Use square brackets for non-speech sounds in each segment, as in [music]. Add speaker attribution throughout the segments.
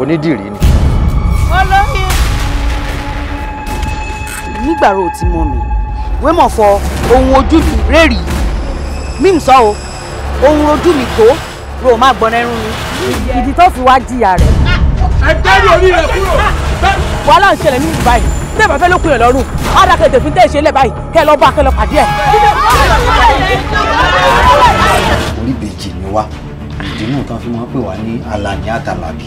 Speaker 1: onídìrí ni.
Speaker 2: olórí. nígbàrá ò ti mọ mi wémọ̀ fọ ohun ojú mi rẹ́rì mímu sọ o ohun ojú mi tó ro má gbọ́n ẹrú mi ìdí tó fi wá jìyà rẹ̀. ẹ dẹ́rù orí rẹ̀ kúrò. wàhálà ń ṣẹlẹ̀ ní ìlú báyìí tí èèyàn fẹ́ ló pinnu lọ́rùn ọ̀dà kẹ̀tẹ̀ fi ń tẹ̀ ṣe lẹ̀ báyìí kẹ́ ẹ lọ bá kẹ́ lọ pàdé ẹ̀.
Speaker 3: oríbejì ni wá ìdí náà tán fi máa pè wá ní alani
Speaker 2: àtàlàbí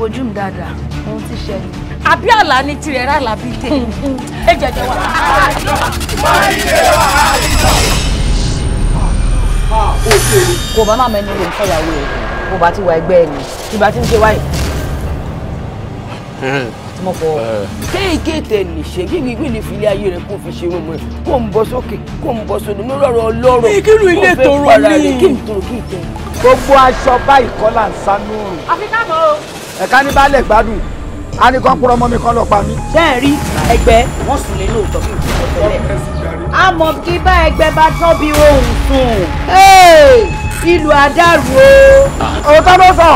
Speaker 2: ojú mi dáadáa ohun tí ṣẹlẹ̀. àbí àlá ni tirẹ̀ rà lábí tè é jẹjẹ wà. kò bá máa mẹ́ni ìròyìn fẹ́yàwó ẹ̀ kò bá ti wà ẹgbẹ́ ẹ̀ ni kí bá ti ń ṣe wáyé. tí mo fọ kéèké tẹ̀lé ṣe
Speaker 3: kíkí ìpínlẹ̀ ìfìlẹ ayé rẹ kó fi ṣe rọmọ ẹ kó ń bọ sókè kó ń bọ sódò lórí ọ̀rọ̀ ọlọ́rọ̀ kí ló ilé tòrọ ni kí n tòrò kí n tẹ. gbogbo aṣọ báyìí kọ́ ń sánú. àfi káàbọ̀ o ẹ̀ka ní baálẹ̀ gbádùn a ní kán kúrọ́ ọmọ mi kan lọ pa mí. ṣé ẹ rí ẹgbẹ́
Speaker 2: wọ́n sùn lé lóòótọ́ bí òkú tẹ́lẹ̀ àmọ́ kí bá ẹgbẹ́ bá tọ́bi ohun sùn ìlú àdàrú o. òótọ́ ló sọ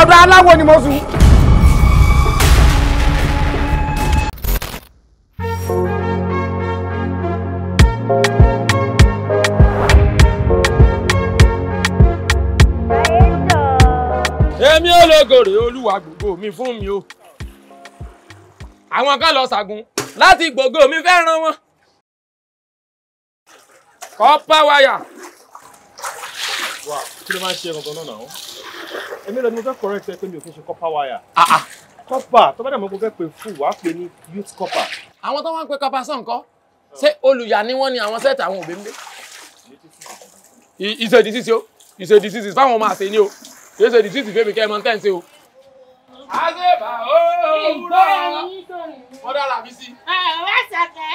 Speaker 2: ọ̀dọ̀
Speaker 3: aláwo ni mo sùn. ológo rèé olúwa gbogbo mi fún mi o àwọn kan lọ ṣàgùn láti gbogbo mi fẹ́ ran wọn kọ́pá wáyà. wà kí ló máa ń ṣe gangan náà náà èmi lọ ni mo fẹ́ correct ẹ pé mi ò kí n ṣe kọ́pá wáyà. kọ́pà tó bá dà mọ́ kó fẹ́ pé fún wàá pè ní youth kọ́pà. àwọn tó wọ́n ń pe kọ́pà sàn kọ́ ṣé olùyà ni wọ́n ni àwọn sẹ́ẹ̀tì àwọn òbí ń gbé. ìṣèdí sísè o ìṣèdí sísè fáwọn ọmọ àṣẹ ni o yóò ṣe dìtìtì fèmí kẹ́ ẹ mọ tẹ́ǹsì o. àṣebà ó wúrọ̀ ó dára mi sí. ọ̀rẹ́ ṣàkẹ́.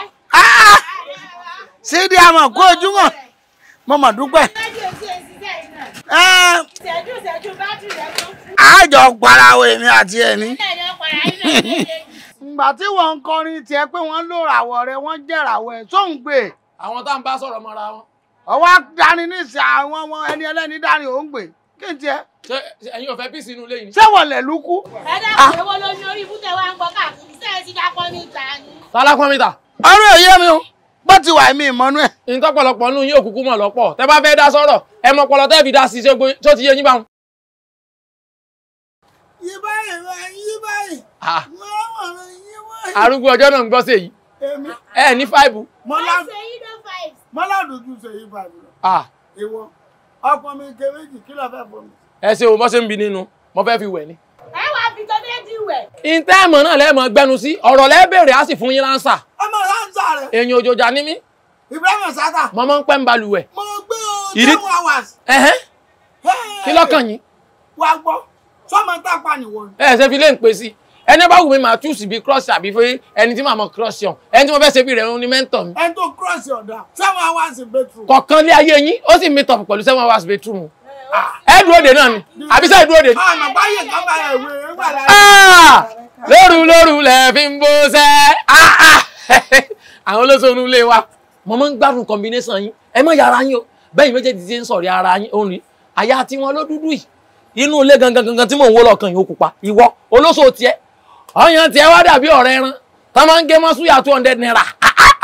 Speaker 3: sídìí àmọ̀ kó ojúmọ̀ mo mà dúpẹ́. ṣẹ́jú ṣẹ́jú bá jù rẹ̀ mọ́. àjọ parawo èmi àti ẹni. ìgbà tí wọ́n ń kọrin tiẹ̀ pé wọ́n ló ràwọ̀ rẹ̀ wọ́n jẹ́ ràwọ̀ ẹ̀ tó ń gbè. àwọn tá à ń bá sọ̀rọ̀ mọ́ra wọn. ọwọ́ dání ní ìsìn àwọn ẹni ẹlẹ́ni dání ò ń gbè kí n jẹ. ṣé ẹ̀yin ò fẹ́ bí sínú ilé yìí. ṣé wọ́n lẹ̀ ló kú.
Speaker 2: ẹ dákun èwo ah. ló ní orí ibùtẹ̀ wa ń gbọ́ káàkiri ṣé ẹ ti dákọ́ mi ta ni.
Speaker 3: tálákọ́ mi ta. ọ̀rọ̀ èyí mi o bó ti wà mí ìmọ̀nú ẹ̀. nǹkan pọ̀lọpọ̀ nínú yín òkùnkùn mọ̀ lọ́pọ̀ tẹ bá fẹ́ dá sọ̀rọ̀ ẹ mọ pọlọ tẹ́ fi dá sí ṣégbó tó ti yé yín báwọn.
Speaker 4: yí báyìí wá yí
Speaker 3: báyìí wọ́n ah. wọ̀rọ̀ yí báyìí. arúgbó ọjọ́ náà ń gbọ́ sí èyí ẹ ní fáìbù. mọ́lá ṣe yí báyìí ọkọ mi ike méjì kí ló fẹ́ fún mi. ẹ ṣe o mọ́ ṣe ń bi nínú mo fẹ́ fi wẹ̀ ni.
Speaker 2: ẹ wá fi tó méjì wẹ̀.
Speaker 3: ìtẹ́ẹ̀mọ̀ náà lẹ́ẹ̀mọ̀ gbẹnu sí ọ̀rọ̀ lẹ́ẹ̀bẹ̀rẹ̀ á sì fún yín láǹsà. ọmọ láǹsà rẹ. èyàn òjòjà ni mí. Ibrahim Sata. mo máa ń pẹ́ ń balùwẹ̀. mo gbé o ten hours. kí lọ́kàn yín. wàá gbọ́ sọ́mọ tá a pa nìwọ̀n. ẹ ṣe fi lé ń pè sí i ẹni bá wù mí máa túùsì bíi cross àbí fún ẹni tí màá mọ cross yàn ẹni tí mo fẹ́ ṣe bí rẹ̀ ń ní mẹ́ńtọ̀ mi. ẹni tó cross yàn dá seven hours bedroom. kọ̀ọ̀kan lé ayé yín ó sì meet up pẹ̀lú seven hours bedroom. Ah. ẹ dúró de náà ni àbí sẹ́ẹ̀ dúró de. ọ̀nà ah, báyìí kan bá ẹ̀ wé wà láyé. Ah! lóru lóru lẹ̀ fi ń bó sẹ́ [laughs] àwọn olóṣèlú ilé wa mo máa ń gbádùn combination yín ẹ má yára yín o bẹ́ẹ̀ méjèèjì ti ń sọ̀rọ̀ ara yín òun rí àyà tiwọn ló dúdú yìí inú ilé gangan gangan tí mò ń wó lọ́kàn yìí ọyàn tiẹ̀ wá dàbí ọ̀rẹ́ ẹran tá máa ń gé mọ́ súyà two hundred naira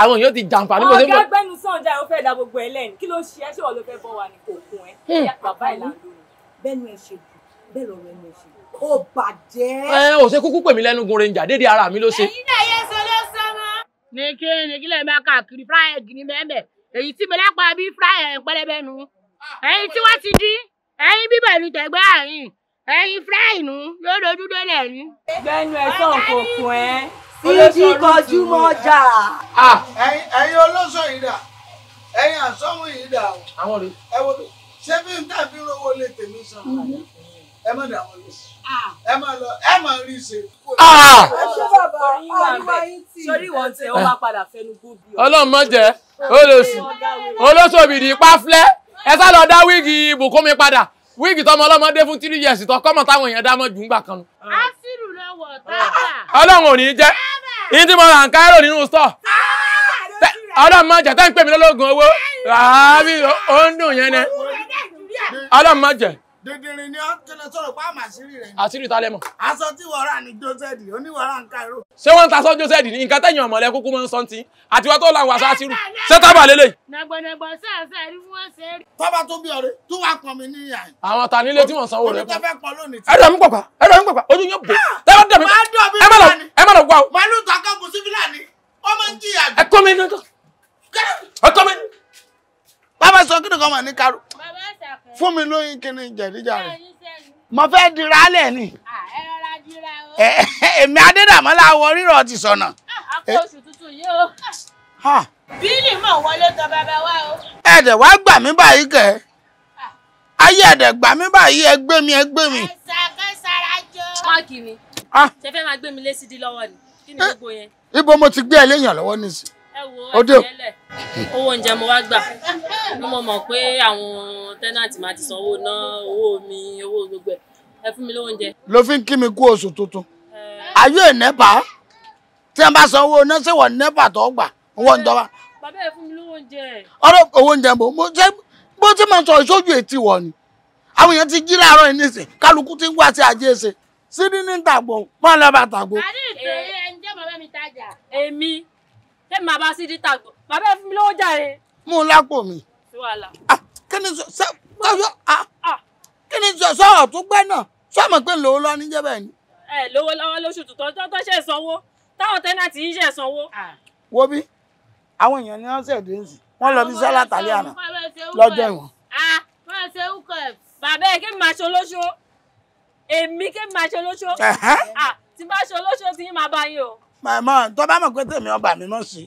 Speaker 3: àwọn èèyàn ti jàǹfà ní gbèsè. ọ̀gá
Speaker 2: gbẹ́nu sọ̀njà yóò fẹ́ da gbogbo ẹ̀ lẹ́nu kí ló ṣe ẹ́ ṣé wọ́n ló fẹ́ bọ́ wa ní kòkun ẹ̀ hmm. bàbá ìlànà bẹ́ẹ̀ ni ẹ̀ ṣe jù bẹ́ẹ̀ lọ́rọ̀ ẹ̀ ṣe ó bàjẹ́.
Speaker 3: ẹ ò ṣe kúkú pè mí lẹ́nu gun ranger dédé ara mi ló ṣe. èyí
Speaker 2: náà yẹ sọ ló sọ mọ́. ní kí ni kí lè máa káàkiri fry egg ní mẹ́mẹ́ èyí tí mo lápá bí fry ẹ̀ ń pẹ́lẹ́bẹ́nu èyí ah, tí wọ́n ti dín ẹ̀yìn ẹyin fúláìnù yóò dojú délẹ̀ ni. gbẹ́nu ẹ̀sán kòkò ẹ́
Speaker 4: síbi kọjú mọ́jà.
Speaker 2: ẹyin olóṣò yìí dà ẹyin àsọ́hún yìí dà o. àwọn
Speaker 3: rè é wo ṣé bí n tàbí rówó lè tèmi san mhm. ẹ má dà wọn lọ
Speaker 2: ẹ má lọ ẹ má rí ṣe. ṣé bàbá
Speaker 3: àríwá yín tì í. sórí ìwọ̀n tẹ ó máa
Speaker 5: padà fẹnu gbòbí. ọlọ́run
Speaker 3: mọ̀ jẹ́ olóṣù olóṣòbìrì pàflẹ́ ẹ sá lọ dá wíìgì ibùkún mi padà wíìgì tọmọ ọlọ́mọdé fún tírí yẹ̀sì tọ́ kọ́mọ táwọn èèyàn dámọ́ jù ń gbà kan. asiru lọ́wọ́ tábà. ọlọ́run ò ní jẹ́ yín tí mo rà ń káírò nínú stọ̀ ọlọ́run má jẹ́ tẹ́ ń pè mí lọ́lọ́gùn owó ràá bí ó ń dùn yẹn ni ọlọ́run má jẹ́ dídìrín ni ó kẹlẹ sọ̀rọ̀ pa àmàṣírí rẹ̀. àṣírí ta lẹ́mọ̀. aṣọ tí wọ́rà ní jọ́sẹ̀dì oníwọ̀rà ń Cairo. ṣé wọ́n ń ta aṣọ jọ́sẹ̀dì ní nǹkan tẹ̀yìn ọ̀mọ̀lẹ́ kúkú máa ń sọ ti àti wọ́n tó la wàṣà àṣírù ṣé tábà lélẹ̀. nàgbọ̀nàgbọ̀ sáàsà rí fún wọn ṣe rí. tọ́ba tó bí ọ̀rẹ́ tó wà pọ̀ mí níyà. àwọn ta nílé tí wọ́n sanwó rẹ̀ fún. ẹ̀rọ mi pọ̀pá ẹ̀rọ mi pọ̀pá ojú yóò bò ah! tẹ́wọ́ dẹ̀ mi ẹ má lọ gbà o. kọ́ fún mi lóyún kí ni jẹ̀díjà mo fẹ́ dira lẹ̀ ni èmi adédàmọ́lá wọ rírọ̀ ti sọ̀nà.
Speaker 2: bílì mọ̀ wọlé tọ bàbá wa o.
Speaker 3: ẹ̀dẹ̀ wá gbà mí báyìí kẹ́ ayé ẹ̀dẹ̀ gbà mí báyìí ẹ mi ẹ mi. ẹ̀sà
Speaker 6: kẹsàrà jọ. mọ́ọ̀kì fẹ́ máa gbé mi lé sídìí lọ́wọ́ ni kí ni gbogbo yẹn.
Speaker 3: ibo mo ti gbé ẹ léèyàn lọ́wọ́ nísìnyí ó dé.
Speaker 6: owó oúnjẹ mo wá gbà ni mo mọ̀ pé àwọn tẹ́nàtì máa ti san owó ná owó mi owó gbogbo ẹ̀ ẹ fún mi lówó oúnjẹ. ló
Speaker 3: fi ń kí mi kú oṣù tuntun ayé ìnẹ́pà tí wọ́n bá san owó iná ṣé wọ́n nẹ́pà tó gbà owó ń dọ́wà.
Speaker 6: bàbá ẹ fún mi lówó oúnjẹ.
Speaker 3: ọ̀rọ̀ owó oúnjẹ mo mo jẹ́ bó ti máa sọ ìṣojú ètí wọ̀ ni àwọn èèyàn ti jí láàárọ̀ yìí nísìn kálukú ti ń wá sí ajé ṣe sí ní ní tàgbọ̀ máa lọ́ba tàgbọ̀. àdìsí
Speaker 6: ẹ̀ ń jẹ́ bàbá mi tajà. èmi tẹ́mi máa bá sí dítà gbọ́ bàbá ẹ fún mi lówó jàre.
Speaker 3: mú un lápò mi.
Speaker 6: sí wàhálà. Ah,
Speaker 3: kí ni sọ ah, ah. kí ni sọ sọ̀rọ̀ tó gbẹ́ náà sọ́mọ̀ pé lówó lọ́wọ́
Speaker 6: níjẹ́ bẹ́ẹ̀ ni. ẹ lówó lọ́wọ́ lóṣù tuntun tó tó ṣe sanwó táwọn tẹ́nàtì yìí ṣe sanwó.
Speaker 3: wo bí àwọn èèyàn ni wọ́n ṣe dé nsì wọ́n lọ bí sálà tàlẹ́ àná lọ́jọ́
Speaker 6: ìwọ̀n. bàbá ẹ kí n máa ṣe olóṣó èmi kí n máa ṣe olóṣó tí n bá ṣe olóṣó tí n máa bá yín o
Speaker 3: màmá tó bá mọ̀ pé tèmi ọba mi mọ̀ sí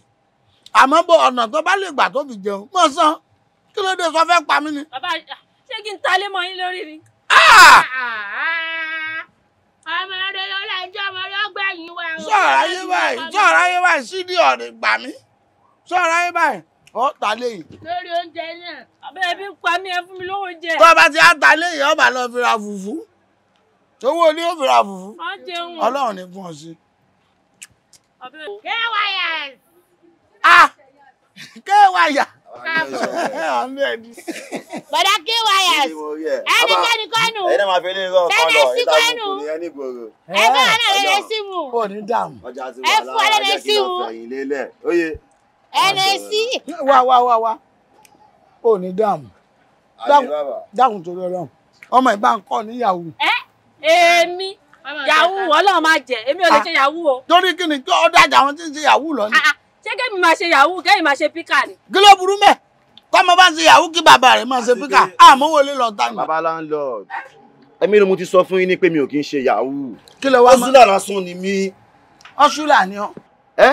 Speaker 3: àmọ́ bó ọ̀nà tó bá lè gbà tó fi jẹun mọ̀ sàn kí ló dé sọ fẹ́ pa mí ni.
Speaker 6: bàbá ṣé kí n ta lé mọ yín lórí ni. Ah!
Speaker 2: Ah! ọmọ rẹ ló lè jẹ́ ọmọ rẹ ọgbà yín wá. sọ̀rọ̀ ayé báyìí sọ̀rọ̀ ayé
Speaker 3: báyìí sídìí ọ̀rẹ́ gbà mí sọ̀rọ̀ ayé báyìí ọ ta léyìn.
Speaker 2: lórí oúnjẹ náà abẹ́ ẹbí
Speaker 6: pa mí ẹ fún mi lówó jẹ. tó o bá ti ta léyìn
Speaker 3: ọba lọ fi fùfú owó ni ó fi fùfú ọlọ́run ní fún ọ sí.
Speaker 4: KYS.
Speaker 3: Ah! KYS. Bọ̀dá KYS. Ẹnikẹ́ni kọ́nù. Ẹni máa fi eléyìí sọ̀rọ̀ kọ́nù. Tẹ́lẹ̀ sí kọ́nù. Ẹgbẹ́ wọn náà lẹ́lẹ́ sí mu. Ó ní dààmú. Ọmọ ìbá ń kọ́ níyàwó. Ẹ
Speaker 6: èmi yahoo ọlọ́run máa jẹ èmi ò lè ah. ṣe yahoo o. torí kí ni kí ọdọ àjà àwọn tí ń ṣe yahoo lọ ni. Ah, ah. ṣé kémi máa ṣe yahoo kémi máa ṣe píkà ni. kí ló burú mẹ́ kọ́mọ bá ń ṣe yahoo kí bàbá rẹ̀ máa ṣe píkà
Speaker 3: àmọ́ wọlé lọ tá ni. bàbá landlord èmi ni mo ti sọ fún yín ni pé mi ò kí ń ṣe yahoo. kí ló wá mọ ọsùlà lásán ni mí. ọsùlà ni ọ. ẹ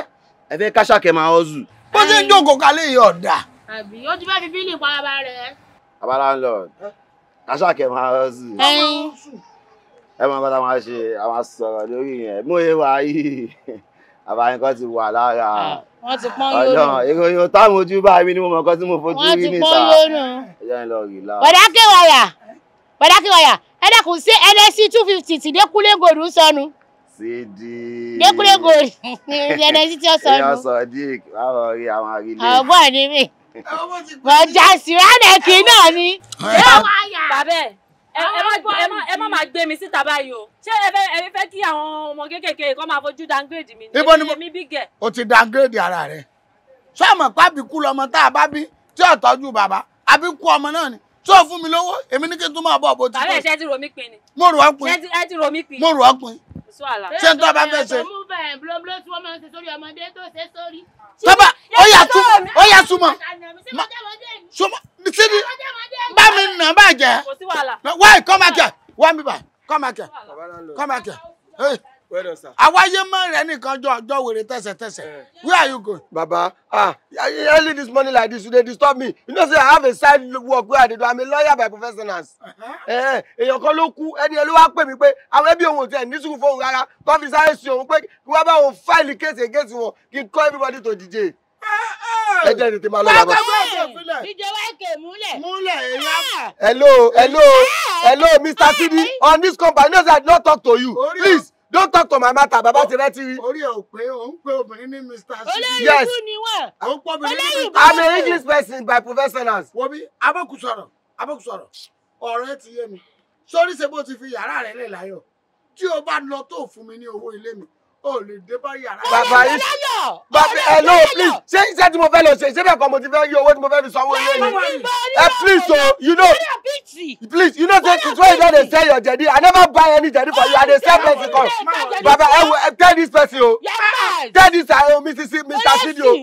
Speaker 3: ẹ fẹ́ káṣákẹ́ máa ọ̀zù. bó ṣe ń jókòó kalẹ̀ yìí ọ̀dà ẹ mọ nǹkan tá a máa ṣe a máa sọ̀rọ̀ lórí yẹn mú e wá yìí [laughs] àbáyé kan ti wà lára ah,
Speaker 5: wọ́n ti pọ́n yóò nù ọ̀nà
Speaker 3: ìròyìn táwọn ojú bá mi ni mo mọ̀ nǹkan tí mo fojú rí níta wọ́n ti pọ́n yóò nù ẹ̀yà ń lọ rí lára. bọ̀dá
Speaker 2: kéwàyà bọ̀dá kéwàyà ẹ dákun sí nsc two fifty ti dékúlé gòdù sọnù.
Speaker 3: sídi dékúlé gòdù
Speaker 2: nsc tí ó sọnù. èèyàn
Speaker 3: sọ
Speaker 1: dick báwọn rí àwọn àrílé. ọgbọ́n
Speaker 2: ni mi. mo jà
Speaker 6: sí rádẹ́kì náà ni. bàbá ẹ̀ ẹ má máa gbé mi síta báyìí o ṣé ẹ fẹ́ ẹ fẹ́ kí àwọn ọmọ kéékèèké kọ́ máa fojú downgrade mi ní èmi bí gẹ̀.
Speaker 3: o ti downgrade ara rẹ sọmọ pàbíkú lọmọ tá a bá bí tí ò tọ́jú bàbá àbíkú ọmọ náà ni tí ò fún mi lówó èmi ní kí n tún máa bọ̀ bó ti tó. àbẹ̀ ṣe ti
Speaker 6: rò mí pin ni. mo rò ọkùn. ṣe
Speaker 3: ti rò mí pin. mo rò ọkùn.
Speaker 6: ṣé n tó bá fẹ́ ṣe. ṣé n tó
Speaker 2: bá fẹ́ ṣe
Speaker 3: tọ́ba ọ̀yà tún suma. súnmọ́ súnmọ́ sídi bá mi nà bàjẹ́ wáyé kọ́ máa kẹ́ wá mi bà kọ́ here. Come kọ́ máa kẹ́ àwáyé mọ rẹ nìkan jọ wèrè tẹsẹtẹsẹ eh. where are you going. baba ah early this morning like this you dey disturb me you know say i have a side work wey i dey do i'm a lawyer by profession. Uh-huh. Eh, èèyàn kan ló kú ẹni ẹni wá pè mí pé àwọn ẹbí òun ò tiẹ̀ ní sùúrù fóun rárá tó fi sáré sí òun pé kí wọ́n bá òun fáìlì kéèsì against wọn kí n call everybody to DJ eh, ẹ jẹ́ tètè máa lọ bàbá.
Speaker 2: ìjọba èkè múlẹ̀. múlẹ̀
Speaker 3: èèyàn. hello hello hello mr sidi on this company no say i don talk to you please don't talk to my mother. baba ti rẹ ti rí. orí ẹ ò pé ò ń mr c. i'm an english person by professionals. wo bí abẹ́kù sọ̀rọ̀ abẹ́kù sọ̀rọ̀ ọ̀rọ̀ ẹ ti yé mi sórí ṣe bó ti fi yàrá rẹ̀ lẹ̀ láyọ̀ tí o bá lọ tó ò lè dé bàbá yìí bàbá ẹ ló please ṣé iṣẹ́ tí mo fẹ́ lọ ṣe ṣé bẹ́ẹ̀ kọ́ mo ti fẹ́ yí owó tí mo fẹ́ fi sanwó ilé ni eh, please o oh, you know please you know say it's why you dey sell your jẹ̀dí i never buy any jẹ̀dí for you i dey sell pesicon baba ẹ wo tell this person o oh. tell this uh, oh, mr sidio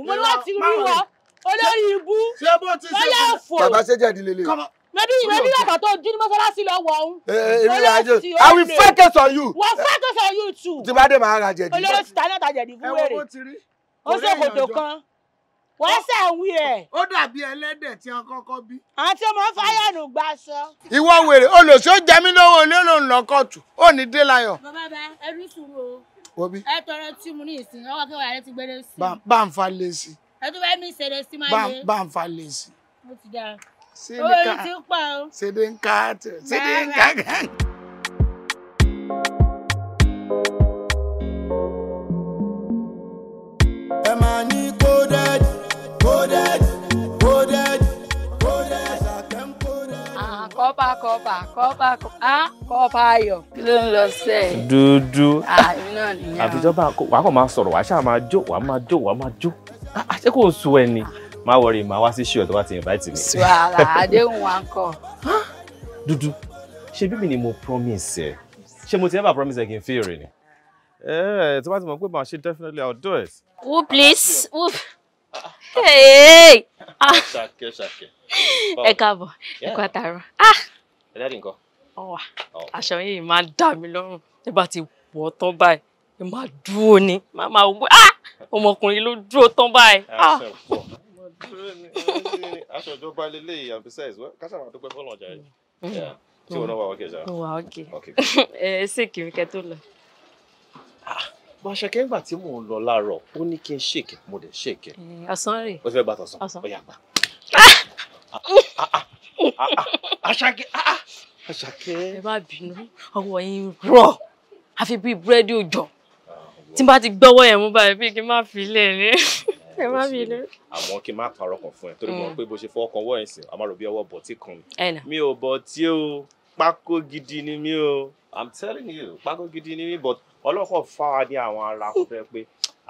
Speaker 2: olórí ibú olórí òfò bàbá
Speaker 3: ṣe jẹ̀dí lélẹ̀.
Speaker 2: Maybe lóbi bàtà tó jí ní mọ́sálásí lọ wọ̀ ọ́hún. èmi rà i will focus
Speaker 3: on you.
Speaker 4: wọ́n
Speaker 2: focus on you too. The bá I màá ra jẹ̀dí. olóró ti ta náà ta jẹ̀dí fún wèrè.
Speaker 4: ó ṣe kòtò kan
Speaker 2: wọ́n ṣe ń wí ẹ̀. ó dàbí ẹlẹ́dẹ̀ tí wọ́n kọ́kọ́ bí. àwọn tí wọ́n fáyà nù gba aṣọ.
Speaker 3: ìwọ wèrè olùsí ó jẹ mí lọ́wọ́ olóòlò ńlọ kóòtù ó ní dé láyọ̀.
Speaker 2: bàbá bá ẹrú sùúrù o. ẹ tọrọ tí mo ní ìsìn ọwọ́ kẹwàá rẹ ti gbére sí.
Speaker 3: bá ń fa lé sí.
Speaker 2: ẹ tó bá mi ṣe lè sí máa lé. bá
Speaker 3: ń fa lé sí.
Speaker 2: mo ti dáa. Sidinka.
Speaker 3: Sidinka. Sidinka gang.
Speaker 4: Ẹ máa ní kódẹ́ẹ̀dì, kódẹ́ẹ̀dì, kódẹ́ẹ̀dì, kódẹ́ẹ̀dì, kódẹ́ẹ̀dì.
Speaker 6: Àkọ́bá kọ́bá kọ́bá kọ́bá ayọ̀ kí ló ń lọ sẹ́ ẹ̀.
Speaker 3: Dúdú. Àmì
Speaker 6: ah,
Speaker 4: náà nìyẹn.
Speaker 3: Àbíjọba wàá kàn máa sọ̀rọ̀ wàá ṣáà máa jó wàá máa jó wàá máa jó. Àṣé ah, ah, kò sú ẹ ni má wọrí màá wá sí ṣíọ tó bá ti invite mi. sùwàrà
Speaker 4: àdéhùn wa
Speaker 2: ń kọ.
Speaker 3: dúdú ṣé bíbí ni mo promise ẹ ṣé mo ti ever promise
Speaker 7: ẹ kí n fi èrè ni.
Speaker 3: ẹ ẹ tí wọ́n ti mọ̀ pé màá ṣe definitely i will do it.
Speaker 6: who please who. Ah!
Speaker 4: ṣàkẹ́ ṣàkẹ́. ẹ káàbọ̀ ẹ kú àtàrọ̀. Ah! ẹ dáàdi nǹkan.
Speaker 6: ọwà aṣọ yìí máa ń dà mí lọ́rùn nígbà tí wọ́ tán báyìí ẹ máa dúró ni máa máa ah! wọ ọmọkùnrin ló dúró tán báyìí aṣọ ìjọba lélẹ́yìí and besides káṣà máa dúpẹ́ fọ́lọ̀ ọjà yìí
Speaker 7: tí wọn wà ókè sáà. wà
Speaker 6: ókè ẹ ẹ sì kiri kẹ tó
Speaker 7: lọ. mo aṣọ kẹ́ńgbà tí mò ń lọ láàárọ̀ ó ní kí n ṣèkẹ́ mo dẹ̀ ṣèkẹ́. ọ̀sán rè. ó ti fẹ́ bá tọ̀sán ó yà gbà.
Speaker 6: aṣàkẹ́ aṣàkẹ́. ẹ má bínú ọwọ́ yín rọ̀ àfi bíi búrẹ́dì òjò tí n bá ti gbọ́wọ́ yẹn mú báyìí bí kí n má fi lẹ̀ ní
Speaker 4: ẹ má bínú.
Speaker 3: àmọ́ kí n má parọ́ kan fún ẹ torí mo mm. pé bó ṣe fọwọ́ kan wọ́ ẹ̀ sìn àmọ́ rò bí ọwọ́ tí kan mi mi ò bọ̀ tí o pákó gidi ni mi o i'm telling you pákó gidi
Speaker 7: ni mi but ọlọ́kọ̀ fà á ní àwọn ara kò fẹ́ pé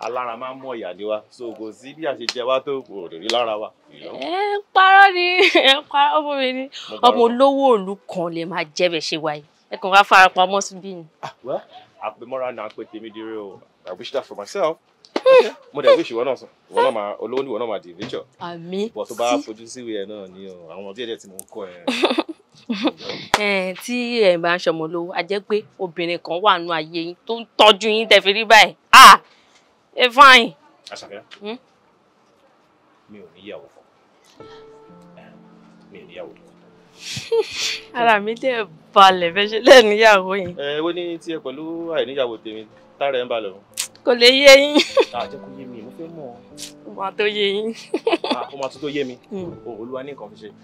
Speaker 7: alára máa ń mọ ìyá ni wa so kò sí bí àṣejẹ wa tó kò rí lára wa. ẹ
Speaker 6: ń parọ́ ni ẹ ń parọ́ ọmọ mi ni ọmọ olówó òlu kan lè máa jẹ́ bẹ̀ ṣe wáyé ẹ kàn wá farapamọ́ síbí ni.
Speaker 7: Ah,
Speaker 3: àpèmọ́ra náà pé tèmi dire o i wish that for myself mo dẹ̀ wíṣì wọn náà sùn wọn náà máa olówó ni wọn náà máa di nature. àmì tí bọ̀ tó bá fojú sí ìwé ẹ̀ náà ni o àwọn díẹ̀ díẹ̀ tí mo ń kọ́
Speaker 6: ẹ. [laughs] tí ẹ̀ bá ń ṣọmọ lówó a jẹ́ pé obìnrin kan wà nù ayé yín tó ń tọ́jú yín tẹ̀ fi rí báyìí ah ẹ fine.
Speaker 4: àṣàkẹ́ hmm? mi ò níyàwó kan mi ò níyàwó kan
Speaker 6: [laughs] ara mi dẹ̀ balẹ̀ bẹ́ẹ̀ ṣe lẹ́ẹ̀ níyàwó yìí. ẹ wo ni tiẹ̀ pẹ̀lú àìníyàwó tèmi tára ẹ̀ ń balẹ̀ kò lè yé yín. àjẹ́ kò yé mi mo fẹ́ mọ̀ ọ́. ó máa tó yé yín.
Speaker 3: Ah, ó máa tó tó yé mi hmm. olúwa ní nǹkan fi ṣe. [laughs]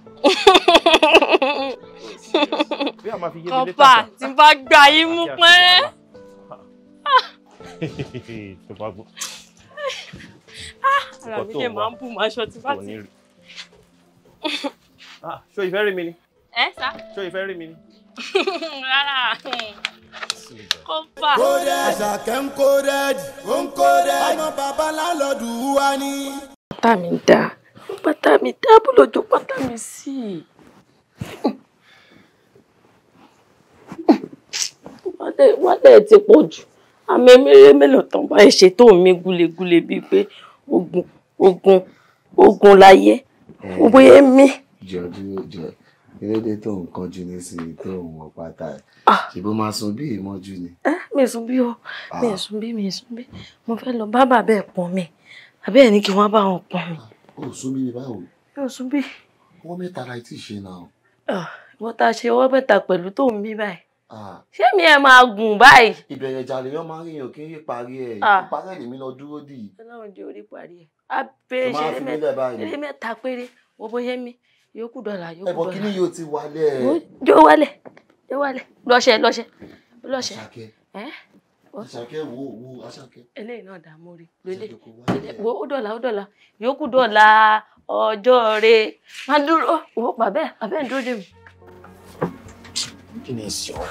Speaker 6: bí a máa fi yé mi létà. ọba
Speaker 4: tí bá gbà yín mú pẹ́.
Speaker 7: [laughs] tó bá gbọ́.
Speaker 4: Ah, ara mi dẹ̀ máa ń bù máa ṣọ tí bá ti. Ah,
Speaker 5: ṣó ìfẹ́ rí mi
Speaker 6: ni. ẹ sá. ṣó ìfẹ́ rí mi ni. [laughs] rárá kódà pátá mi dá pátá mi dá bùlọ̀jọ pátá mi sí i. wálé ti pọ̀ jù àmì mẹ́rẹ́ mélòó tán bá ẹ ṣètò mi gúlegúle bíi pé ogun ogun ogun láyé bóyá mi. jẹ́ jẹ́
Speaker 3: jẹ́ ilédè tó ń kánjú ní sí i tó ń wọ pátá ẹ ah! ṣùgbọ́n máa sun bí ìmọ́jú ni.
Speaker 6: mi sun bí o mi ah. sun bí mi sun bí mo fẹ́ lọ bá bàbá ẹ̀ pọ́n mi àbí ẹ̀ ní kí wọ́n bá wọn pọ́n mi. Ah,
Speaker 3: o sun bí ni báwo. o sun bí. owó mẹ́ta la ti ṣe náà.
Speaker 6: ìwọ́n ta ṣe owó mẹ́ta pẹ̀lú tó ń bí báyìí. ṣé mi ẹ máa gùn báyìí. ìbẹ̀rẹ̀ jàlè yọ máa ń rìnyàn kí n yé parí ẹ̀ ìparẹ́ lèmi lọ dúró dì í. ọlọ́run di orí parí ẹ̀ á bẹ́ẹ̀ ṣe eré mẹ́ta péré owó yẹn mi yókù dọ́là yókù dọ́là. ẹ̀bùn kínní yóò ti wálẹ̀. yóò wálẹ̀ yóò wálẹ̀ lọ́ṣẹ lọ́ṣẹ lọ́ṣẹ. àṣàkẹ́ wo wo àṣàkẹ́. eléyìí náà dá mórí lélẹ̀ wo ó dọ́là ó dọ́là yókù dọ́là ọjọ́ re má dúró wò pàbẹ́ àbẹ́ ń dúró dé mi.
Speaker 7: kí ni ìsìn ọ.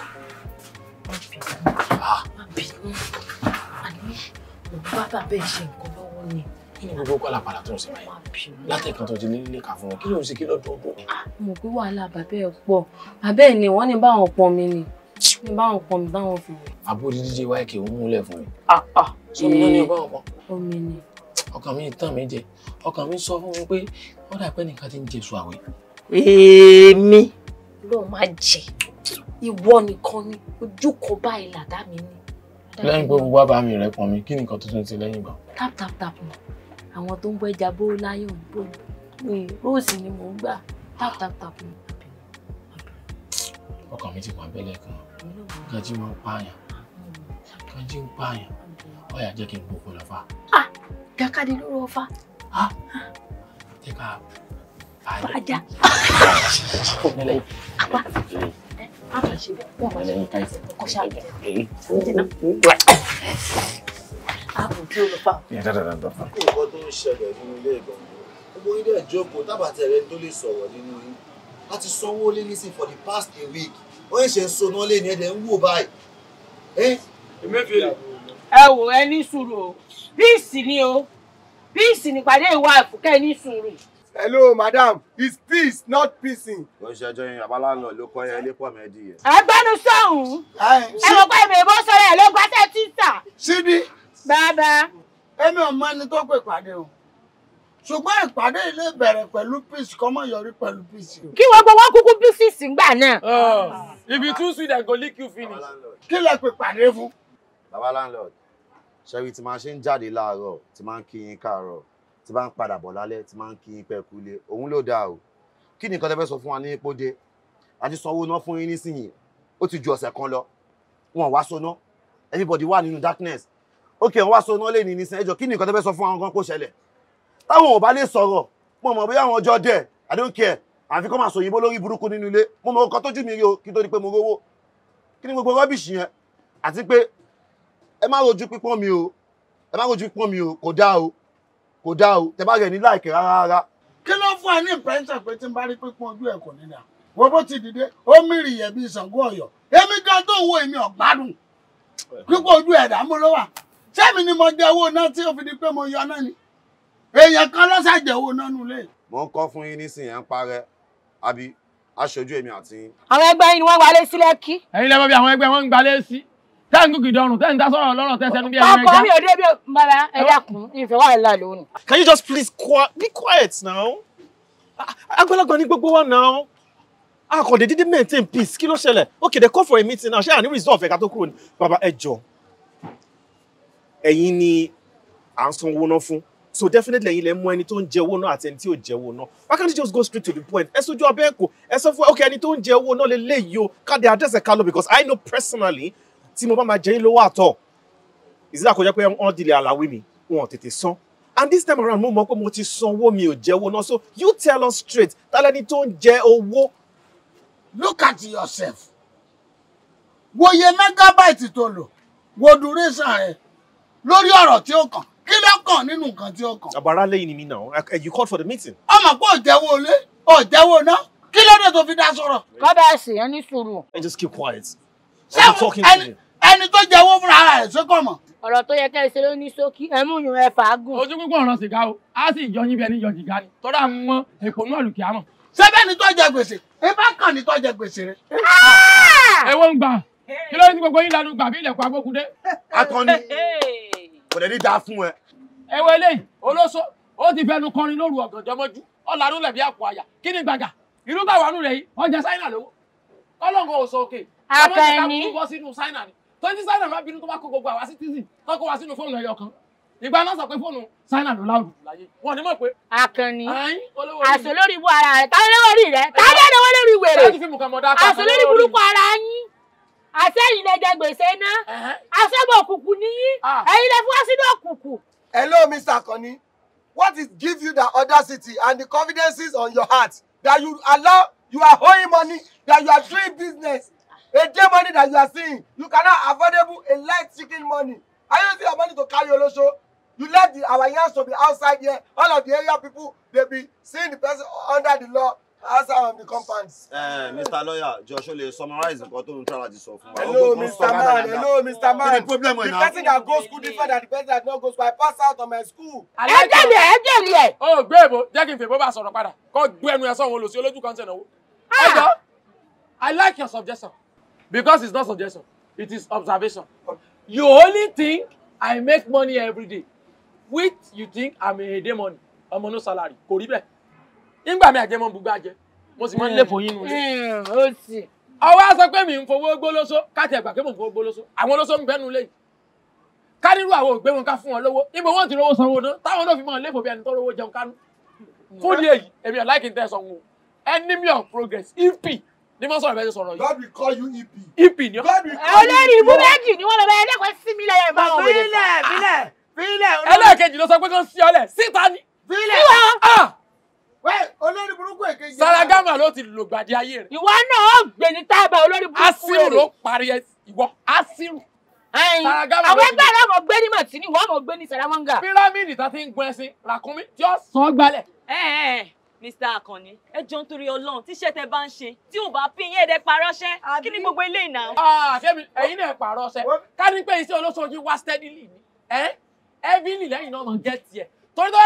Speaker 6: má bàbá ẹ ṣe nǹkan lọ́wọ́ ni kí
Speaker 7: ni gbogbo pàlàpàlà tó ń ṣe báyìí látẹ̀kan tó ti nílé kà fún wọn kí ló ń ṣe kí lọ́dọọdún. Ah,
Speaker 6: mo gbé wàhálà bàbá ẹ pọ̀ bàbá ẹ ni wọ́n ní báwọn pọn mi ni ní báwọn pọn mi báwọn fi wẹ̀.
Speaker 3: àbúrò dídí wáyé kì í múlẹ̀ fún mi. sọ mi náà ní eh, báwọn pọn. omi ni. ọkàn mi tàn mí
Speaker 6: jẹ ọkàn mi sọ fún mi pé wọ́n dà pé nìkan ti ń jẹ sùn àwẹ̀.
Speaker 3: èmi
Speaker 6: ló máa jẹ ìwọ nìkan ni ojú kan báyìí làdá mi ni. lẹ́yìn pé gbogbo
Speaker 3: àbámi rẹ̀ pọn mi kí nìkan tuntun ti lẹ́yìn gbà.
Speaker 6: tap tap tap mọ́ àwọn tó ń bọ ẹja bóró láyọ̀ ń bò ní róòsì ni mò ń gbà tap.
Speaker 3: ọkàn mi ti wà bẹ́lẹ̀ kan Ganji wọn pààyàn Ganji ń pààyàn ọyà jẹ́ kí n gbogbo lọ fa.
Speaker 6: Ah! jàkadì ló rọ fa. Ah! jẹ́ ká bàjá. apá apá ṣe bẹ́ẹ̀
Speaker 5: wọ́n bá ṣe kọ́ ṣáà gẹ̀ẹ́
Speaker 6: àbùdí olùfà.
Speaker 7: nǹkan tó
Speaker 6: ń
Speaker 3: ṣẹlẹ̀ nínú ilé ìgbọ̀ngàn gbogbo ilé ìjókòó tábàtì rẹ tó lè sọ̀rọ̀ nínú yín láti sanwó lé nísìn for the past a week ó ṣe ń soná lé ní ẹ̀dẹ̀ ń wò báyìí. ẹ
Speaker 2: wò ẹ ní sùúrù o píìsì ni o píìsì nípàdé ìwà àfùkẹ́ ní sùúrù. Hello, madam. It's peace, not peacing.
Speaker 3: Wọ́n ṣe ẹjọ́ yẹn àbálá náà ló kọ́ ẹ lépọ̀ mẹ́ẹ̀dì yẹn. Ẹgbẹ́nu bàbá. èmi ò mọ ẹni tó pè pàdé o ṣùgbọ́n ìpàdé ilé bẹ̀rẹ̀ pẹ̀lú peace kọ́mọ yọrí pẹ̀lú peace. kí
Speaker 5: wọ́n gbọ́ wọ́n kúkú
Speaker 3: peace ńgbà náà. if you too sweet i go lick you finish. kí lẹ pè pàdé fún. bàbá landlord ṣẹ́rí tí máa ṣe ń jáde láàárọ̀ tí máa ń kí yín káàárọ̀ tí máa ń padà bọ̀ lálẹ́ tí máa ń kí yín pẹ́ kúlé òun ló dáa o kí ni nǹkan tẹ́ fẹ́ sọ fún wa ní ipòde àti sanwó ná fún yín nísìnyí ó ti ju ọ̀sẹ̀ kan lọ wọn wá sọná everybody wà nínú darkness ókè wá so náà lè ní nísìn ẹjọ́ kí ni nǹkan tó fẹ́ sọ fún àwọn kan kó ṣẹlẹ̀ táwọn ò bá lè sọ̀rọ̀ mo mọ̀ bóyá àwọn ọjọ́ dẹ̀ I don't care àfi kọ́ máa sọ òyìnbó lórí burúkú nínú ilé mo mọ̀ ọkọ̀ tójú mi rí o kí tó di pé mo rówó kí ni gbogbo rọ́bìṣì yẹn àti pé ẹ má rojú pípọ́n mi o ẹ má rojú pípọ́n mi o kò dáa o kò dáa o tẹ bá rẹ̀ ní láìkẹ́ rárá rárá. kí ló fún ẹ ní ìpẹ́ńtà pé tí n bá rí pípọ́n ojú ẹ̀ kò ní dà wọ́n bó ti dìde ó mìrì yẹ̀ bí Ṣàngó Ọ̀yọ́ èmi gan tó wo èmi ọ̀gbádùn pípọ́n ojú ẹ̀ dàmú ló wà sẹ́mi ni mo jẹ owó náà tí ó fi di pé mo yọ náà ni èèyàn kan lọ́sàjẹ̀ owó náà nulẹ̀. mo ń kọ́ fún yín nísìnyí ń parẹ́ àbí aṣojú èmi àti àwọn ẹgbẹ́ yín ni wọ́n wálé sí lẹ́kí. ẹ̀yin lẹ́mọ̀ bí àwọn ẹgbẹ́ wọn ń gbalẹ̀ sí tẹ́ǹgùkì dọ̀rùn tẹ́ǹtà sọ̀rọ̀ lọ́rọ̀ tẹ́sẹ̀ níbi ẹ̀rọ ẹja. ọkọ mi ò dé bí mara ẹja
Speaker 2: kún ìfẹ́ wà láà lónìí.
Speaker 3: Can you just please be quiet now? àgbàlagbà ni gbogbo wa now akọ̀dé dídí maintain peace kí ló okay they call for a meeting now ṣé àní resolve ẹ̀ka tó kúrò ní baba ẹjọ́ ẹ̀yin ni à ń san owó náà fún so definitely ẹ̀yin lè mú ẹni tó ń jẹ owó náà àti ẹni tí ò jẹ owó náà why can't you just go straight to the point ẹ sojú abẹ́ ẹ̀kọ́ ẹ sọ fún ẹ ok ẹni tó ń jẹ owó náà lè léyìí o káde àdẹ́sẹ̀ ká lọ because I know personally tí mo bá máa jẹ yín lówó àtọ̀ ìsìlẹ̀ àkójọ pé wọ́n dilẹ̀ àlàwé mi wọn ò tètè san and this time around mo mọ pé mo ti sanwó mi ò jẹ́wọ́ náà so you tell us straight tálẹ́ni tó ń jẹ owó. look at yourself wòye megabyte tó lò wò duration rẹ̀ lórí ọ̀rọ̀ tí ó kàn kí ló kàn nínú nǹkan tí ó kàn. àbára lẹ́yìn ni mi náà you called for the meeting. ọmọ pé òjẹ́wọ́ olé òjẹ́wọ́ náà kí ló dé tó fi dá sọ̀rọ̀.
Speaker 2: kábíyèsí ẹ ní sùúrù. and
Speaker 3: just keep quiet. sẹ́wọ̀n ẹni
Speaker 2: ẹni tó jẹ́wọ́ fúnra rẹ̀ sókò mọ̀. ọ̀rọ̀ tó yẹ kẹ́ ẹ ṣe ló ní sókí ẹmú yun ẹ fàágùn. ojú púpọ̀ ọ̀ràn sìgá o
Speaker 3: a sì yọ yín bí ẹni yọ jìgá ni tọ́lá ń wọ́n èkó náà lù kíá mọ̀. sẹ́bẹ̀ ni tó jẹ gbèsè ibà kan ni tó jẹ gbèsè rẹ. ẹ wọ́n ń gbà kí ló ní gbogbo yín lanu gbà ilẹ̀kùn agbókundé. akọni kò lè ní dáa fún ẹ. ẹ eléyìí olóso ó ti fẹnu kọrin lóru ọ̀gànjọ́ mọ́jú ọ̀làdún lẹ̀bí àpò àyà kí ni gbàgà irú gbàwánú rẹ̀ yìí ọjà sáínà lówó kọ́lọ́ǹgò òsò òkè Àkànní tọ́jú sáínà má bínú tó bá kó gbogbo àwa sí tíìsì tó sínú fóònù ẹ̀yọ kan ìgbà náà sọ pé fóònù sáínà ló láwùjọ láyé
Speaker 2: wọn ni mọ̀ pé. Àkànní àṣọ lórí ibú ara rẹ táwọn lórí rẹ táwọn lórí wèrè àṣọ lórí burúkú ara yín àtẹ̀yìn lè jẹ gbèsè náà àṣẹ́gbọ̀ òkùnkùn níyí ah. ẹ̀yin lè fún wá sínú òkùnkùn. hello mr akoni what
Speaker 3: is give you the audacity and the confidences on your heart that you allow you are owing money that you are doing business a day money that you are seeing you cannot affordable a light chicken money are you using your money to carry olosho you let the our yarns to be outside here all of the area people dey be seeing the person under the law outside of the compound. Uh, eh, Mr. Lawyer, Josh, lè summarize nǹkan tó ń try láti sọ fún Hello, Mr. Man. Hello, Mr. Man. the problem now? The person that goes school different than the person that not goes school. I pass out of my school. Ẹ jẹ́ mi ẹ̀, ẹ jẹ́ mi ẹ̀. O gbé èbó, jẹ́ kí n fèbó bá sọ̀rọ̀ padà. Kọ́ gbé ẹnu ẹ sọ̀rọ̀ olùsí olójú kan sẹ̀nà owó. Ah! Ẹ I like your suggestion because it's not suggestion, it is observation. You only think I make money every day, which you think I'm a day money, on no salary, kò rí nígbà mi àjẹmọ́ bùgbà jẹ mo sì máa ń lè fòyín nù. Mm, mm, ọwọ́ á sọ pé mi ń fowó gbólóso káàtì ẹ̀gbà pé mo ń fowó gbólóso àwọn olóso ń bẹ́nu lẹ́yìn ká nírú àwọn ògbé wọn ká fún wọn lówó ibo wọn ti rówó sanwó ná táwọn náà fi máa lè fò bí ẹni tó rówó jẹun kánú. fún ní èyí èmi ọ̀la kì í tẹ̀sán wọn enemy of progress ep ni wọ́n sọ̀rọ̀ bẹ́ẹ̀ sọ̀rọ̀ yìí. God will call you ep. ep ni ọ́.
Speaker 2: olórí e ibú méjì ni wọ́n lọ bẹ ẹlẹ́kọ̀ọ́ sí mi lẹ́yìn bá wọn wọlé. bílẹ̀
Speaker 3: bílẹ̀ bílẹ̀. ẹlẹ́ẹ̀kejì ló sọ pé kó ń sí ọlẹ̀ síta ni. bílẹ̀ olórí burúkú èkejì. Sàràgámà ló ti lògbàdì ayé rẹ̀. ìwọ náà ó gbè ní tábà olórí burúkú rẹ̀. Asiru ló parí ìwọ Asiru. Sàràgámà ló ti lò. àwọn ẹgbẹ́ rẹ̀
Speaker 5: wọ́n gbé ní màtí ni wọ́n mọ̀ gbé ní Sàràmọ́ngà. Pírámìdì tá ti ń gun ẹṣin làkúnmí tí ó sàn gbalẹ̀. Mr. Akànni, ẹ jọ nítorí Ọlọ́run tíṣẹ́ tẹ bá ń ṣe
Speaker 6: tí ò bá pín yín ẹ̀dẹ̀ parọ́ṣẹ́. Kí ni gbogbo ilé ìnáwó? Àṣẹ́mi, ẹ̀yin náà parọ́ṣẹ́. Ká ní pé
Speaker 3: iṣẹ́ olóṣooṣù wá steadily ni. Ẹ́ ẹ́bílì lẹ́yìn náà máa ń gẹ́ tiẹ̀. Torí tó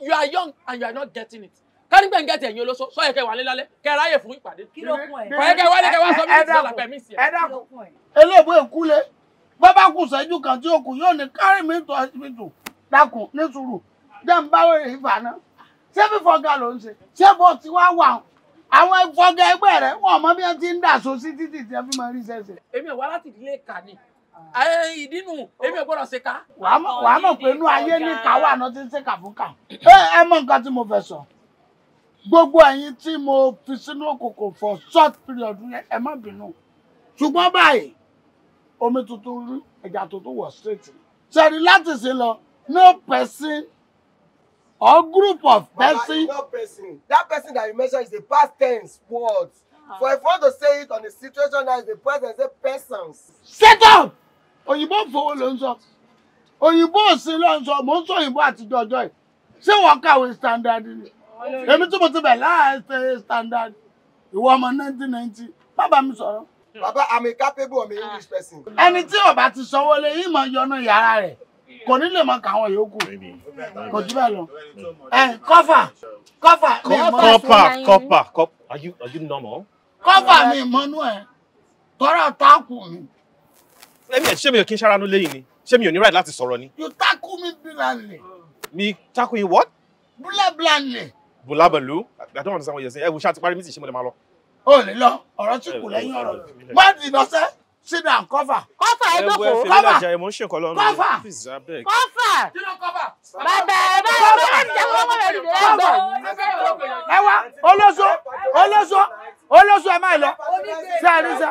Speaker 3: you are young and you are not getting it kárí pé ń gẹ̀tì ẹ̀yin olóso sọ yẹ kẹ wà nílálẹ́ kẹ ráyè fún ìpàdé kí ló kún ẹ̀ kọ̀yẹ́ kẹ wálé kẹ wá sọ mí ti sọ̀lá pẹ̀mí sí ẹ̀. ẹ dákun eléèbó ìkúlé bàbá kù sẹ́jú kan tí ó kù yóò ní carry me to hospital dákun ní sùúrù jẹ́ ń bá wèrè ìfà náà ṣé fífọ́gà ló ń ṣe ṣé bó ti wá wà àwọn ìfọ́gà ẹgbẹ́ rẹ̀ wọ́n mọ bí wọ́n ti ń dà so sí títì tí wọ́n fi máa rí sẹ́sẹ̀. èmi ò wá láti ilé ìkànnì Ah. Eh, ìdínú èmi ò gbọ́dọ̀ ṣèkà. wàá mọ̀ pé inú ayé ní káwá náà ti ń ṣèkà fún kà ẹ mọ̀ nǹkan tí mo fẹ́ sọ gbogbo ẹ̀yin tí mo fi sínú òkòkò for short period ẹ má bínú ṣùgbọ́n báyìí omi tuntun rí ẹja tuntun wọ̀ straight ṣẹ̀rí láti ṣe lọ no person or group of person. Mama, not person. That person that you mentioned is the past tense words. Ah. For if you want to say it on the situation now, is the present, say persons. Set up! òyìnbó fowó ló ń sọ òyìnbó òsín ló ń sọ mò ń sọ òyìnbó àtijọ́ ọjọ́ yìí ṣé wọ́n kàwé standard ni
Speaker 4: èmi tí mo ti bẹ̀
Speaker 3: láàṣẹ standard ìwọ ọmọ 1990 bàbá mi sọ̀rọ̀. bàbá i'm a capable english person. ẹni tí ó ti sanwó lé yìí mọ yọnu yàrá rẹ̀ kò ní lè mọ káwọn yòókù kò jù bẹ́ẹ̀ lọ. ẹ kọfà mi mọ. kọfà
Speaker 7: kọfà kọfà are you normal.
Speaker 3: kọfà mi mọ nú ẹ táàkù mi èmi ẹ̀ ṣé mi ò kí n ṣaranu lẹ́yìn ni ṣé mi ò ní right láti sọ̀rọ̀ ni. you tackle me blandly. mi tackle you what. bula blandly. bula bẹ̀lú I don't understand what you're saying ẹ wo ṣáà ti parí mi sì ṣé mo lè máa lọ. o lè lọ ọ̀rọ̀ tí kù lẹ́yìn ọ̀rọ̀ má dìnnà sẹ́ sit down cover. kọ́fà ẹ dọ́kọ̀ kọ́fà kọ́fà kọ́fà
Speaker 5: bàbá ẹ bá yọ
Speaker 3: bá yọ kọ́fà rẹ̀ lè gbọ́. ẹ wá olóso olóso
Speaker 2: olóso ẹ má lọ
Speaker 4: sí àrísá.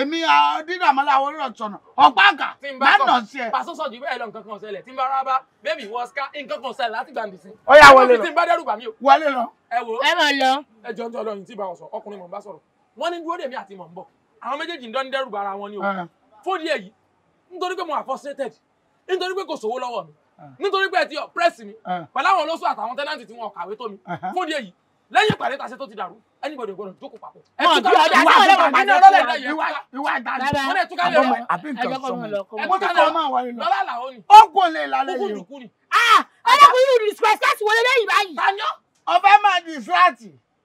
Speaker 3: èmi ah, dídàmọ́lá àwọn ọ̀rọ̀ sọ̀nà ọ̀pá àgà máa nà sí ẹ. pàṣọsọ jù bẹ́ẹ̀ lọ nǹkan kan ṣẹlẹ̀ tí n bá rárá bá bẹ́ẹ̀mì wọ́n ṣká nǹkan kan ṣẹlẹ̀ láti gbàǹdì sí. ó yá wọlé lọ tí n bá dẹ́rù bà mí o. wọlé lọ. ẹ wo ẹ mọ lọ. ẹ jọ ń jọ lọ yìí tí ìbáwọ̀ sọ ọkùnrin mọ̀ ń bá sọ̀rọ̀ wọ́n ní dúró dèmi àti mọ̀ ń bọ̀ àwọn méjèèjì ń dán dẹ́rù bà ara wọn ni o. Ah. fódì èyí nítorí pé mo wà frustrated nítorí pé kò sówó lọ́wọ́ mi ah. nítorí pé ẹ ti press mi pẹ̀lú àwọn olóṣù àtàwọn tẹ́nàntì tí wọn kàwé tó mi fódì èyí lẹ́yìn ìpàdé tàṣe tó ti dàrú anybody gbọ́dọ̀ jókòó papọ̀. ẹ iná lọ́lẹ̀ náà yẹ wá. ìwà ìdájọ́ wọn lè túká lè lọ. àbí nǹkan sọmọ ẹ mọ́tò kọ́ máa wà lọ. lọ́lá làwọn ni. ó gùn lè lálẹ́ yìí. kúkú ni. ọlọ́kùnrin yóò disgrace láti wọlé lẹ́yìn báyìí. tanyo ọfẹ máa distract.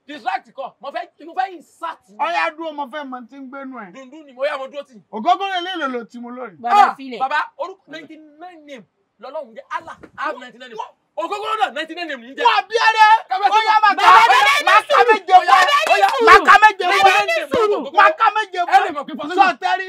Speaker 3: distract kọ mo fẹ́ mo fẹ́ insert. ọyá dúró mo fẹ́ mọ tí ń gbénu ẹ. dundun ni mo yá mo dúró tì. ògógóró ilé ìlòlò tí mo lórí. Ah, bàbá filẹ̀. bàbá orúkọ ninety nine name lọ́lọ́run jẹ́ allah i have ninety nine name ògógóró náà ninety nine naira ń jẹ. wà á bí ẹrẹ bóyá màkà méje fún màkà méje fún màkà méje fún sọtẹ́rì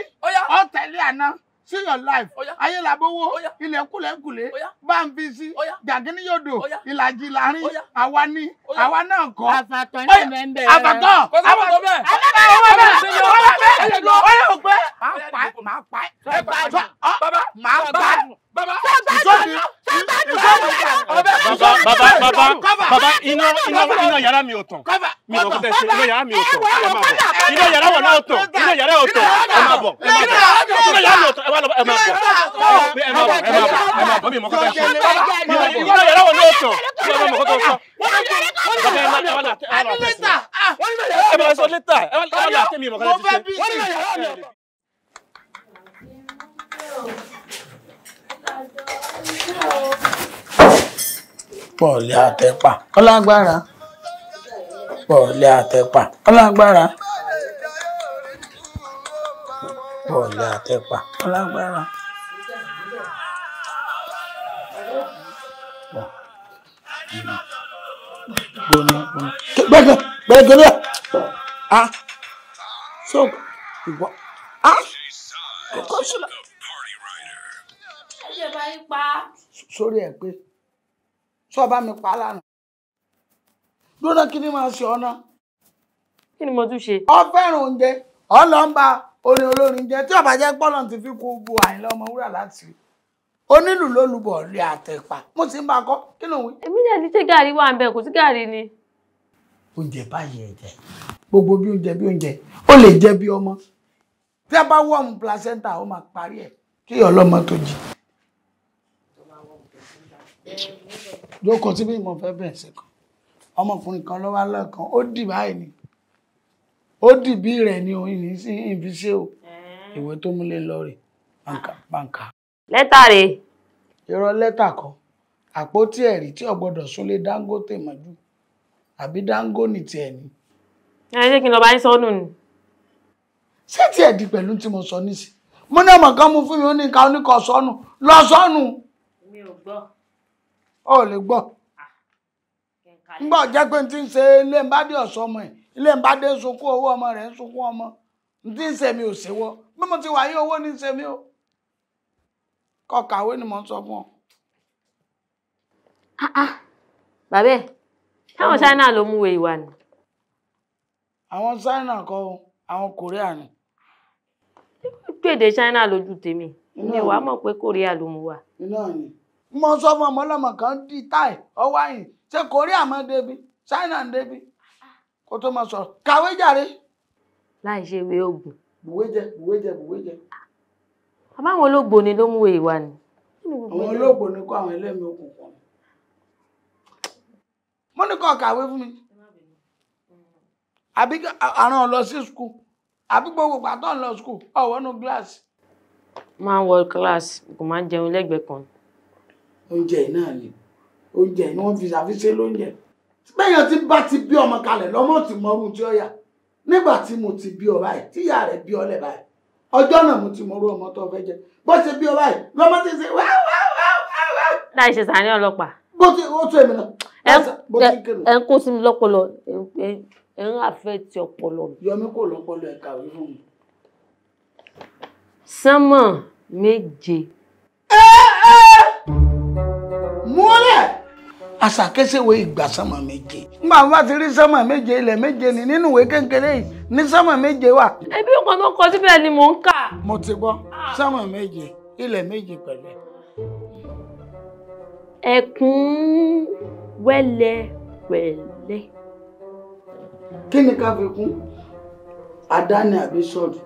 Speaker 3: ọ̀tẹ̀lẹ̀ àná see your life ayé làbówó ilẹ̀ kúlẹ̀kúlẹ̀ bá ń fi sí jàgínní yòdò ìlàjì láàrin àwa ni àwa náà kọ́. àfàtọ̀
Speaker 2: ní mẹ́ńbẹ̀
Speaker 4: rẹ àfàtọ̀ àfàtọ̀ bẹ́ẹ̀ àfàtọ̀ ọwọ́ bẹ́ẹ̀ ọwọ́ bẹ́ẹ̀ ọwọ́ bẹ́ẹ̀ ọwọ́
Speaker 3: bẹ́ẹ̀ máa pa máa pa máa pa baba ìsọdì baba baba baba iná iná iná yàrá mi ò Yara mi ò kọ́ tẹ̀sí iná yàrá mi ò tàn ẹ máa bọ̀ iná yàrá wọ̀ náà ò tàn iná yàrá ò tàn ẹ máa bọ̀ ẹ máa bọ̀ iná yàrá mi ò tàn ẹ máa bọ̀ ẹ máa bọ̀ ẹ
Speaker 4: máa bọ̀ ẹ máa bọ̀ ẹ máa bọ̀ mi ò kọ́ tẹ̀sí iná yàrá wọ̀ náà ò tàn iná yàrá mi ò kọ́ tẹ̀sí
Speaker 3: ẹ máa sọ létà ẹ máa là á tẹ̀mí ìmọ̀kànlá ti ṣe. Pọ̀lì àtẹ̀pà. Ọlágbára. Pọ̀lì àtẹ̀pà. Ọlágbára. Pọ̀lì àtẹ̀pà. Ọlágbára. Gbóná gbóná. Gbẹ́gbẹ́ gbẹ́gbẹ́ ah so ìwọ ah kókó sílẹ̀ ó ṣe bá yín pa. sórí ẹ pé sọ bá mi pa lánàá lóná kí ni máa ṣe ọ̀nà. kí ni mo tún ṣe. ọ fẹ́ràn oúnjẹ ọ lọ ń ba orin olórin jẹ tí ọba jẹ pọlọ ti fi kú bu Àyìnlá Ọmọwúrà láti onílù lólùbọ lè àtẹpà
Speaker 6: mo sì ń bá a kọ kí ló ń wí. èmi náà ní ṣé gàrí wà ń bẹ kò sí gàrí ni.
Speaker 3: oúnjẹ báyìí ẹ jẹ gbogbo bí oúnjẹ bí oúnjẹ ó lè jẹ bí ọmọ
Speaker 6: tí a bá wọ́ọ̀mù
Speaker 3: placenta ó máa parí ẹ̀ kí ọlọ́mọ tó jí jókòó tí mímọ fẹ́ bẹ̀rẹ̀ sí kan ọmọkùnrin kan ló wá lọ́kàn ó dì báyìí ni ó dì bí rẹ̀ ni òun ní sí ibi ṣé o ìwé tó múlẹ̀ lọ rè bàǹkà bàǹkà. lẹ́tà rè. irọ́ lẹ́tà kan àpótí ẹ̀rí tí ọ̀gbọ́dọ̀ súnlé Dangote mọ́jú àbí Dango ní tiẹ̀ ni. ẹ ṣé kí n lọ bá yín sọ́nù ni. ṣé tiẹ̀ di pẹ̀lú tí mo sọ nísì mo ní ọmọ kan mú fún mi ó ní nǹkan oníkọ̀ sọ́nù lọ sọ́nù. mi ò gbọ́ ọ ò lè gbọ́ ngbọ́ jẹ́ pé n ti ń ṣe ilé ń bá dé ọ̀sọ́ ọmọ ẹ̀ ilé ń bá dé sunkún owó ọmọ rẹ̀ ń sunkún ọmọ n ti ń ṣe mi ò ṣèwọ́ bí mo ti wà yí owó ní ṣe mi ò kọ kàwé ni mo ń sọ fún ọ.
Speaker 6: Ah, ah. bàbá ẹ táwọn China ló mú wẹ ìwà ni. àwọn China kọ àwọn Korea ni. pèdè China lójú tèmi mi ò wá mọ̀ pé Korea ló mú wa. náà ni mo sọ fún
Speaker 3: ọmọ ọlọ́mọ kan di táì ọwọ́ àyìn ṣe korea mọ́ débi china débi kó tó mọ sọ̀rọ̀ kàwé jàre.
Speaker 6: láì ṣe ìwé oògùn. bùwé jẹ bùwé jẹ bùwé jẹ. àmọ́ àwọn olóògbò ni ló mú ìwà ni.
Speaker 3: àwọn olóògbò ni kó àwọn ẹlẹ́mìí òkùnkùn. mo ní kó kàwé fún mi àbí àrùn lọ sí skul àbí gbogbo pàtó lọ skul ọ̀wọ́nú gíláàsì.
Speaker 6: máa ń wọ kíláàsì kò máa ń jẹun lẹ́gbẹ̀ẹ́ kan oúnjẹ
Speaker 3: yìí náà lè oúnjẹ yìí ni wọ́n fi ṣàfiṣe lóúnjẹ bẹ́yàn tí bá ti bí ọmọ kalẹ̀ lọ́mọ tí mọ́rú tí ó yà nígbà tí mo ti bí ọ báyìí tíyà rẹ̀ bí ọ lẹ̀ báyìí ọjọ́ náà mo ti mọ́rú ọmọ tó fẹ́ jẹ bó ṣe bí ọ báyìí lọ́mọ ti ṣe wá wá wá wá wá. láì ṣe
Speaker 6: sàárín ọlọ́pàá. bó ti ó tó èmi náà. ẹ ń kó sí mi lọ́pọlọ ẹ ń àfẹ́ ti ọpọlọ. yọmí kò lọ́pọlọ ẹ̀ kàwé fún mi. sánmọ̀ méje. ẹ́ẹ́
Speaker 3: àṣàkéṣèwé ìgbà sánmà méje. nígbà wọn bá ti rí sánmà méje ilẹ̀ méje ni nínú ìwé kékeré yìí ní sánmà méje wà. ẹbí nǹkan tó kọ síbẹ̀ ni mò ń kà. mo ti gbọ́ ah. sánmà méje ilẹ̀ méje pẹ̀lẹ́.
Speaker 6: ẹkùn wẹ́lẹ́wẹ́lẹ́. kí ni ká fi kún àdáni àbí sọ́ọ̀dù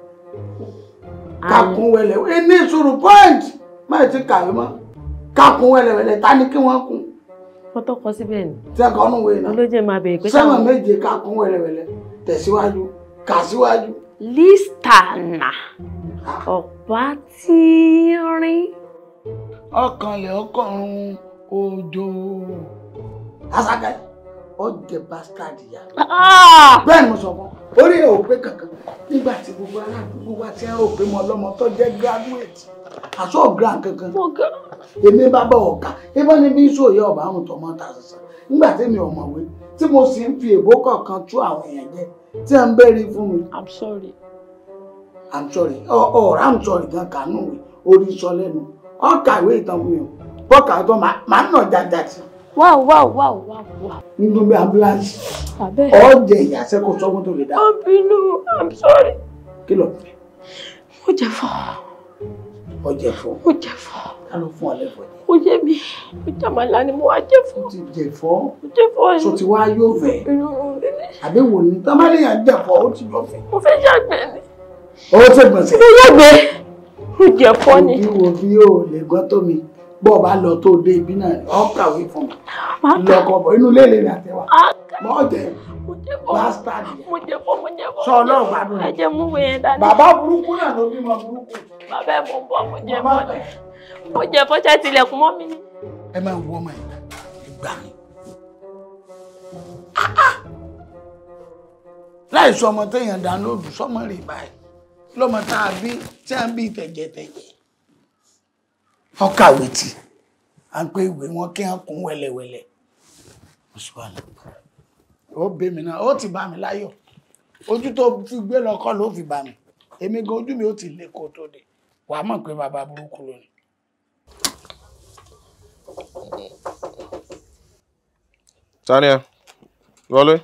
Speaker 3: ká kún wẹ́lẹ́wẹ́lẹ́ ní sùúrù point máa ti kàwé mọ́ ká kún wẹ́lẹ́wẹ́lẹ́ ta ni
Speaker 6: kí wọ́n kún wọ́n tọ́kọ síbẹ̀ ni. sẹ́kọ̀ọ́ nù wẹ̀ náà olóje máa bẹ̀rẹ̀ pé. sẹ́wọ̀n
Speaker 3: méje ká kún
Speaker 6: wẹ̀rẹ̀wẹ̀rẹ̀ tẹ̀síwájú kà síwájú. lístànà ọ̀pá tí ń rin. ọkànlẹ̀ ọkọ̀run
Speaker 3: òjò. asakẹ́ ọ jẹ bastard ya. Ah! bẹ́ẹ̀ mo sọ fún orí ẹ̀ ò pé kankan nígbà tí gbogbo aládùúgbò wa ti ń rò pé mo lọ́mọ tó jẹ́ graduate àṣọ ọ̀gá kankan. Oh èmi bá bá ọ̀gá ebá ní bí sòye ọ̀bá àrùn tọmọ ta sísan nígbà tí mi ò mọ̀wé tí mo sì ń fi èbó kọ̀ọ̀kan tú àwọn èèyàn jẹ tí ẹ ń bẹ̀rẹ̀ fún mi. i'm sorry. i'm sorry ọ̀rọ̀ i'm sorry gan kànú orí sọ lẹ́nu ọ̀kà ìwé ìtàn mi ò bọ́kà tó máa ń nà jájá sí i
Speaker 5: wow wow wow wow wow. nínú bí ambulance. ọ̀jẹ̀
Speaker 3: ìyàsẹ́ kò sọ́gun tó lè dá.
Speaker 6: abinu i'm sorry. kí ló. mo jẹ
Speaker 3: fọ. ọjẹ fọ. mo jẹ fọ ta ló fún ọ lẹ́fọ̀ọ́
Speaker 6: yẹn. o yé mi mo jàmàlà ni mo wá jẹ̀fọ́. o ti jẹ̀fọ́ o jẹ̀fọ́ yẹn. so ti wá yóò fẹ́.
Speaker 3: àbí wò ni tamalẹ́yà jẹ̀fọ́ o ti lọ
Speaker 6: fẹ́. mo fẹ́ yàgbẹ́ ni.
Speaker 3: o ti gbọ̀nsẹ̀. mo yàgbẹ́ mo jẹ̀fọ́ ni. òbí wo bí o lè gbọ́ tó mi bọ́ọ̀ bá lọ tó dé ibi náà ọ kàwé fún mi lọkọ bọ̀ inú lé lèrè àtẹwà
Speaker 6: mọ́ jẹ́ bastard bàbá burúkú náà ló bímọ burúkú bàbá ẹ̀ mọ̀ bọ́ mo jẹ́ mọ́ ó jẹ fọ́ṣẹ́ tilẹ̀kùn mọ́ mi ni. ẹ máa
Speaker 3: wọ ọmọ
Speaker 7: ẹ gbà mí.
Speaker 3: láì sọ ọmọ téèyàn dánlóòdù sọmọ rè báyìí lọmọ tá a bí tí a ń bí tẹ̀jẹ̀tẹ̀jẹ̀ ọkàwé tì à ń pé ìwé wọn kí wọn kún wẹ́lẹ́wẹ́lẹ́ ó bèmí náà ó ti bá mi láyọ̀ ojú tó fi gbé lọ kọ́ ló fi bá mi èmi gan ojú mi ó ti lé kó tó dé wàá mọ̀ pé bàbá burúkú lónìí. Tania, wọlé.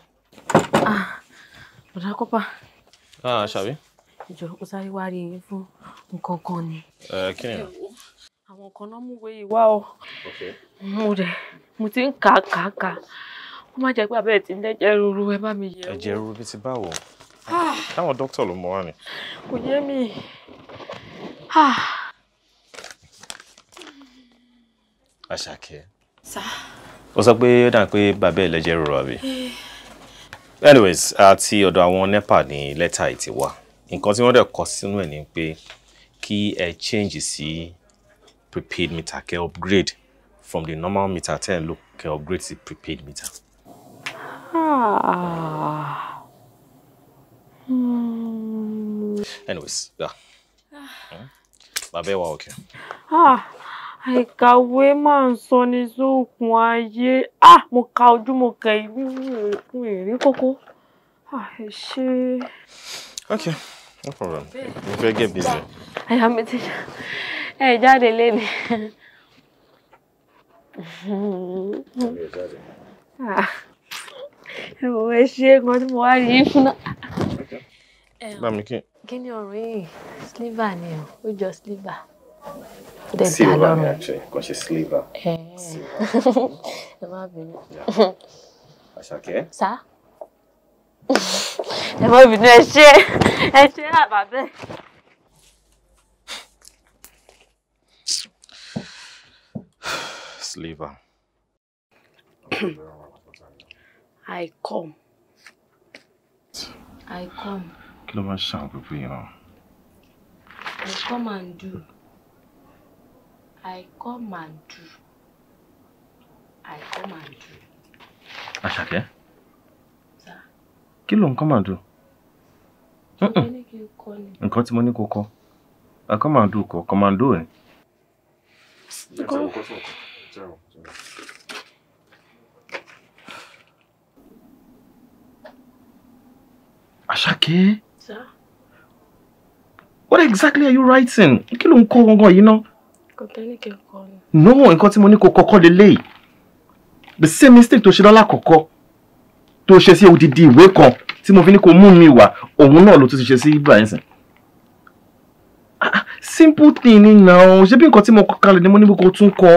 Speaker 3: ah
Speaker 1: kópa. Ah, Ṣàbí.
Speaker 6: Ìjọ ó sáré wá rí yín fún nǹkan kan ni. Eh, kan náà mú ìwé yìí wá o. Mo rẹ̀ mo ti ka kà ti ń ruru ẹ bá mi
Speaker 7: ruru bi ti ah. ni.
Speaker 6: Kò mi. Ah. Àṣàkẹ́. Sá.
Speaker 3: Ó sọ pé ó dà pé bàbá ẹ̀ lẹ́jẹ̀ rọrọ̀ àbí. Anyways, àti ọ̀dọ̀ àwọn NEPA ní lẹ́tà yìí ti wá. Nǹkan tí wọ́n dẹ̀ kọ sínú ẹ̀ ni pé kí ẹ change sí prepaid meter kẹ́ upgrade from the normal meter tẹ́ ẹ̀ lò kẹ́ upgrade sí prepaid meter.
Speaker 1: Ah.
Speaker 3: Anyways, yeah.
Speaker 4: Hmm? Bàbá ẹ̀ wá okay.
Speaker 6: Ah àìkàwé máa ń sọ sóògùn ayé ah mo ka ojú mo kẹ ìwé ìrìnkún ìrí kókó àìṣe.
Speaker 4: okay no problem mo fẹ́ get busy.
Speaker 6: àyà mi ti ẹ jáde léni. ẹ̀wọ̀n ẹ ṣe é kan tí mo wá rí yín fún náà. bá kí. kí ni ọ̀rọ̀ yìí sliver ni o ó jọ sliver
Speaker 7: silver ni actually kò ṣe silver.
Speaker 6: ẹ má bínú. Àṣàkẹ́. sá ẹ má bínú ẹ ṣe ẹ ṣe àbá bẹ́ẹ̀. I come. I come.
Speaker 7: Kí ló máa ń ṣàǹkópin
Speaker 6: I come and do. I come and do.
Speaker 5: I come and do.
Speaker 4: Àṣàkẹ́.
Speaker 3: Sir, ló ń come and do? Nǹkan tí mo ní kó kọ́. I come and do kọ́, come and do ẹ̀. Sir, What exactly are you writing? Kí ló ń kọ́ gangan yìí
Speaker 4: tẹ́nìkì kọ
Speaker 3: ni. no nǹkan tí mo ní kó kọ́kọ́ leléyìí the same mistake tó ṣe lọ́la kọ̀kọ́ tó ṣe sí odidi ìwé kan tí mo fi ní kó mú mi wá òun náà ló tún ti ṣe sí Ibrahim ah, ah, simple thing ni na o ṣé bí nǹkan tí mo kọ kalẹ̀ ni mo ní bí kò tún kọ.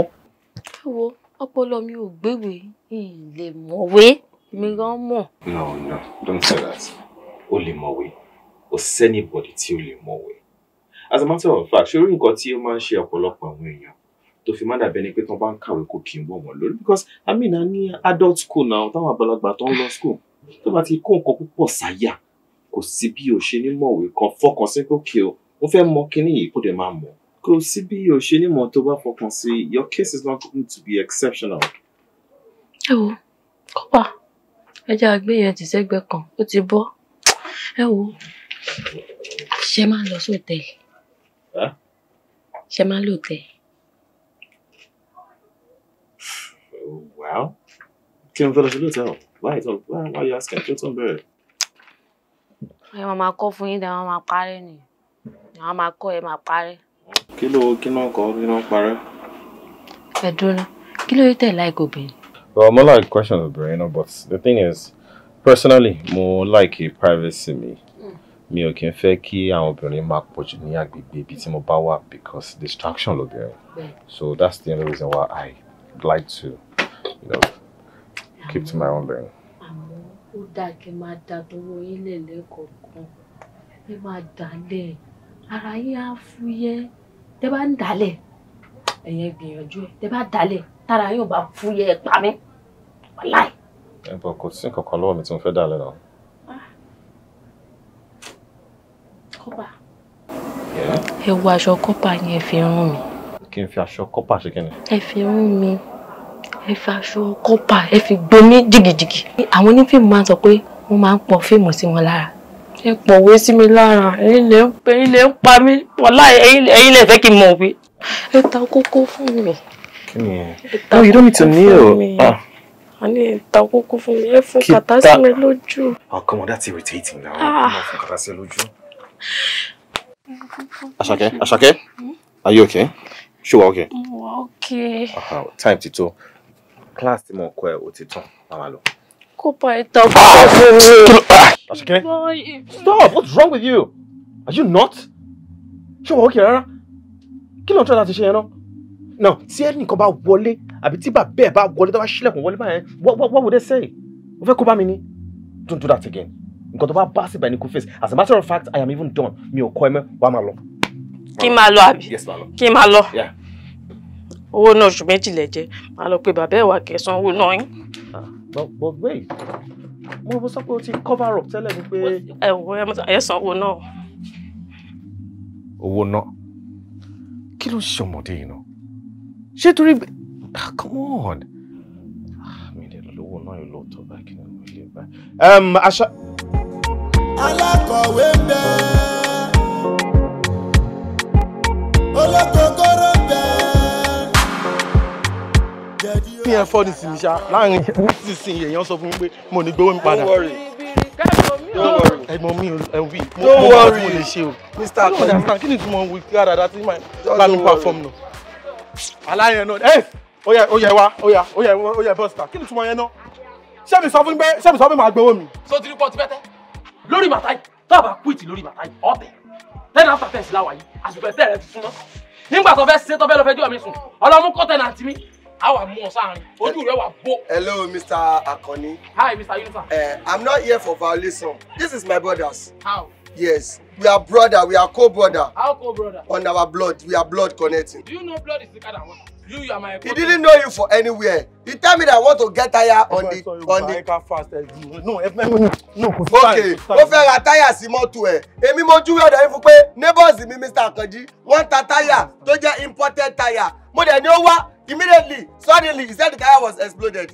Speaker 6: wo ọpọlọ mi ò gbéwèé ilé mọ̀wé mi gan mọ̀. no no don't
Speaker 3: say that o lè mọ̀wé o sẹ́ni bọ̀dì tí o lè mọ̀wé as a matter of fact ṣé orí nǹkan tí ó máa ń ṣe ọ̀pọ̀lọpọ̀ àwọn èèyàn tó fi má dàbí ẹni pé tán bá ń kàwé kó kì í wọ̀ wọ́n lórí because I mean a ní adult school náà táwọn àgbàlagbà tó ń lọ school tó bá ti kó nǹkan púpọ̀ sáyà kò sí bí o ṣe ní mọ̀wé kan fọkàn sí pé kí o mo fẹ́ mọ kíní yìí kó dẹ̀ máa mọ̀ kò sí bí o ṣe ní mọ̀ tó bá fọkàn sí your case is not going to be exceptional.
Speaker 4: ẹ
Speaker 6: wo kọ́pà ẹja àgbéyẹn ti sẹ́gbẹ́ kan ó ti bọ́ ẹ wo ṣe máa ń lọ sí òtẹ́ẹ̀lì ṣe máa lò tẹ.
Speaker 7: Wow, n fẹ́ lọ sí lóòótọ́ why why you ask kí n tó ń bẹ̀rẹ̀.
Speaker 6: ẹ máa máa kọ́ fún yín dáa máa máa parẹ́ ni àwọn máa kọ́ ẹ máa parẹ́.
Speaker 7: kí ló kí náà Pedro,
Speaker 6: kilo, náà parẹ́. like dúró
Speaker 3: well more like question obìnrin you know, but the thing is personally more like a privacy me mi ò kí ń fẹ́ kí àwọn obìnrin máa pọ̀ jù ní agbègbè ibi tí mo bá wà because distraction lobìnrin so that's the only reason why I like to
Speaker 4: you know, keep to my own lane.
Speaker 6: ó dáa kí n máa da dúró yín lẹ́lẹ́kọ̀ọ̀kan ẹ máa dálẹ̀ ara yín á fúyẹ́ tẹ́ bá ń dálẹ̀ ẹ̀yẹn gbìyànjú ẹ̀ tẹ́ bá dálẹ̀ tára yín ò bá fúyẹ́ ẹ̀ pa mí wàláì.
Speaker 7: ẹ bọ̀ kò sí nǹkan kan lọ́wọ́ mi tí mo fẹ́ dálẹ̀ náà. kọ́pà. ẹ
Speaker 6: wo aṣọ kọ́pà yẹn fi rún mi.
Speaker 7: kí n fi aṣọ kọ́pà ṣe kí ni.
Speaker 6: ẹ fi rún mi ẹ fi aṣọ kọ́pà ẹ fi gbé mi jìgìjìgì. àwọn onífíìmù máa ń sọ pé wọ́n máa ń pọ̀ fíìmù sí wọn lára ẹ pọ̀wé sí mi lára ẹ̀yin lè ń pa mí wọ́lá ẹ̀yin lè fẹ́ kí n mọ̀ wí. ẹ ta kókó fún mi.
Speaker 4: kí ni ẹ. no oh, you don't need to
Speaker 6: kneel. Ah àní ìta kúkú fún mi ẹ fún kàtà sí mi lójú. oh come
Speaker 3: on that's irritating now ẹ ah. fún kàtà sí ẹ lójú.
Speaker 6: Asake, Asake,
Speaker 3: are you okay? Sure, wà okay? Wà
Speaker 6: mm, okay.
Speaker 3: Time to tó. Class ti mọ̀ kọ́ ẹ̀ ó ti tán. Màmá lọ.
Speaker 6: Ah!
Speaker 3: stop! What's wrong with you? Are you not? Sure, okay Rara. Kí ló ń tọ́ láti ṣe yẹn Now, tí ẹnìkan bá wọlé àbí tí bàbá ẹ̀ bá wọlé tó bá ṣílẹ̀kùn what would they say? O fẹ́ kó bá mi ni? Don't do that again nǹkan tó bá bá síbẹ̀ ni kò face as a matter of fact i am even done mi ò kọ́ ẹ mẹ́ wà á máa abi.
Speaker 4: Yes n máa lọ àbí kí
Speaker 6: n máa lọ owó náà oṣù méjì lẹ́jẹ́ máa lọ pé bàbá ẹ̀ wà kẹsàn-án owó náà yín.
Speaker 3: but wait mo sọ pé o ti cover up
Speaker 6: tẹ́lẹ̀ ni pé. ẹ wo ẹ san owó náà.
Speaker 7: owó náà kí ló ń ṣe ọmọdé yìí náà ṣé ah, come on ah, mi lè lówó náà yóò lóòótọ́ báyìí kí ni mo lè bá. aṣa
Speaker 4: alákọ̀wé ń bẹ olókogoro ń bẹ.
Speaker 3: ní ẹ fọ́ ní sinmi ṣá láàrin nísinsìnyí èèyàn sọ fún mi pé mo ní gbowó mi padà. ẹ̀gbọ́n mi
Speaker 7: ò wí mo mọ fún olè ṣe o.
Speaker 3: mr akọni kí ni ìtumọ̀ wí kí àdàdà tí màá bá mi pàfọ́ọ̀mù náà. aláyẹn náà ẹ ó yẹ ó yẹ wá ó bọ́sítà kí ni ìtumọ̀ yẹn náà ṣé sọ fún mi pé ṣé sọ fún mi màá gbowó mi. sotiri pọ̀ ti bẹ́tẹ̀ lórí bàtà tó a bá lórí bàtà yìí ten after ten sí láwa àsìkò ẹ̀tẹ̀ rẹ ti súnmọ́ nígbà tó fẹ́ ṣe tó fẹ́ lọ fẹ́ jọ́ mi sùn ọlọ́mú kọ́tẹ́ náà ti mí a wà mú ọ sáàrin ojú rẹ wà bó. hello mr akoni. hi mr yunusa. Uh, i'm not here for violation this is my brothers. how. yes we are brother we are co-brother. how co-brother. on our blood we are blood connecting. do you know blood is thicker than water. You, you are my opponent. He didn't know you for anywhere. He tell me that I want to get tire on the on the. Fast, eh, no, no, no. Okay, ó fẹ́ ra táyà sí mọ́tò ẹ̀. Èmi mo júwe ọ̀dọ̀ yín fún pé neighbors mi Mr. Akaji want a tire. tó jẹ́ imported tire. Mo dẹ̀ ní what? immediately suddenly he said the tire was exploded.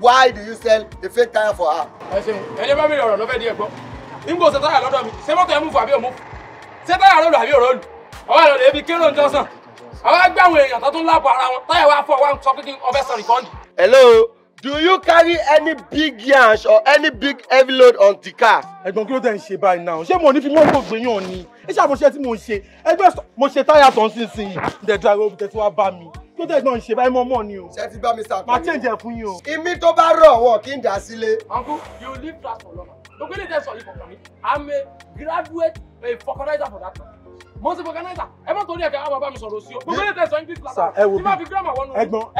Speaker 3: Why do you sell a fake tire for her? I say, Ẹ bro. Him go mi tire lọ́fẹ̀ẹ́ Same thing, I move for lọ́dọ̀ mi, ṣé mọ́tò ẹ̀ mú fún àbí òmú? Ṣé táyà lọ́dọ̀ àbí òrọ́ọ̀lù? Ọwọ́ Johnson hello do you carry any big yans or any big heavy load on the car. I don't know. tẹ̀ ń ṣe now. náà ṣé mo ní fi mọ́tò gbẹ̀yàn ni iṣẹ́ àmọ́ṣe tí mo ń ṣe ẹgbẹ́ mo ṣe táyà tó ń sìn sìn yìí ǹdẹ̀ dra ẹ̀rọ tẹ̀sí wá bá mi kí ló tẹ̀ gbọ́n ṣe báyìí mọ́ mọ́ ni change ẹ̀ fún yín o. imí tó bá rọ̀ wọ̀ kí n uncle you leave that for long. ògbélé tẹ̀ sọ̀rọ̀ ìfọ̀kànmí i'm a graduate a vulcanizer for that mo ń ṣe organizer ẹ má torí ẹ̀ka àwọn bàbá mi sọ̀rọ̀ sí o gbogbo ilé tẹ̀sán english class ẹ wò bí ẹ̀gbọ́n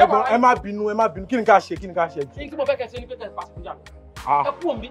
Speaker 3: ẹ̀gbọ́n ẹ má bínú ẹ má bínú kí ni ká ṣe kí ni ká ṣe jù. ní tí mo fẹ́ kẹ́ ṣe ni pé kẹ́ ẹ pàṣẹ fún Ah. You mean,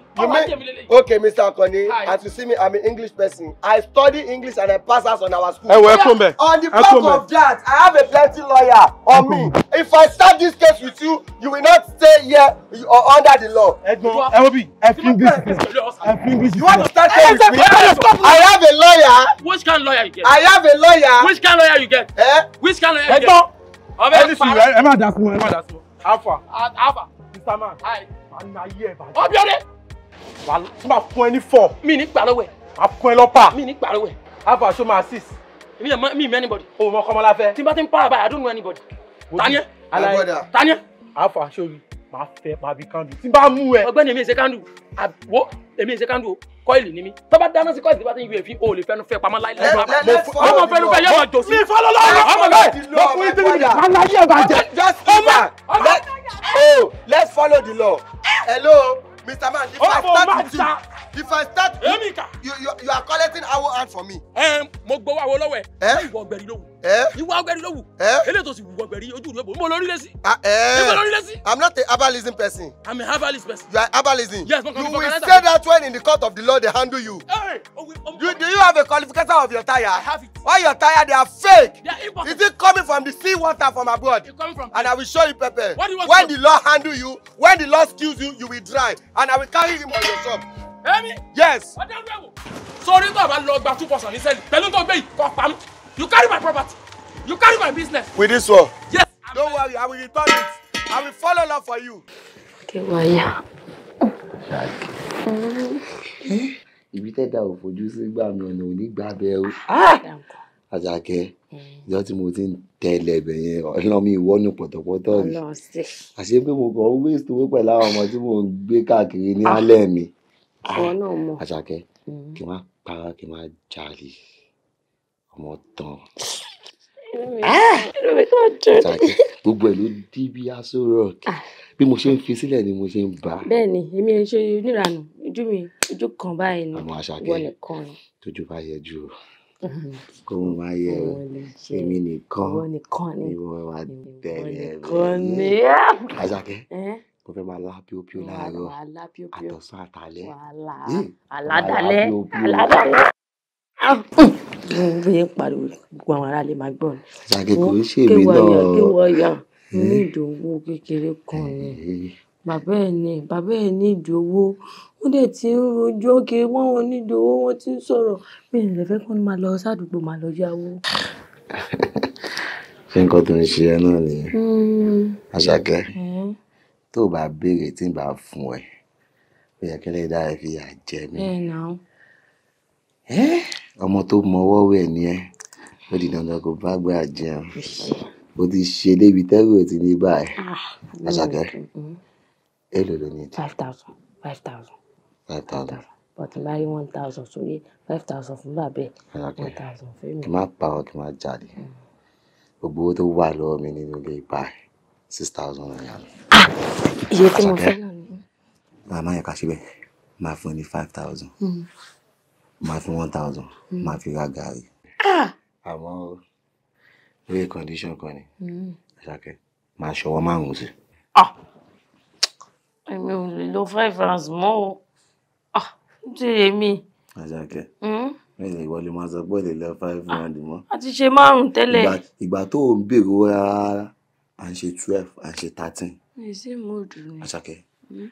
Speaker 3: okay, Mr. Akoni, as you see me, I'm an English person. I study English and I pass us on our school. Hey, well, come back. On the back of that, I have a plenty lawyer on me. Mm-hmm. If I start this case with you, you will not stay here or uh, under the law. Edmond, LB, I think this is I think this You want to start case with me? I have a lawyer. Which kind of lawyer you get? I have a lawyer. Which kind of lawyer you get? Eh? Which kind of lawyer you get? Edmond!
Speaker 4: Ẹ
Speaker 3: má dá fún ẹ má dá fún. Alpha. Alpha. Mr. Man. Hi ọbíọ́dẹ. wà á fún ẹ ní fọ. mi ní gbà lọ́wọ́ ẹ̀. wà á fún ẹ lọ́pà. mi ní gbà lọ́wọ́ ẹ̀. alpha show ma assist. mi ò mi me, anybody. o mọ kọ́mọlá fẹ́. tí n bá ti pa àbáyé I don't know anybody. tani ẹ tani ẹ. alpha show mi máa fẹ́ máa bí kándù tí n bá mú ẹ. ọgbẹ́ni èmi ìṣe kándù àwo èmi ìṣe kándù o kọ́ìlì ni mí tọ́ba dáná sí kọ́ìlì tí bá ti ń yọ èéfín o ò lè fẹ́nu fẹ́ pamọ́ láìláì lọ́wọ́ ọmọ fẹ́nu fẹ́ yọ̀wọ̀ jòsí. mi fọ́ lọ́lọ́ ọ̀rọ̀ ọmọ bẹ́ẹ̀ lọ fún ìdílé mi. aláyé bàjẹ́ ọmọ. let's follow the law hello mr man di five thirty two if i start. èmi you you you are collecting awo hand for me. ẹ mo gbowó awo lọ́wọ́ ẹ. ẹ ìwọ ọgbẹ̀rì ló wù. ẹ ìwọ ọgbẹ̀rì ló wù. ẹ eléyìí tó sì wù ọgbẹ̀rì ojú rẹ bò mo lórí lé sí. ẹ ah, ẹ mo lórí lé sí. i'm not a herbalism person. I am a herbalist person. you are herbalism. yes mo kàn fi fọkàn lẹ́sà. you will say that when in the court of the law they handle you. Hey, oh, we, oh, oh. do you have a qualification of your tyre. i have it. all your tyre they are fake. they are imported. is it coming from the sea water from abroad. it coming from. and i will show you pepper. what do you want when the law handle you when the law skills you you will dry and i will carry him on your shop èmi. yes. ọjọ́ ìwé wò. sórí tó a bá lọ gba two percent ní sẹ́ẹ̀lì pẹ̀lú tó gbé yìí kọ́ pa you carry my property you carry my business. with this one. yes. don't worry i will return it i will follow love for you. kí wáyà. ibi tẹ́dà ò fojú sí gbà mí ọ̀nà òní gbà bẹ́ẹ̀ o. Ah! àjàkẹ́ ìjọ tí mo ti ń tẹ̀lé ẹ̀bẹ̀ yẹn ọlọ́mí ìwọ́ ní pọ̀tọ̀pọ̀tọ̀ mi àṣé pé mo kàn ń wéṣọ pẹ̀lú àwọn ọmọ tí mò ń gbé káàkiri ní ah. alẹ́ mi ìwọ náà mọ̀. àṣàkẹ́ mm. kí n máa para kí n máa jalè ọmọ tán.
Speaker 4: àṣàkẹ́
Speaker 3: gbogbo ẹ̀ ló dí bí aṣọ rock ah. bí mo ṣe ń fi sílẹ̀ ni mo ṣe ń bá.
Speaker 6: bẹ́ẹ̀ni èmi ẹ ṣe oníranù ojú mi ojú kan báyìí ni ìwọ nìkan ni.
Speaker 3: tójú bá yẹ jù
Speaker 6: o [laughs]
Speaker 3: kó o máa yẹ o èmi nìkan ìwọ wà tẹ̀lé mi. àṣàkẹ́ mo fẹ́ máa lá píopío láàárọ̀
Speaker 6: àtọ̀sán àtàlẹ́ àládàlẹ́ àládàlẹ́. Ah! mo yẹ ń pariwo gbogbo àwọn aráàlú máa gbọ́ ni.
Speaker 4: ṣàkèkò ń ṣe èmi náà kéwọ́
Speaker 6: ya ní ìdòwò kékeré kan ni bàbá ẹ̀ ní bàbá ẹ̀ ní ìdòwò wọ́n dẹ̀ ti ń rojọ́ kiri wọ́n wọn ní ìdòwò wọ́n ti ń sọ̀rọ̀ bí ìrìnlẹ̀ fẹ́ kán máa lọ sádùúgbò máa lọ yáwó.
Speaker 3: ṣé nǹkan tó ń ṣe ẹ náà nìyẹn
Speaker 4: hmm.
Speaker 3: àṣàkẹ́ tó o bá béèrè tí n bá fún ẹ ó yẹ kẹlẹ́ dára fi yà jẹ mí. ọmọ tó mọwọ́ wẹ̀ ni ẹ ó di dandan kó bá gbà jẹun ó ti ṣe débi tẹ́rù ò ti ní báyìí ah, àṣàkẹ́ èlò ló ní.
Speaker 6: five thousand five thousand. five thousand but n bá rí one thousand sórí five thousand fún bàbẹ one thousand fún mi. kì máa
Speaker 3: pa wọn kì máa jáde gbogbo owó tó wà lọ́wọ́ mi nínú ilé ibà six thousand naira
Speaker 4: iye tí mo fẹ́ náà ni.
Speaker 3: màá má yẹ ká máa fún ẹ ní five thousand máa hmm. fi one thousand máa hmm. fi ra gàrí. Ah! àmọ́ lórí condition kan ni Àṣàkẹ́ hmm. máa ṣọwọ́ márùn-ún sí. Ah!
Speaker 6: èmi ò lè lo five rounds mọ́ o ah! ṣe èmi. Àṣàkẹ́
Speaker 3: ẹ̀yìn ìwọlé máa sọ pé ó lè lọ five rounds mọ́. a
Speaker 6: ti ṣe márùn-ún tẹ́lẹ̀.
Speaker 3: ìgbà tó o ń bèrè rárá à ń ṣe twelve à ń ṣe thirteen.
Speaker 6: mi sí múùdù ni. àṣàkẹ́ hmm?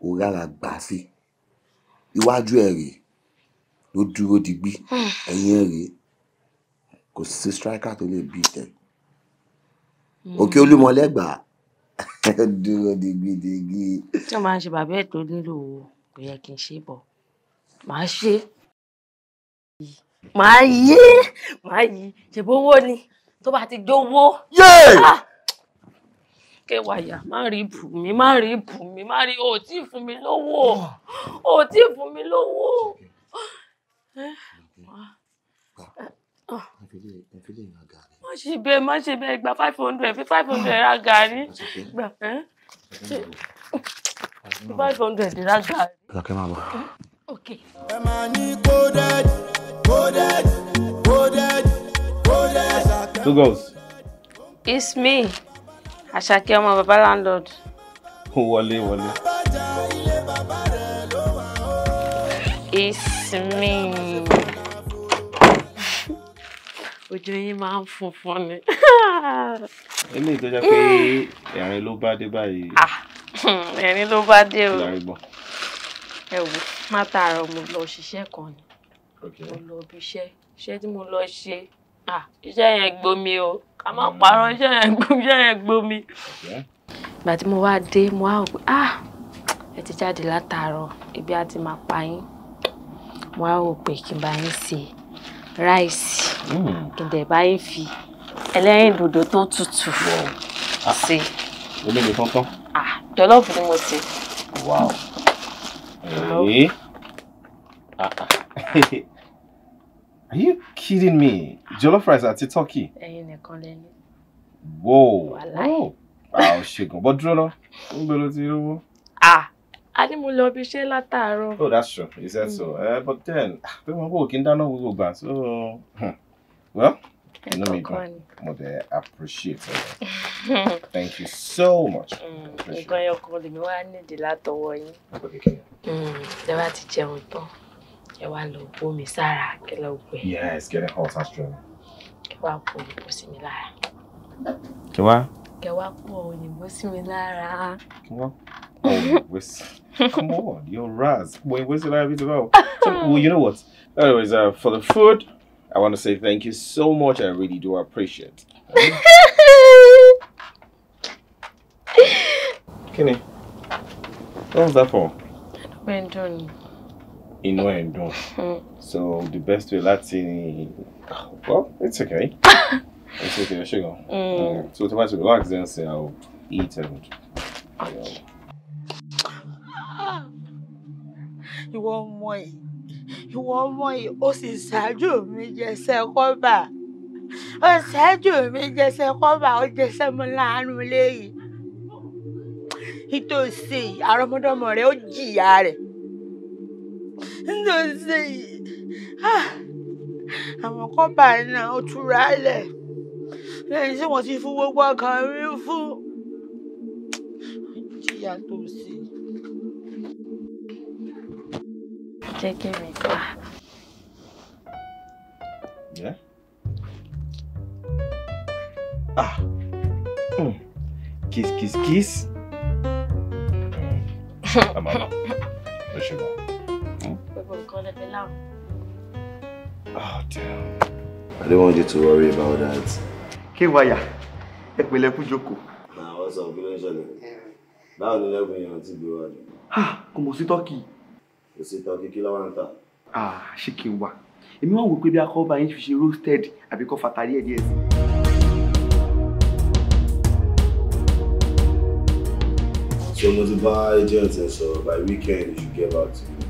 Speaker 3: o rárá gbà á sí iwájú ẹ̀ rèé ló dúró digbí [sighs] ẹ̀yìn ẹ̀ rèé kò sí striker tó lè bí tẹ̀. Hmm. òkè olúmọlẹ́gbàá [laughs]
Speaker 1: dúró digbí digbí.
Speaker 6: tí wọ́n máa ń ṣe bàbá ẹ̀ tó nílò kò yẹ kí n ṣe bọ̀ màá ṣe màá yí màá yí ṣèbówó ni tó bá ti jówó. yéè. Ah! Kẹwàyà má rí Bùnmi má rí Bùnmi má rí o ò tí ì fún mi lówó o ò tí ì fún mi lówó. Má ṣe bẹ́ẹ̀ má ṣe bẹ́ẹ̀ gba five hundred fi five hundred ra gàrí gbà fi five hundred ra gàrí. Ìlàkẹ́ máa bọ̀. Ẹ máa ní
Speaker 3: coded coded coded
Speaker 6: coded. Two girls. It's me àṣàkẹ́ ọmọ baba landlord. wọlé wọlé. it's me. ojú yín máa ń funfun ni.
Speaker 3: eléyìí tó jẹ́ pé ẹ̀rín ló bá dé
Speaker 6: báyìí. Ah, ẹ̀rín ló bá dé o. ẹ wò má tààrọ̀ mo lọ ṣiṣẹ́ kan ni mo lọ bí iṣẹ́ iṣẹ́ tí mo lọ ṣe iṣẹ́ yẹn gbomi o ká má parọ́ iṣẹ́ yẹn gbomi iṣẹ́ yẹn gbomi. ìgbà tí mo wá dé mo wá wò ah ẹ ti jáde látàárọ̀ ebi á ti máa pa yín mo wá wò pé kí n bá yín ṣe ráìsì kí n dẹ̀ bá yín fi ẹlẹ́rìn dòdò tó tutù ṣe. olóògbé ah, tán tán. Ah, jọlọ́ọ̀fù ni mo ṣe.
Speaker 4: wow.
Speaker 3: Hey. Eh. ah. ah. [laughs] Are you kidding me? Jollof rice àti turkey. Ẹyin nìkan lẹ́nu. Whoa. Wàláì. Àwọn ṣègùn bọ́ dúró lọ. Ń gbèrò ti rówó. Ah!
Speaker 6: A ní mo lọ ibi iṣẹ́ látàárọ̀.
Speaker 3: Oh, that's true. He said so? Uh, but then, pé mo kò kí n dáná gbogbo gbà, so well, inú mi dùn. Mo dẹ̀ appreciate
Speaker 6: it.
Speaker 3: Thank you so much.
Speaker 6: Nǹkan ẹyọkan lèmi wá nídìí látọwọ́ yín. Ẹ bá ti jẹun tán. Yeah, oh, it's yes getting hot and strong.
Speaker 4: come on
Speaker 3: you ras Raz. so well, you know what anyways uh, for the food I want to say thank you so much I really do appreciate. [laughs]
Speaker 7: Kenny, what was that for?
Speaker 6: Benjamin. inú ẹ̀ ń dùn hmm.
Speaker 7: so the best way láti well it's okay
Speaker 3: [laughs] it's okay ẹ ṣe gan so tó bá ti relax then say i will eat and.
Speaker 2: ìwọ ọmọ yìí ìwọ ọmọ yìí ó sì ṣáájú mi jẹsẹ kọba ó ṣáájú mi jẹsẹ kọba ó jẹsẹ mi láàánú léyìí nítòsí àrọmọdọmọ rẹ ó jìyà rẹ ntòsí ah, àwọn kọ́bà náà ó túra lẹ̀ lẹ́yìn tí wọ́n ti fún gbogbo ọkàn rí fún
Speaker 6: ìjìyà tó sí. jẹ́ kí mi pa.
Speaker 4: Yeah.
Speaker 7: Ah. Mm. Kiss, kiss, kiss. Mm. Ah, maman. Je suis bon.
Speaker 6: Oh
Speaker 3: damn. I don't want you to worry
Speaker 7: about that. Kí wáyà, ẹ pẹ̀lẹ́ kú jókòó. Náà wọ́n sọ kí ló ń ṣẹlẹ̀.
Speaker 3: Báwo ni lẹ́gùn yẹn ti gbé wá ni? Kò mọ̀ sí tọ́kì. Kò sí tọ́kì kí lọ́wọ́ ń tà. Ṣé kí n wà? Èmi wá wò pé bí akọ́ba yín fi ṣe roasted àbí kọ́ fatari ẹ̀ díẹ̀ sí.
Speaker 7: So mo ti bá agent by weekend you should get back to me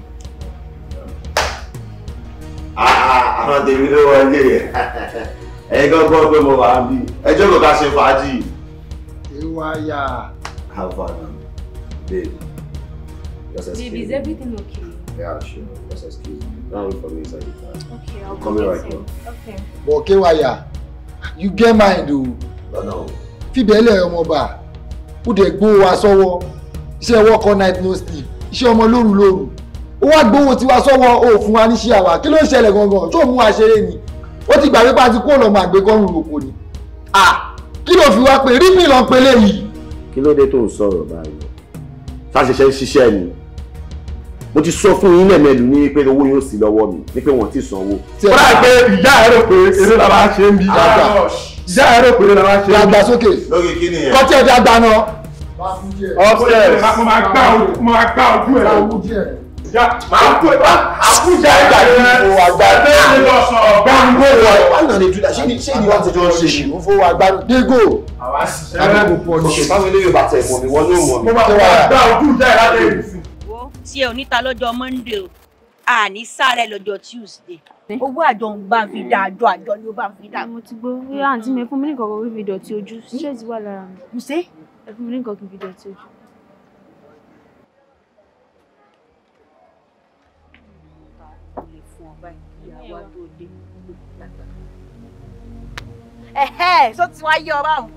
Speaker 7: àwọn tèmi ló wọlé [laughs] ẹ̀yin
Speaker 3: kan gbọ́ pé mo wà á bí ẹjọ́ kò ká ṣe fàájì. ìwà yà. havana babe just excuse me. babe is
Speaker 6: everything okay.
Speaker 3: yeah sure
Speaker 4: just excuse me
Speaker 3: now wait for me inside the car. okay i'll come right now. okay. but kewaya you get mind o. no no. fìbẹ́lẹ̀ ọmọọba ó dẹ̀ gbó wa sọ́wọ́ iṣẹ́ work all night no sleep iṣẹ́ ọmọ lóru lóru ó wá gbowó tiwa sọ́wọ́ òfun wa ní ṣé àwa kí ló ń ṣẹlẹ̀ gangan tó mú wa ṣeré ni ó ti gbà pé pàtí kó lọ́mọ àgbékọ́rùn lòpọ̀ ni
Speaker 7: à kí ló fi wá pé rí mi lọ́n pelé yìí. kí ló dé tó ń sọ̀rọ̀ báyìí táṣẹṣẹ ń ṣiṣẹ́ ni mo ti sọ fún yín lẹ́mẹ̀lú ní pé owó yóò sí lọ́wọ́ mi ní pé wọ́n ti sanwó. kódà pé ìyá ẹ rò pé eré la máa ṣe ń bí dàgbà
Speaker 3: ìyá ẹ rò pé eré la máa ṣe ń bí. dàgbà sókè kọ́tí ẹ̀dá gbaná.
Speaker 4: upstairs mo
Speaker 3: máa gbá ojú ẹ̀ máa kú ẹ bá àkújá ẹgbà yìí fò àgbà náà gbàngbò wọ. why na dey do that ṣé ni ṣé ni wọ́n
Speaker 2: ti ẹ ò níta Monday o àní sáré lọ́jọ́ Tuesday owó àjọ ń bá fi dá àjọ àjọ ni ó bá fi dá. mo ti gbọ́ wí àǹtí mi fún mi ní kankan wí fi dọ̀tí ojú ṣé èsì wà lára mi. mo ẹ fún mi ní kankan fi dọ̀tí ojú. àwa tó dé ló ti dàgbà. ẹ̀hẹ́ so ti wá yé ọ báwọn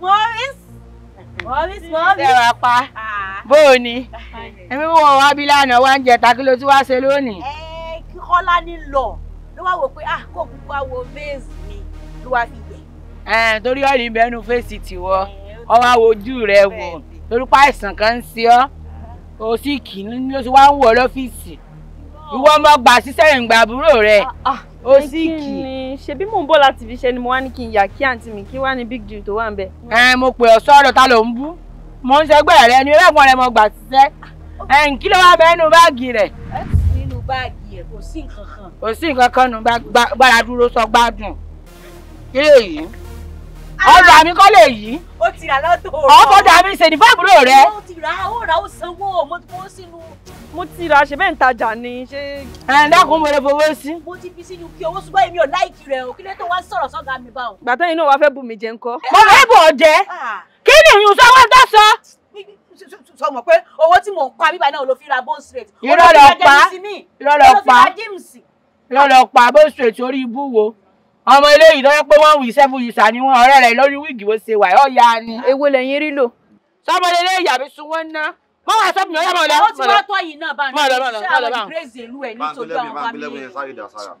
Speaker 2: Morris Morris Morris. ṣé wàá pa ah. bó o ní ẹ̀mí wọ́n wá bí lánàá wá ń jẹ ta kí ló ti wá ṣe lónìí. ẹ kíkọ́lá ní lọ ló wá wò pé ah kó kúkú wá wo maze mi ló wá fi yẹ. ẹ torí ọ̀rìn bẹnu fèsì tiwọ ọwọ́ àwojú rẹ wò torí pa àìsàn kan ń ṣe o sì kì í ló ti wá ń wọ lọ́fíìsì ìwọ ọmọ gbà síṣẹ́ ìgbà àbúrò rẹ ah, ah, o sì kì í. ṣebí mò ń bọ̀ láti fi ṣe ni mo wá ní kí n yà kí àǹtí mi kí wá ní big deal tó wà ń bẹ̀. ẹ mo pè ọ sọ́dọ̀ ta ló ń bú mo ń ṣẹgbẹ́ rẹ ni ẹlẹ́gbọ́n rẹ mo gbà síṣẹ́ ẹ ń kí ló wá bẹ nínú báàgì rẹ. nínú báàgì ẹ kò sí nǹkan kan. kò sí nǹkan kan nù gbàdúró sọ gbádùn kí lè yìí ọjà mi kọ́ lè yí. ó ti rà lọ́tò. ọ̀fọ̀dà mi ṣe ní fábùrò rẹ. ó ti rà ó rà ó sanwó mo ti fowó sínú.
Speaker 5: mo ti rà ṣe bẹ́ẹ̀ ń tajà ni ṣé. ẹ dákun mo lè fowó sí.
Speaker 2: mo ti fi sínú kí owó ṣùgbọ́n èmi ò láìkì rẹ̀ o kí ló tó wá sọ̀rọ̀ sọ́gà mi bá o.
Speaker 5: gbàtẹ́ inú wa fẹ́ bù mí jẹ ńkọ́. mo fẹ́ bù ọ jẹ ah. kí ni ìyún sọ wá dá sọ. sọ mọ̀ pé owó
Speaker 2: tí mò ń pa bíbá náà ló fi ra bone straight. ìrọ̀lọ́ pa ìrọ̀lọ́ pa ìrọ̀lọ́ pa bone straight ọmọ eléyìí lọ́yọ́ pé wọ́n ń wí sẹ́fù yìí sàní wọn ọ̀rẹ́ rẹ̀ lórí wíìgì wo ṣe wà ọ̀ya ni. èwo lẹ́yìn rí lò. sọ́mọdé lè yà mí sun wọn ná. mọ wà sọ́ọ̀bù mi ọ̀yà mọ̀ lọ. ó ti wá tọ́ yìí náà bá mi ṣe àwọn ìgbésẹ̀ ìlú ẹ̀ nítorí àwọn fámìlì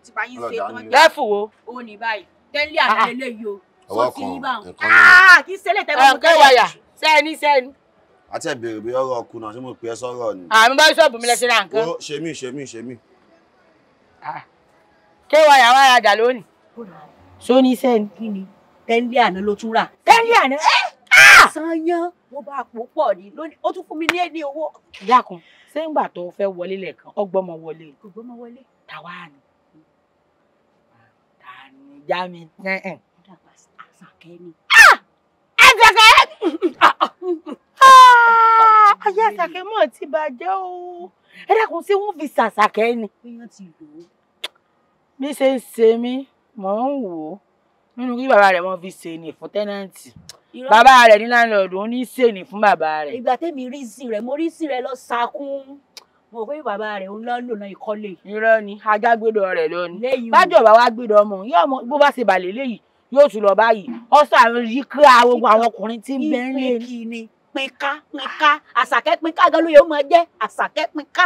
Speaker 7: tìpáyín ṣe tán. lẹ́fù
Speaker 2: wo. ó ní báyìí tẹ́lẹ̀ àlẹ́ ah, eléyìí o tó ti yí bá wọn. kì í ṣẹlẹ̀ tẹ́
Speaker 3: àti ẹ̀bẹ̀rẹ̀ bí ọ̀rọ̀ ọkùnrin àti mo pè é sọ́rọ̀ ni. àmì ah,
Speaker 2: bá ṣọ́ọ̀bù mi lọ sí ra nǹkan.
Speaker 3: ṣe mí ṣe mí ṣe mí.
Speaker 2: Ah. kéwàá yàrá ara dà lónìí sóní sẹ́ńkì ni tẹ́ńlẹ̀ àná ló tún rà. tẹ́ńlẹ̀ àná ẹ́ eh, ah! sanyán mo bá pò pọ̀ ní lónìí ó tún fún mi ní ní owó. ìyá kan sẹ́ńgbà tó fẹ́ wọlé lẹ́ẹ̀kan ọgbọ́mọ wọlé. ọgbọ́mọ wọlé. tàwa ni tàní já mi. àṣàkẹ́ ni. Ah! àṣàkẹ́. Ah! ayé àṣàkẹ́ mọ̀ ti bàjẹ́ o ẹ dákun sí wọn fi ṣàṣàkẹ́ ni. mi ṣe ń ṣe mí mò ń wò ó nínú kí bàbá rẹ̀ wọ́n fi ṣe ni fún tẹ́nàntì bàbá rẹ̀ ní láńlọ́ọ̀dù ó ní ṣe ni fún bàbá rẹ̀. ìgbà tẹ́mi rí sí rẹ̀ mo rí sí rẹ̀ lọ sakún mo pé bàbá rẹ̀ ń lọ́nà náà ìkọ́lé. irọ́ ni ajá gbẹ́dọ̀ rẹ̀ lónìí bájọ̀ bá wá gbẹ́dọ̀ ọmọ yóò mọ bó bá ṣe balẹ̀ léyìí yóò tún lọ báyìí ọ̀sán àwọn yìí kíra gbogbo àwọn ọkùnrin tí ń bẹ ń lé. ìpè kì í ni pínká pínká àṣàkẹ́ pínká gan ló yẹ ó máa jẹ́ àṣàkẹ́ pínká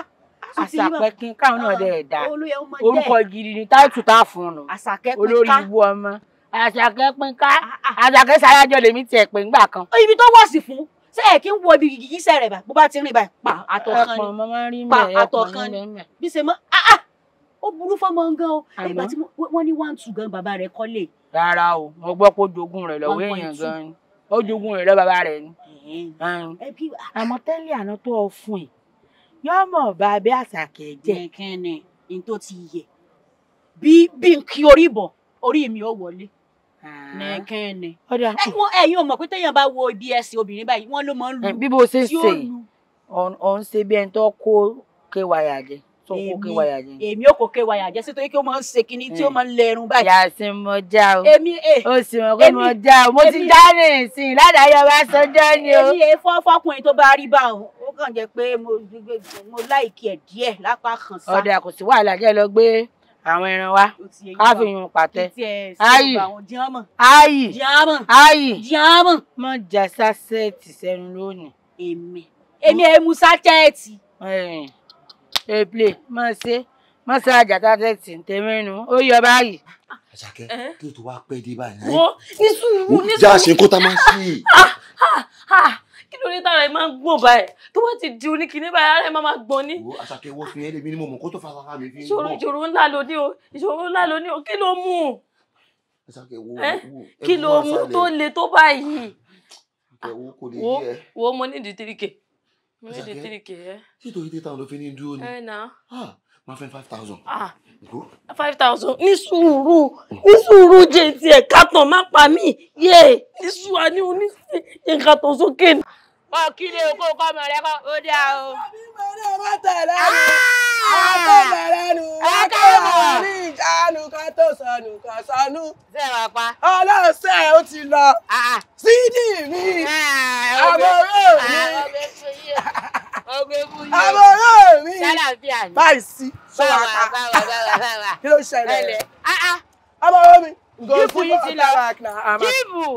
Speaker 2: àṣàpẹ́ kí n káwọn náà dẹ̀ dá orúkọ gidi ni táìtù tá fún un olórí ibú ọmọ àṣàkẹ́ pínká ah, ah. àṣàkẹ́ sáyájọ́ lèmi tiẹ̀ pé ńgbà kan. ibi tó wọ̀ sí fún ṣé ẹ kí ń wọ ibi gìgísẹ̀ rẹ̀ bó bá ti rìn báyìí pa àtọ̀kan ni pa àtọ̀kan ni bí ṣe mọ́ ah, ó burú fọmọ gan o ìgbà tí wọ́n ní one two gan bàbá rẹ̀ kọ́lé. rárá o mo gbọ́ pé ó jogún rẹ̀ lọ́wọ́ èèyàn gan ni ó jogún rẹ̀ lọ́wọ́ bàbá rẹ̀ ni. àmọ́ tẹ́lẹ̀ àná tó ọ fún ẹ̀ yóò mọ̀ bá abẹ́ àṣàkẹ́ jẹ́. nìkẹ́ni ní tó ti yẹ bí bí kí orí bọ̀ orí mi ò wọlé nìkẹ́ni. ẹ̀yin ò mọ̀ pé téèyàn bá wo ibi ẹsẹ̀ obìnrin báyìí wọ́n ló máa ń lu tí ó lu. bí bó ṣe ń ṣe ọ̀ ń ṣe bí ẹni tó kó kéwàyà jẹ tó kó kéwàyà jẹ. èmi ò kó kéwàyà jẹ sí torí kí ó máa ń ṣe kinní tí ó máa ń lẹrun báyìí. yàtí mo já o èmi ẹ o sì mọ pé mo já o mo ti já nìsín ládàá yọ wá sọjọ́ ni o. èmi èé fọ́ tó bá rí bá kàn jẹ́ pé mo láìkí ẹ̀ díẹ̀ lápá kan sá. ọ̀dà kò sí wàhálà jẹ́ lọ gbé àwọn ẹran wa ká fi yun pàtẹ ayi ayi ayi mọ jà sásẹẹtì sẹnu lónìí. èmi èmi ẹ mú sásẹẹtì. èplè mọ ṣe mọ ṣe àjà sásẹẹtì ń tẹmí nu ó yọ báyìí.
Speaker 1: àṣàkẹ́ kí o tó wá pẹ́ dé báyìí. ní sùúrù ní sùúrù. já a ṣe kó tá máa ṣí
Speaker 6: kí ló dé tára ẹ máa ń gbọ̀n báyìí tó bá ti di oníkìní báyìí ara ẹ máa máa gbọ̀n ní. wo àṣàkẹ́
Speaker 1: wọ́n fi ẹ́ lèmi ní mo mọ̀ kó tó fa ara mi fi ń gbọ̀n. ìṣòro
Speaker 6: ńlá ló ní o ìṣòro ńlá ló ní o kí ló mú un.
Speaker 1: àṣàkẹ́ wo kí ló mú tó
Speaker 6: le tó báyìí.
Speaker 3: wo
Speaker 6: wo mo ní di tíríkè mo ní di tíríkè ẹ.
Speaker 3: nítorí tí táwọn ló fi ní dúró ni. ẹ
Speaker 6: na. Ah,
Speaker 3: máa fẹ́ five thousand.
Speaker 6: Ah, five thousand ní sùúrù ní sùúrù jẹ́ ti ẹ̀ kátàn má pa mí yé ní sùúrù oníṣẹ́ jẹ́ sókè náà
Speaker 2: kọ́ kílé o kó o kọ́ ọmọ rẹ kọ́ ó dá o. ìbéèrè ọmọ tẹ̀lé mi àtọ̀bẹ̀rẹ̀ nu akẹ́wọ̀n ní
Speaker 3: ìjánu kan tó sọnù kan sọnù. ṣé wàá pa. ọlọ́sẹ̀ ó ti lọ ah, ah.
Speaker 2: sídì mi ah, àbúrò mi àbúrò mi báyìí sí ṣé wàá pa kí ló ṣẹlẹ̀ àbúrò mi. jíìpù yìí ti lọ jíìpù.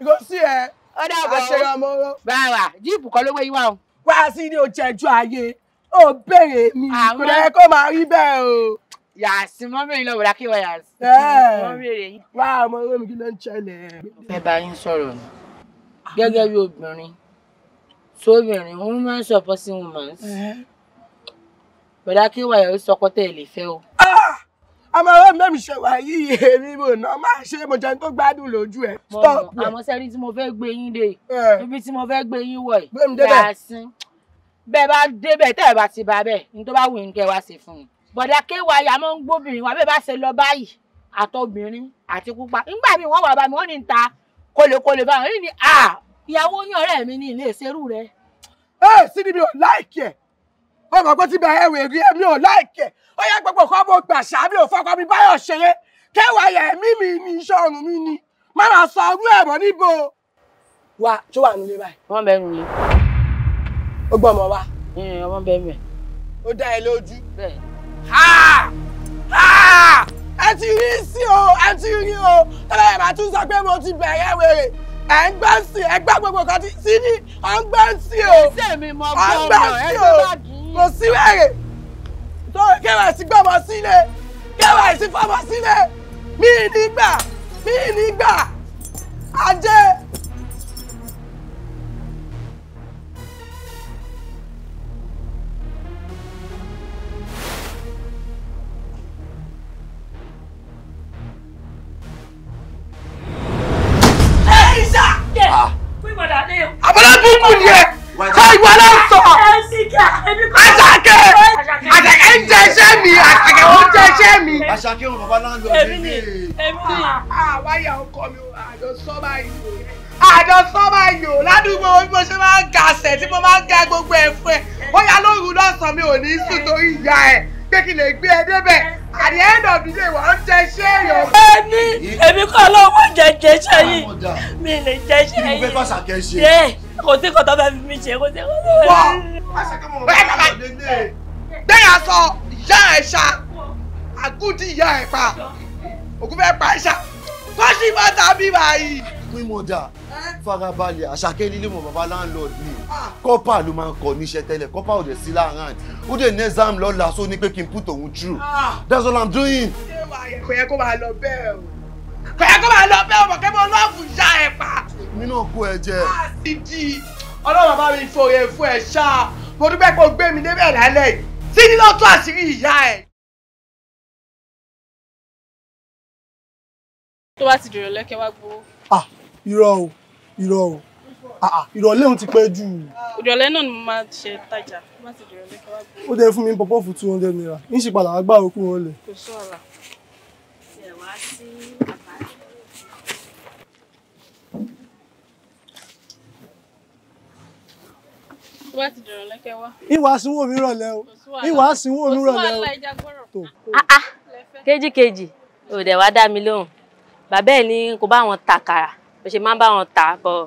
Speaker 2: ìgò sí ẹ ó dàbọ̀ o bàbá jíìpù kan ló wé yín wá o. wá sí ní ojẹjú ayé ó béèrè mi kò dẹ́ kó máa rí bẹ́ẹ̀ o. yàtí mọ́mìnrin lọ wòlá kí wọ́n yàtí. mọ́mìnrin yìí. wá ọmọ ewé mi kí ló ń ṣẹlẹ̀. ẹ bá yín sọ̀rọ̀ ni gẹ́gẹ́ bí obìnrin sóbìnrin wọn máa ń sọ fọ́sí wọn máa ń sìn. bọ̀dá kí wọ́n yàtí sọkọ tẹ̀ lè fẹ́ o. Ah! àmọ́ mẹ́mi ṣe wà yìí èmi mò ná má ṣe mo jẹun tó gbádùn lójú ẹ. stop àmọ́ sẹ́rí tí mo fẹ́ gbé yín dé ibi tí mo fẹ́ gbé yín wọ̀ yìí bẹ́ẹ̀ á sín bẹ́ẹ̀ bá débẹ̀ tẹ́ ẹ̀ bá ti bá bẹ́ẹ̀ ní tó bá wù ní kẹ́ wá ṣe fún mi. bọ̀dà kéwàá yà máa ń gbóbìnrin wa bẹ́ẹ̀ bá ṣe lọ báyìí àtọbìnrin àti pupa nígbà míì wọ́n wà bá mi wọ́n ní ta kólekóle báyìí ìyàwó yín ọ̀rẹ́ mi ní ilé ìṣerú rẹ̀. ẹ síbi mi ò láìkì ẹ
Speaker 3: ọmọ pé tíbi ayẹwo èrè mi ò láìkẹ ó yẹ gbogbo kọ́ mo gbà ṣá mi ò fọkọ mi báyọ̀ ṣeré kẹwàá yẹ mí mi ní iṣẹ́ ọrùn mi ni má máa sọ ọrú ẹ̀ mọ́ níbo.
Speaker 2: wa tó wà nílé báyìí. wọn bẹ nulẹ. ó gbọ́ ọmọ wa. wọn bẹ mẹ. ó dá ẹ lójú.
Speaker 3: ẹ ti rí sí o ẹ ti rí o tọ́lá yẹn máa tún sọ pé mo ti bẹ̀rẹ̀ wèrè ẹ̀ ń gbọ́ sí ẹ gbọ́ gbogbo kan sí ní ọ̀ ń gbọ́ sí o ọ̀ ń gbọ́ sí o kò sí wẹ̀rẹ̀ tó kẹwàá sí gbọ́mọ sílẹ̀ kẹwàá sí fọmọ sílẹ̀ mí ní gbà mí ní gbà ajé. àṣẹ tí mo máa ń gẹ gbogbo ẹ fún ẹ ó yá lóru lọ́sàn-án mi ò ní sùn torí ìyá ẹ pé kí lè gbé ẹ débẹ̀ at the end of the day wà á jẹ iṣẹ́ èèyàn. bẹ́ẹ̀ni èmi kọ́ ló wọ́n jẹ jẹ iṣẹ́ yìí ah, mi lè jẹ
Speaker 6: iṣẹ́ yìí. kí ló fàṣà kẹ́ ṣe. ṣé kò sí kò tó fi mi ṣe kò sí kò tó
Speaker 4: fẹ́. wọ́n
Speaker 3: bẹ́ẹ̀ bàbá sọ ìyá ẹ̀ ṣá àkútì ìyá ẹ̀ pa òkú fẹ́ pa ẹ̀ ṣá kọ́sí bíbá yìí. pín farabalẹ̀ àṣàkẹ́ nílé mọ̀ bàbá láńlọ́ọ̀dù ni kọ́pà ló máa ń kọ níṣẹ́ tẹ́lẹ̀ kọ́pà ò dẹ̀ sí láàrán ó ní exam lọ́la so ní pé kí n put òun through ah! that's all i'm doing. ṣé wàá yẹ kò yẹ kó máa lọ bẹ́ẹ̀ o kò yẹ kó máa lọ bẹ́ẹ̀ o mọ̀ kẹ́mi ọlọ́ọ̀fù ṣá ẹ̀ pa. mi náà kó ẹ jẹ. fún ẹ mo dúpẹ́ pé gbé
Speaker 4: mi débẹ̀ lálẹ́ sí ní lọ́tún àṣírí ìyá ẹ̀. tó bá ti dèrò lẹ́kẹ́ wá gbowó. ah irọ́ o
Speaker 7: irọ́ o Ah, ah, ìrọ̀lẹ́ òun ti pẹ́ jù.
Speaker 5: ìrọ̀lẹ́ náà ni mo máa ṣe tajà má ti dìrọ̀lẹ́ kí wá gbé. ó dẹ fún
Speaker 7: mi pọpọ́ fún two hundred naira ń ṣe padà wá gbá òkú wọn lẹ̀.
Speaker 5: kò sọ ọ̀la.
Speaker 6: ìwà sínwó mi rọ̀lẹ́ o ìwà sínwó mi rọ̀lẹ́ o. Ah, kejì kejì ò dẹ̀ wá dá mi lóhùn bàbá ẹ̀ ní kò bá wọn ta kàrà bó ṣe máa ń bá wọn ta bọ̀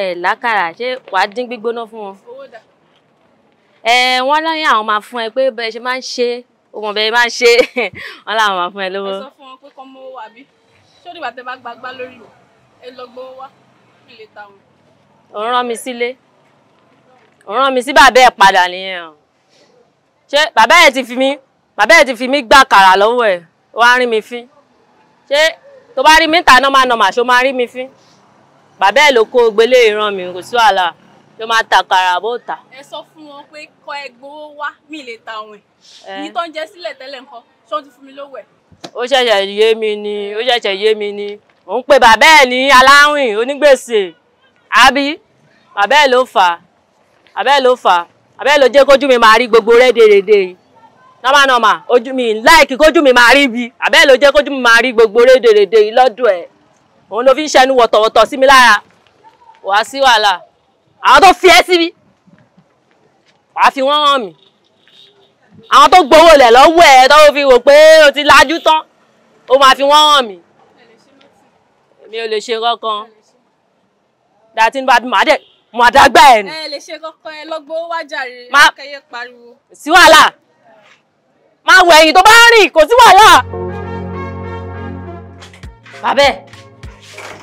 Speaker 6: ẹ lákàrà ṣé wàá dín gbígbóná fún wọn. ẹ wọn lọ́yìn àwọn máa fún ẹ pé bẹ́ẹ̀ ṣe máa ń ṣe ó mọ̀ bẹ́ẹ̀ máa ń ṣe [laughs] wọn làwọn máa fún ẹ lówó. ẹ sọ
Speaker 2: fún wọn pé kọ́ mọ́wọ́ wà bí sórí ìgbà tẹ bá gbagbá lórí mi ẹ lọ gbowó wá kí
Speaker 4: lè ta wọn.
Speaker 6: òun rán mi sílé òun rán mi sí bàbá ẹ padà nìyẹn o ṣé bàbá ẹ ti fi mí bàbá ẹ ti fi mí gbà kàrà lọ́wọ́ ẹ wá rí mi fín ṣé tó bá rí mi ta normal normal ṣó máa rí mi fín. bàbá ẹ̀ ló kó gbélé ìran mi kò sí wàhálà ló máa ta kàrà bó ta. ẹ sọ fún wọn pé kọ mi lè ta òun ẹ tó ń jẹ sílẹ̀ tẹ́lẹ̀ nǹkan ṣé fún mi lówó ẹ. ó ṣẹ̀ṣẹ̀ yé mi ni ó ṣẹ̀ṣẹ̀ yé mi ni pe bàbá ẹ̀ ní aláwìn onígbèsè àbí bàbá ẹ̀ ló fà bàbá ẹ̀ ló fà bàbá ẹ̀ ló jẹ́ kójú mi máa rí gbogbo ojú mi láìkí kójú mi máa rí bi bàbá ẹ̀ ló kójú mi òun ló fi ń ṣẹnu wọ̀tọ̀wọ̀tọ̀ sí mi lára wàá sí wàhálà àwọn tó fi ẹ́ síbi wàá fi wọ́n hàn mí àwọn tó gbowó lẹ̀ lọ́wọ́ ẹ̀ tó fi wò pé o ti lajú tán ó máa fi wọ́n hàn mí mi ò lè ṣe kankan dàtí ní bàbá màdé mo àdágbà ẹ̀ ni. ẹ lè ṣe kankan ẹ lọ́gbọ́ wájà rẹ̀ akẹ́yẹ pariwo. sí wàhálà máa wọ tó bá rìn kò sí wàhálà. bàbá ẹ̀.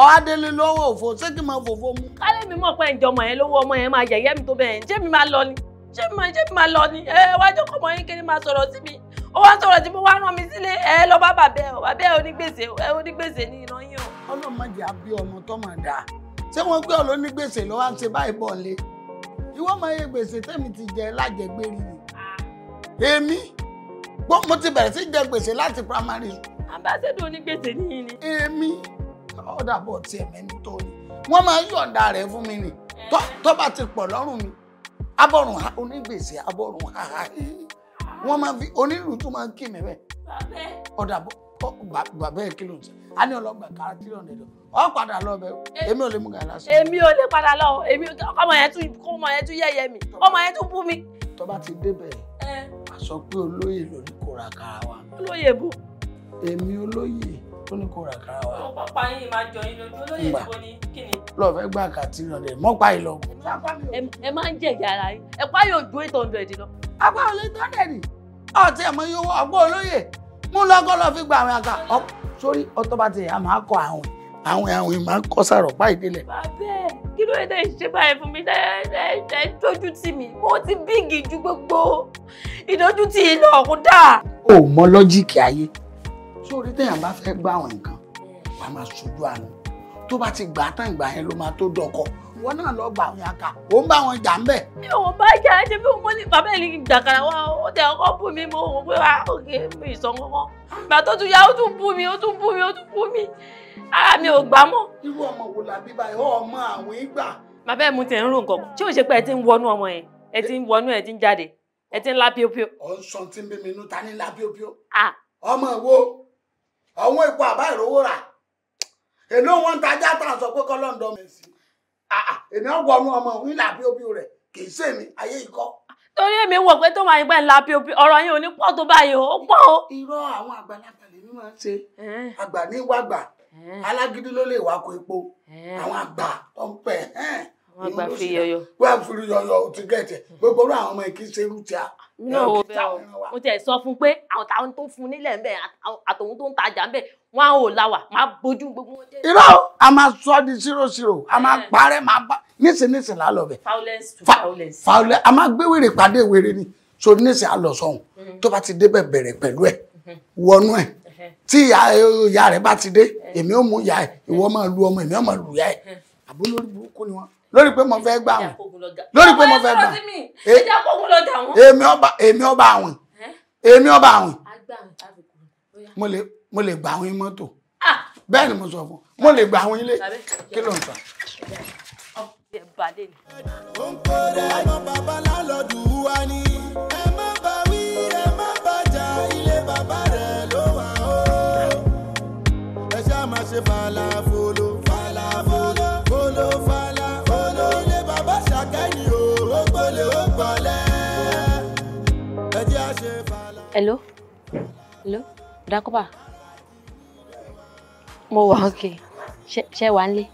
Speaker 6: ọ̀hádélé lọ́wọ́ òfò ṣé kí n máa fòfò mu. kálẹ̀ mi mọ̀ pé ǹjọ́ ọmọ yẹn lówó ọmọ yẹn máa yẹ̀yẹ́ mi tó bẹ́ẹ̀ ṣé mi máa lọ ni ṣé mi ṣé mi máa lọ ni ẹ wájú kọ́mọ yín kiri máa sọ̀rọ̀ sí mi ó wá sọ̀rọ̀ sí mi wá rán mi sílé ẹ lọ bá bàbẹ́ ọ bàbẹ́ onígbèsè onígbèsè ní ìran yín o. ọlọ́run
Speaker 3: má jẹ́ àbí ọmọ tó máa dà ṣé wọ́n gbé ọ lónígbèsè lọ́wọ́ àti báyìí bọ̀ lé ìwọ́n máa yẹ gbèsè tẹ́mi ti jẹ lájẹgbérí ni èmi gbọ́ mo ti bẹ̀rẹ̀ sí jẹ gbèsè láti primary. àbáṣẹ́dùn onígbèsè nìyí ni. èmi ọ̀dà bọ̀ tí ẹ̀mí ń tó ni wọ́n máa ń yọ̀ǹda rẹ̀ fún mi nì tó bá ti pọ̀ lọ́rùn mi abọ́rùn onígbèsè abọ́rùn haha wọ́n máa fi onírúurú tó máa ń kí mi bẹ́ẹ̀ ọ̀dà bàbá ẹ̀ kí ló ń sọ
Speaker 6: a ní ọlọ́gbà kára tí yọ̀ǹda lọ ọ padà lọ bẹ
Speaker 3: eh. èmi ò lè mú gàrí lásán.
Speaker 6: èmi ò lè padà lọ èmi ọmọ yẹn tún ọmọ yẹn tún yẹ̀yẹ́ mi ọmọ yẹn tún bú mi. tó bá ti débẹ̀ eh.
Speaker 3: a sọ pé olóyè lórí
Speaker 6: kóra kára wa. olóyè bò.
Speaker 3: èmi olóyè tó ní kó ra kára wa.
Speaker 6: àwọn pápá yìí máa jọ yín lójú olóyè tí wọ́n ní
Speaker 3: kíni. lọ́ọ̀ fẹ́ gbà kàtí rẹ̀ dẹ̀ mọ́pá yìí lọ.
Speaker 6: ẹ máa ń jẹ̀jà ara yín ẹ pa yóò ju eight hundred lọ. apá olè tọ́lẹ̀dì ọ̀tí ẹ̀mọ yóò wọ ọgbọ́n olóyè mú lọ́gọ́ lọ fi gba àwọn àga
Speaker 3: sórí ọtọ́ bá ti yà máa kọ àwọn àwọn àwọn máa ń kọ sàrọ̀ báyìí délẹ̀. bàbá
Speaker 6: kí ló dé ṣe báyìí fún mi ẹ dójú tì mí mo ti bíìgì ju gbogbo ìdójútì ìlọ ọ̀hún dà.
Speaker 2: o mọ lọ́jíìkì ayé
Speaker 6: sórí
Speaker 3: téèyàn bá fẹ́ gbà àwọn nǹkan wàá máa ṣojú àná tó bá ti gbà á tán ìgbà yẹn ló máa tó dọkọ
Speaker 6: ìwọ náà lọ gbà àwọn aka ò ń bá wọn jà ń bẹ. mi ò bá jà ẹ ṣe bí mo ní bàbá ìlú ìjàkàrà wa ó tẹ ọkọ bú mi mo rò pé wa ah, òkè mi ìsàn kankan ìgbà tó tún ya ó tún bú mi ó tún bú mi ó tún bú mi ara ah, mi ò gbà mọ́.
Speaker 3: irú ọmọ wo làbí báyìí ọmọ àwọn
Speaker 6: ìgbà. bàbá ẹ̀ mú tẹ̀ ń rò nǹkan tí ò ṣe pé ẹ ti ń wọnú ọmọ yẹn ẹ ti ń wọnú ẹ ti ń jáde ẹ ti ń lá píopío. ọ̀ ń sọ tí ń bí mi inú ta ní lá píopío. Ah. ọmọ wo
Speaker 3: àwọn epo àbá ìrówó rà èló wọn tajà tá à ń sọ pé kọlọ́ńdọ́ mi sí èmi ọgbọ ọmọ ọmọ òun ìlà bí obi rẹ kì í ṣe mi ayé ikọ.
Speaker 6: torí èmi wò pé tó máa ń gbà ń la bí obi ọ̀rọ̀ yẹn ò ní pọ̀ tó báyìí ó pọ̀ o. irọ́ àwọn àgbàlagbà lèmi máa ń ṣe àgbà ní wàgbà alágídí ló lè wá ko epo àwọn àgbà
Speaker 3: tó ń pẹ̀ ẹ́. wọ́n gbà fi yọyọ. wọ́n fi yọyọ o gẹ̀ẹ́tẹ̀ gbogbo àwọn ọmọ ìkíṣe rú ti a
Speaker 6: mi náà wo o mo tiẹ̀ sọ fún pé àwọn táwọn tó fún nílẹ̀ ńbẹ̀ àtòun tó ń tajà ńbẹ̀ wọn ò láwà máa bójú gbogbo wọn jẹ́. irọ́
Speaker 3: a máa sọ di zero zero a máa parẹ́ máa bá nísìn nísìn là á lọ bẹ̀.
Speaker 6: violence to violence.
Speaker 3: violence a máa gbé wèrè pàdé wèrè ni so nísìn á lọ sọ̀hún mm-hmm. tó bá ti débẹ̀ bẹ̀rẹ̀ pẹ̀lú ẹ̀ mm-hmm. wọnú ẹ̀ mm-hmm. tí ìyá rẹ̀ bá ti dé èmi ò mú ìyá ẹ̀ ìwọ máa lu ọmọ èmi ò máa lu ìyá ẹ̀ àbólórí burúkú ni wọn lórí pé mo fẹ́ gbà wọ́n lórí pé mo fẹ́
Speaker 6: gbà wọ́n
Speaker 3: èmi ọba èmi ọba àwìn èmi ọba àwìn mo lè mo lè gbà wọ́n mọ́tò bẹ́ẹ̀ ni mo sọ fún mo lè gbà wọ́n ilé kí ló ń sọ.
Speaker 4: ó ń kó dé
Speaker 3: ọmọ babalá lọ́dún wá ní.
Speaker 6: hello hello dakoba mo wà ok ṣe wà nílé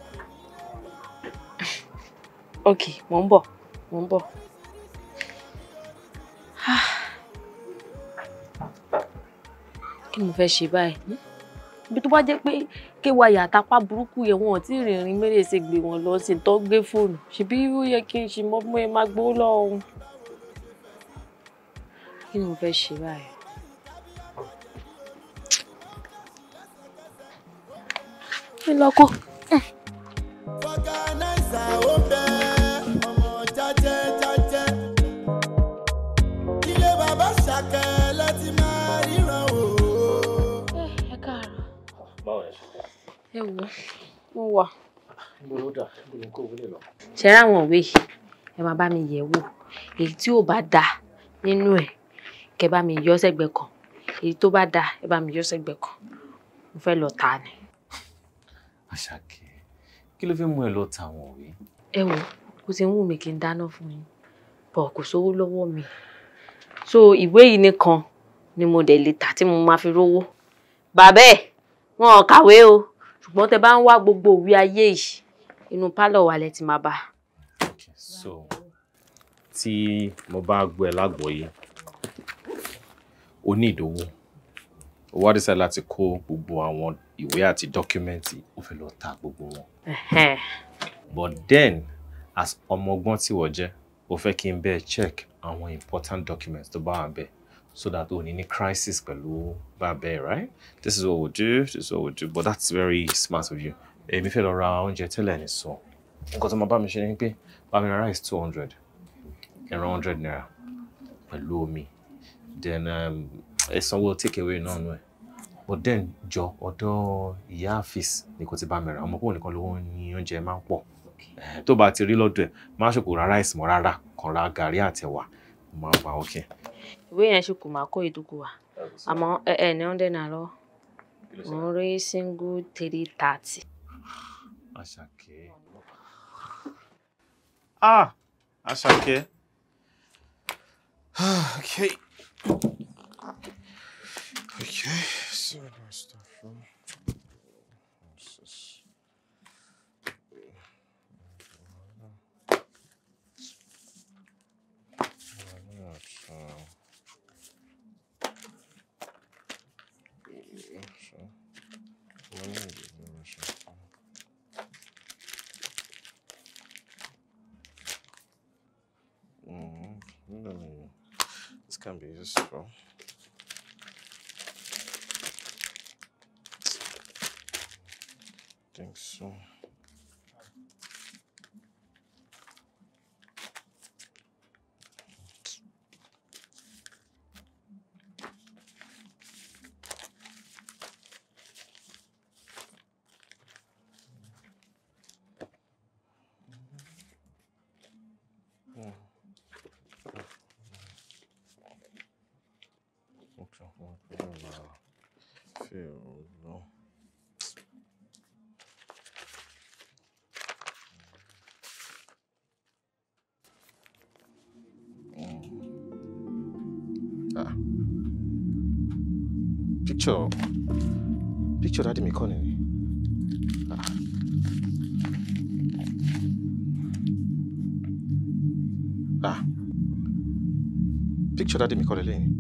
Speaker 6: ok mò ń bọ̀ mò ń bọ̀. kí mo fẹ́ ṣe báyìí ibi tó bá jẹ́ pé kéwà yàtapá burúkú yẹn wọn tí ìrìnrìn mérèèsè gbé wọn lọ sí tó gbé fóònù ṣebí ó yẹ kí n ṣe mọ́ bí mo máa gbowó lọ́wọ́ kí ni mo fẹ́ ṣe báyìí.
Speaker 5: ẹ lọ kó. ẹ
Speaker 6: wo mo wà. ṣe ra àwọn òwe ẹ máa bá mi yẹ̀ wò èyí tí ò bá dáa nínú ẹ̀ kẹ́ bá mi yọ sẹ́gbẹ̀ẹ́ kan èyí tó bá dáa ẹ bá mi yọ sẹ́gbẹ̀ẹ́ kan mo fẹ́ lọ tà ni. àṣàkẹ́
Speaker 3: kí ló fẹ́ mú ẹ lọ ta àwọn òwe.
Speaker 6: ẹ wo kò sí ń wù mí kí n dáná fún yín bọ̀ kò sówó lọ́wọ́ mi so ìwé yìí nìkan ni mo dẹ̀ lè tà tí mo máa fi rówó bàbá ẹ̀ wọn ò kàwé o ṣùgbọ́n tẹ bá ń wá gbogbo òwe ayé yìí inú pálọ̀ wà lẹ ti máa bá.
Speaker 3: so tí mo bá gbọ́ ẹ lágbọ́ yìí o ní ìdówó o wá dísẹ́ láti kó gbogbo àwọn ìwé àti dọ́kúmẹ́ǹtì
Speaker 6: o fẹ́ lọ ta gbogbo wọn. but
Speaker 3: then as ọmọ ọgbọ́n tí wọ́n jẹ́ o fẹ́ kí n bẹ́ẹ̀ check àwọn important documents tó bá wà bẹ́ẹ̀ so that o ní ní crisis pẹ̀lú bàbá ẹ̀ right this is what we do this is what we do but that's very smart of you èmi fẹ́ lọ ra oúnjẹ tẹ́lẹ̀ ní sọ nǹkan tó máa bá mi ṣe ni pé bá rice two hundred ẹran hundred
Speaker 4: naira pẹ̀lú
Speaker 3: omi then um ẹ sanwó takeaway náà nù ẹ but then jọ ọ̀dọ̀ ìyá àfíìs ni kò ti bá mi rà ọmọ pọ̀ nìkan lówó ní oúnjẹ máa ń pọ̀ eh, tó bá ti rí lọ́dọ̀ ẹ̀ má ṣòkò rárá ìsìnmọ́ rárá kàn ra gàrí àtẹ̀wà máa wà ókè.
Speaker 6: ìwé yẹn ṣe kò máa kó ìdúkù wa àmọ́ ẹ ẹ ní ọ̀ndẹ̀ náà lọ mo ń rí single three thirty.
Speaker 4: àṣàkẹ́ ah àṣàkẹ́
Speaker 7: ah, okay. Okay, so Can be useful. I think so.
Speaker 3: picture dáàdì mi kọ́ nìyẹn. Ah. Ah. picture dáàdì mi kọ́ lélẹ́yìn.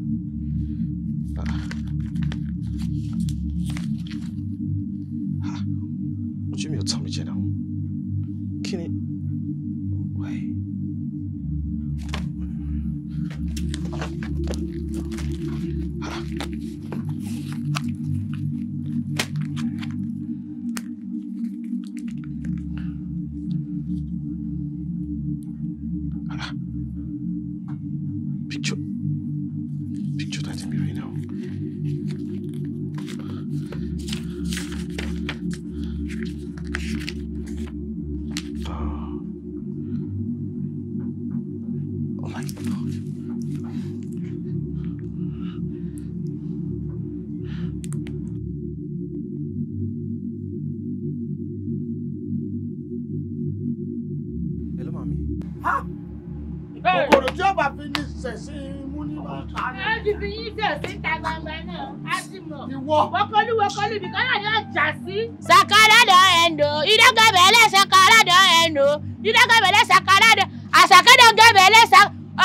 Speaker 4: kòkòrò
Speaker 2: tí ó bá fi ní sẹ̀sí imú ní máa ta ni. ẹ ti fi yín sẹ̀sí ta gbangba náà á ti mọ̀. ìwọ. wọ́kọ́lú wọ́kọ́lú ibi kan náà ni jà sí. sàkàràdọ̀ ẹ̀ǹdò ìdọ́gàbẹ̀lẹ̀ sàkàràdọ̀ ẹ̀ǹdò ìdọ́gàbẹ̀lẹ̀ sàkàràdọ̀ àsàkàdọ̀gàbẹ̀lẹ̀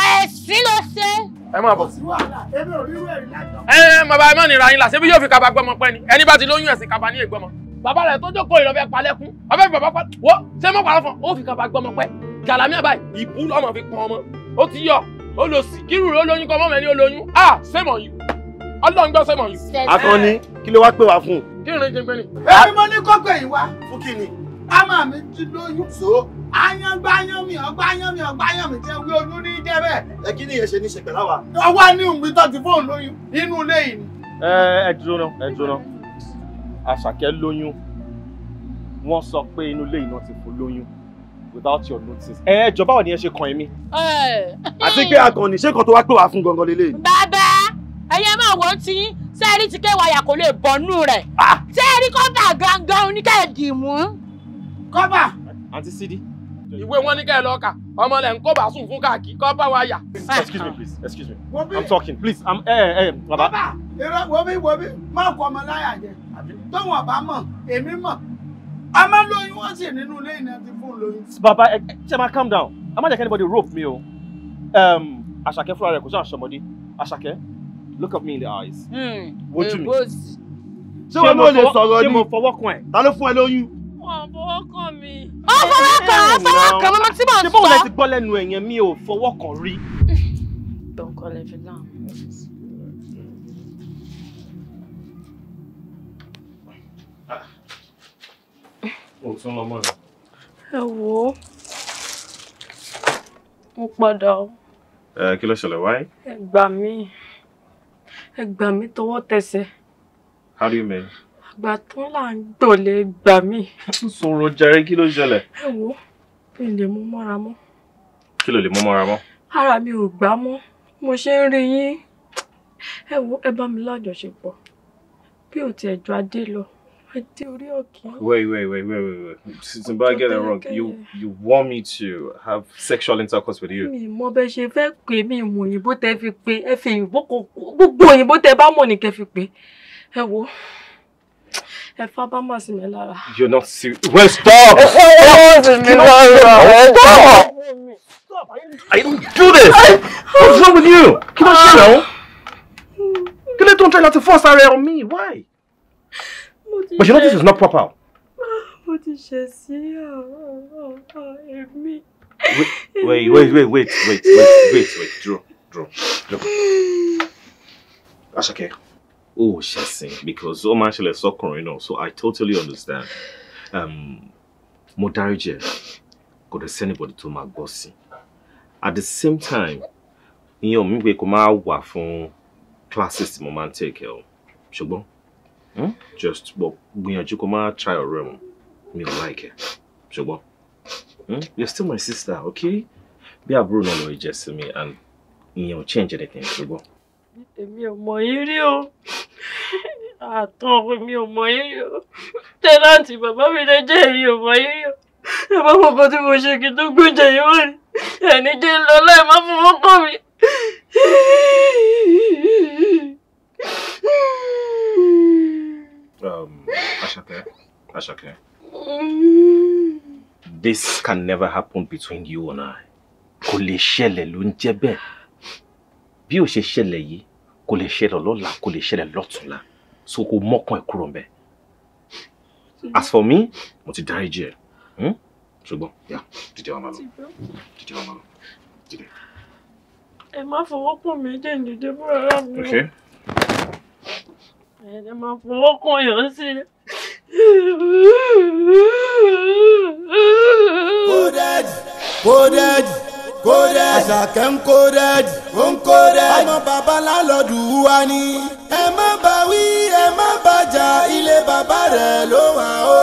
Speaker 2: ẹ̀sìn ló ṣe. ẹ
Speaker 3: máa bọ̀. ẹ ẹ bàbá ẹ nira yín la ṣé yóò fi kaba gbọmọ pẹ́ ni ẹni bá ti lóyún ẹ̀sìn kaba ní ìgbọmọ. bàbá rẹ̀ tó jókòó ìrọ̀bẹ palẹ̀kùn ọ̀bẹ fi bàbá pa wọ́ ṣé mọ̀ pàrọ̀ fún ọ ó fi kaba gbọmọ pẹ́ jàlámíà báyìí ìbú lọ́mọ fi pọn ọmọ ó ti yọ ó lọ sí kírù ló lóyún kọ́ mọ́mọ́ ẹni ó lóyún à sẹ́mọ̀ yìí ọlọ́run gbọ́ sẹ́mọ̀ yìí. akọni kí ló wá pè wá fún un. kí ni kí n pè ní. èmi mo ní kó pè yín wá. fún kí ni. àmọ́ mi ti lóyún. so ayangbáyanmi ọgbáyanmi ọgbáyanmi jẹ wí olú ní jẹ bẹ́ẹ̀. ẹ kí ni ìyẹn ṣe ní ṣe pẹ̀lá wa. ọwọ́ ní ìwé tó ti fóun lóyún inú ilé yìí ni.
Speaker 7: ẹ ẹ dúró náà ẹ dúró náà
Speaker 3: àṣàkẹ́ lóyún wọ́n sọ pé inú ilé yìí náà ti fún lóyún without your notice. ẹ jọba ò ní ẹ ṣe kàn mí. I eh. think akànnì ṣé kan tó wá pè wá fún gangan
Speaker 2: lélẹ̀. bàbá ẹyẹ máa wọ tí sẹẹrí ti kéwàyà kò lè bọnú rẹ sẹẹrí ah! kọfà gangan oníkẹẹdì mú. kọ́bà.
Speaker 3: àǹtí sídìí ìwé wọn ní kẹ́ ẹ lọ kà ọmọ lẹ̀ ń kó bá sùn fún káàkì kọ́ bá wa yà. Eh, excuse me please excuse me i'm
Speaker 7: talking please i'm ẹ ẹ baba. baba
Speaker 3: èrò wo bí wo bí má kọ ọmọ láyà jẹ tó wọn a máa ń lóyún wọ́n sì nínú ilé ìnáwó ti fún un lóyún. bàbá ẹ ṣe máa calm down a má jẹ́ kí anybody rope mi o um, àṣàkẹ́ fúnra rẹ̀ kò sàn sọmọdé àṣàkẹ́ look at me in the eyes.
Speaker 4: Hmm, wojú mi ṣé wọn ló lè
Speaker 3: sọ̀rọ̀ ni ṣé mo fọwọ́ kan ẹ̀ ta ló fún ẹ lóyún.
Speaker 6: wọn fọwọ́ kan mi. ó fọwọ́ kan ó fọwọ́ kan mọ́mọ́ tí mò ń sọ. ṣé bóun lẹ
Speaker 3: ti gbọ́ lẹ́nu ẹ̀yẹn mi ò fọwọ́ kan rí.
Speaker 6: don't call every mo padà o.
Speaker 7: ẹ kí ló ṣẹlẹ̀ wáyé.
Speaker 6: ẹ gbà mí ẹ gbà mí tọwọ́ tẹsẹ̀. how do you mean. àgbà tán là ń gbọ̀lẹ̀ gbà mí. sọ̀rọ̀ jàre kí ló ṣẹlẹ̀. ẹ wo mi lè mú mọ́ra mọ́.
Speaker 4: kí ló lè mú mọ́ra mọ́.
Speaker 6: ara mi ò gbá mọ́ mo ṣe ń rí yín ẹ wo ẹ bá mi lájọṣepọ̀ bí ò tiẹ̀ ju adé lọ Wait,
Speaker 7: wait, wait, wait, wait, wait. Since get it wrong, you you want
Speaker 3: me to have sexual intercourse with you?
Speaker 6: Mi mọ̀ bẹ́ ṣe fẹ́ pè mí mọ̀ òyìnbó fi pè ẹ fi òyìnbó kò gbogbo òyìnbó tẹ́ bá mọ̀ ní kẹ́ fi pè. Ẹ wo. Ẹ fa bá má sí mi lára.
Speaker 3: You're not serious.
Speaker 5: Well, stop! Ẹ fa bá má Stop! Stop! I don't do this! What's wrong with you? Kí ló
Speaker 3: ṣe náà? Ah.
Speaker 6: Kí ló tó ń tẹ̀lé láti force ara
Speaker 3: on me? Why?
Speaker 6: but you know this is not proper. mo ti ṣe sí èmi.
Speaker 4: wait [laughs] wait wait wait wait wait wait wait draw draw draw.
Speaker 7: Asake
Speaker 3: o ò ṣẹ̀sìn because ó máa ń suffering, you know, so I totally understand. Um, mo dáríjì send anybody to my bossy. at the same time you know, mí pé kò máa wà fún classes tí mo máa take ẹ o ṣùgbọ́n Hmm? just but when you come out, try your room.
Speaker 4: Me, ò like ẹ̀ ṣùgbọ́n hmm?
Speaker 3: you're still my sister okay bí àbúrò náà lọ jẹ́ sí mi and ìyẹn ò change anything
Speaker 6: ṣùgbọ́n. èmi ò mọ̀ yín rí o àtọ̀ mi ò mọ̀ yín rí o tẹ́láǹtì bàbá mi lè jẹ́ èmi ò mọ̀ yín rí o bàbá mo kọ́ tí mo ṣe kí n tó gbóúnjẹ yìí wọ́n um,
Speaker 4: Ashake,
Speaker 3: Ashake. This can never happen between you and I. Kò lè ṣẹlẹ̀ ló ń jẹ́ bẹ́ẹ̀. Bí ó ṣe ṣẹlẹ̀ yìí, kò lè ṣẹlẹ̀ lọ́la, kò lè ṣẹlẹ̀ lọ́tùnla. So kò mọ́kàn ẹ̀ kúrò ńbẹ̀. As for me, mo ti dáríjì ẹ̀. Hmm? Ṣùgbọ́n,
Speaker 6: yà, dìde wa máa lọ. Ẹ má fọwọ́ pọ̀ mí jẹ́
Speaker 2: ìdíje fúnra rà mí. Okay ẹ̀ẹ́dẹ̀ máa fọwọ́ kan yàn sí i.
Speaker 4: kódàjì
Speaker 3: kódàjì kódàjì àṣàkẹ́ ń kódàjì ó ń kódàjì ọmọ bàbá lálọ́dù wá ní. ẹ má bá wí ẹ má bàjá ilé bàbá rẹ̀ ló wà ó.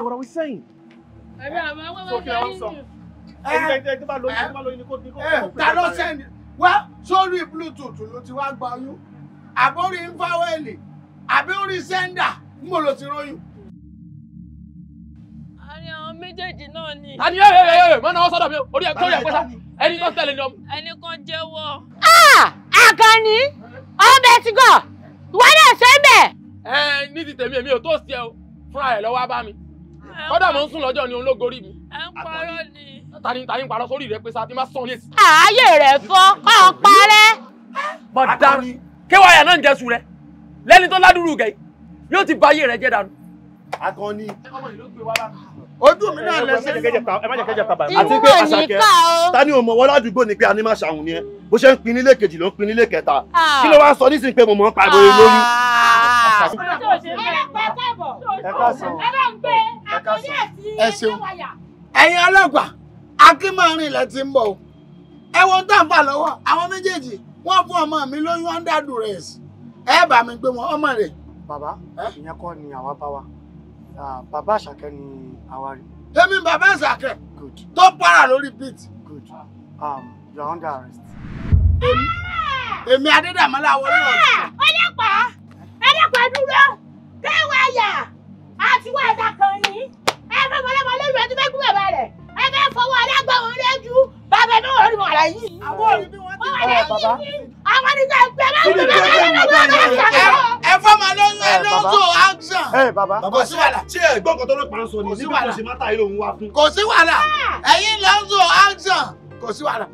Speaker 7: what are we saying? Ẹ̀rẹ́ àwọn ẹ̀wọ̀n wọ́n yẹ ẹ̀yìn
Speaker 3: ta ló sẹ́ni wá sórí bluetooth ló ti wá gba oyún àbórí fáwẹ́lì àbí orí sẹ́ńdà ń bò ló ti
Speaker 7: róyún.
Speaker 6: àárín àwọn méjèèjì náà ni. a ní ẹ̀rẹ̀ ẹ̀rẹ̀ mọ́
Speaker 7: náà sọ́dọ̀ mi orí ẹ̀ kórè àpẹ́sà ẹni tó tẹ̀lé ni ọmọ.
Speaker 6: ẹni kan jẹ́wọ́.
Speaker 7: Ah, àkànní
Speaker 3: ọbẹ̀ ti gọ̀ wọ́n dẹ̀ ṣe bẹ̀. ẹ ní ti tèmi èmi ò tó sí ẹ o fúnra ẹ lọ́wọ́ bá mi kọ́dà mo ń sùn lọ́jọ́ ni ológorí mi.
Speaker 6: ẹ ń parọ́ ni
Speaker 3: tani tani parọ́ sórí rẹ pé sáà ti máa sàn lè sí. ààyè rẹ fọ kọ́ ọ parẹ́. bọ́dà kéwàá náà ń jẹ́ sùn rẹ lẹ́ni tó ládùúrú gẹ̀ yóò ti bá ayé rẹ jẹ́ dànù. akọni ojú mi náà lẹ ṣe ń sọ ẹ má jẹ kẹjẹ tàbá ẹ má jẹ kẹjẹ tàbá àti pé àṣàkẹ tani ò mọ wọn ládùúgbò ni pé a ní má ṣàwùn ni ẹ bó ṣe ń pin nílé kejì ló ń pin nílé kẹta ah. kí ló wá sọ nísìnyí pé mo mọ ń pa ìbòrè lóyún. Ah.
Speaker 4: ẹ káàsán ẹ ṣeun
Speaker 3: ẹ̀yin ọlọ́pàá akínmọ̀rin ilẹ̀ ti ń bọ̀ o ẹ̀wọ̀n tá à ń fà lọ́wọ́ àwọn méjèèjì wọ́n fún ọmọ mi lóyún under duress ẹ bá mi gbé wọn ọmọ rẹ̀.
Speaker 7: bàbá ìyẹn kọ́ ni àwa bá wa bàbá àṣàkẹ́ ni àwa rí. èmi bàbá àṣàkẹ́ tó para lórí beat. good um, you are under arrest. èmi
Speaker 2: adédàmọ́lá wọlé ọ̀sán. Ah, ọlọ́pàá ọlọ́pàá dúró. bàbá. àwọn ní ká gbẹ bá gbẹ
Speaker 3: bá gbẹ bá gbẹ
Speaker 2: ẹ fọmọ lóyún ẹ ló ń tó action.
Speaker 7: ẹ bàbá
Speaker 3: kò sí wàhálà. ṣé ẹ gbọ́ nǹkan tó lọ́pàá sọ ni níbi kò sí mọ́tà yìí lòun wá fún. kò sí wàhálà ah. ẹ̀yin ló ń tó action kò sí wàhálà.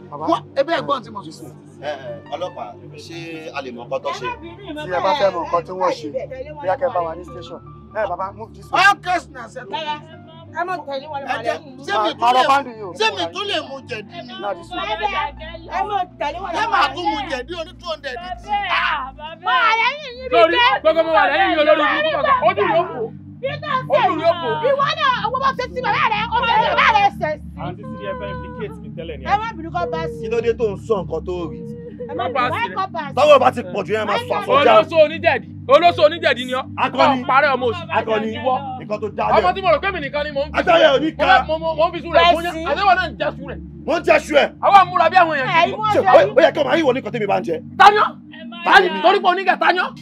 Speaker 3: ebe ẹ̀gbọ́n tí mo
Speaker 7: sọ sí ọlọ́pàá ṣé a lè mọ nǹkan tó ṣe. tí ẹ bá fẹ́ mọ nǹkan tí wọ́n ṣe bí akẹ́ bá wà ní station.
Speaker 2: ẹ bàbá move this way. all case na settle ẹ má tẹ̀lé wọn lọ́wọ́ lẹ́yìn. ṣé
Speaker 3: mi tún lè mu jẹ̀dí ni. ẹ má tẹ̀lé wọn lọ́wọ́ lẹ́yìn. ẹ má tún mu jẹ̀dí oní two hundred. mọ àlẹ́ yìí yìí bí dé. gbogbo mọ àlẹ́ yìí olórí ìlú kọ̀ọ̀kan ó dùn
Speaker 4: lóko.
Speaker 5: ó dùn lóko. ìwọ náà owó bá ṣe sí
Speaker 2: bàbá rẹ ó ṣe sí bàbá rẹ ṣe. àǹtí ti
Speaker 4: di ẹfẹ
Speaker 3: implicate mi tẹ́lẹ̀ ni. ẹ má bínú kọ́ bá sí. kí ló dé tó ń sọ nǹkan tó rí. tọ́wọ́ bá ti pọ̀ jù yẹn máa sọ àsọjá. olóso oníjẹ̀dí olóso oníjẹ̀dí ni ọ́. akọni akọni ìwọ
Speaker 7: nìkan tó já lẹ. ọmọ tí
Speaker 3: mo rò pé mi nìkan ni mò ń fi sùn. àtàyà ò ní ká. mò ń fi sùn rẹ̀ bóyá àtẹ̀wọ̀ náà ń já sùn rẹ̀.
Speaker 7: wọ́n ń já sùn ẹ̀. àwa ń múra bí àwọn èèyàn jù.
Speaker 3: ó yẹ kí ọmọ ayé wọ
Speaker 7: ní kọtẹ́mi bá ń jẹ. tanyọ
Speaker 3: tanyọ torí pé onígà tanyọ.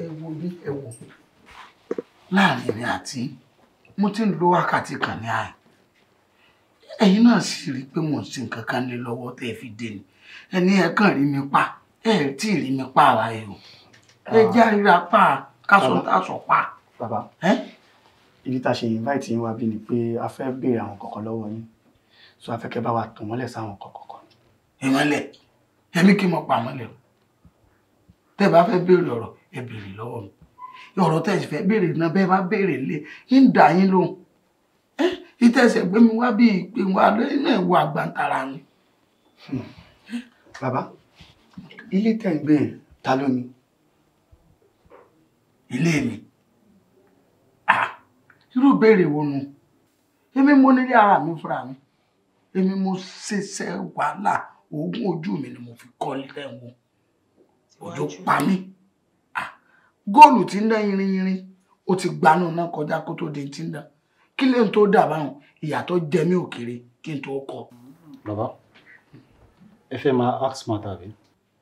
Speaker 3: ẹ wo ní ẹ wo
Speaker 5: láàrin mi àti
Speaker 3: mo ti ń lo wákàtí kan ní àyè ẹ̀yin náà sì rí i pé mò ń sin nǹkan kan lé lọ́wọ́ tẹ́ ẹ fi dé ni ẹni ẹ kàn rí mi pa ẹ tí rí mi pa ara ẹ o ẹ ah. já ríra pa káṣọ táṣọ pa.
Speaker 7: bàbá ibi tá a ṣe invite yín wá bí ni pé a fẹ́ béèrè àwọn kọ̀ọ̀kan lọ́wọ́ yín so a fẹ́ kẹ́ bá wa tàn mọ́lẹ̀ sáwọn kọ̀ọ̀kan. ìmọ̀lẹ̀ èmi kí n mọ pa mọ́lẹ̀ o
Speaker 3: tẹ́ bá fẹ́ béèrè ọ̀rọ̀ ẹ béèrè lọ́wọ́ mi ọ̀rọ̀ tẹ́ ẹ fẹ́ béèrè náà bẹ́ẹ̀ bá béèrè lé yín dà yín lóhùn ìtẹ̀sẹ̀ pé mi wá bí ìpè wa lóyún náà wo àgbàntara ni.
Speaker 7: Hmm. bàbá ilé tẹ̀ ń gbé yẹn ta ló ni. ilé mi
Speaker 3: irú ìbéèrè wo nu èmi mo nílé ara mi fúnra mi èmi mo ṣẹṣẹ wàhálà oògùn ojú mi ni mo fi kọ́ nílẹ̀ wọn òjò pa mí góòlù tí ń dán yinrin yinrin ó ti gbanú náà kọjá kó tó di ti ń dán kí lè tó dà báwọn ìyàtọ̀ jẹ mí òkèrè kí n tó kọ.
Speaker 1: bàbá ẹ fẹ́ máa ask smart àbí.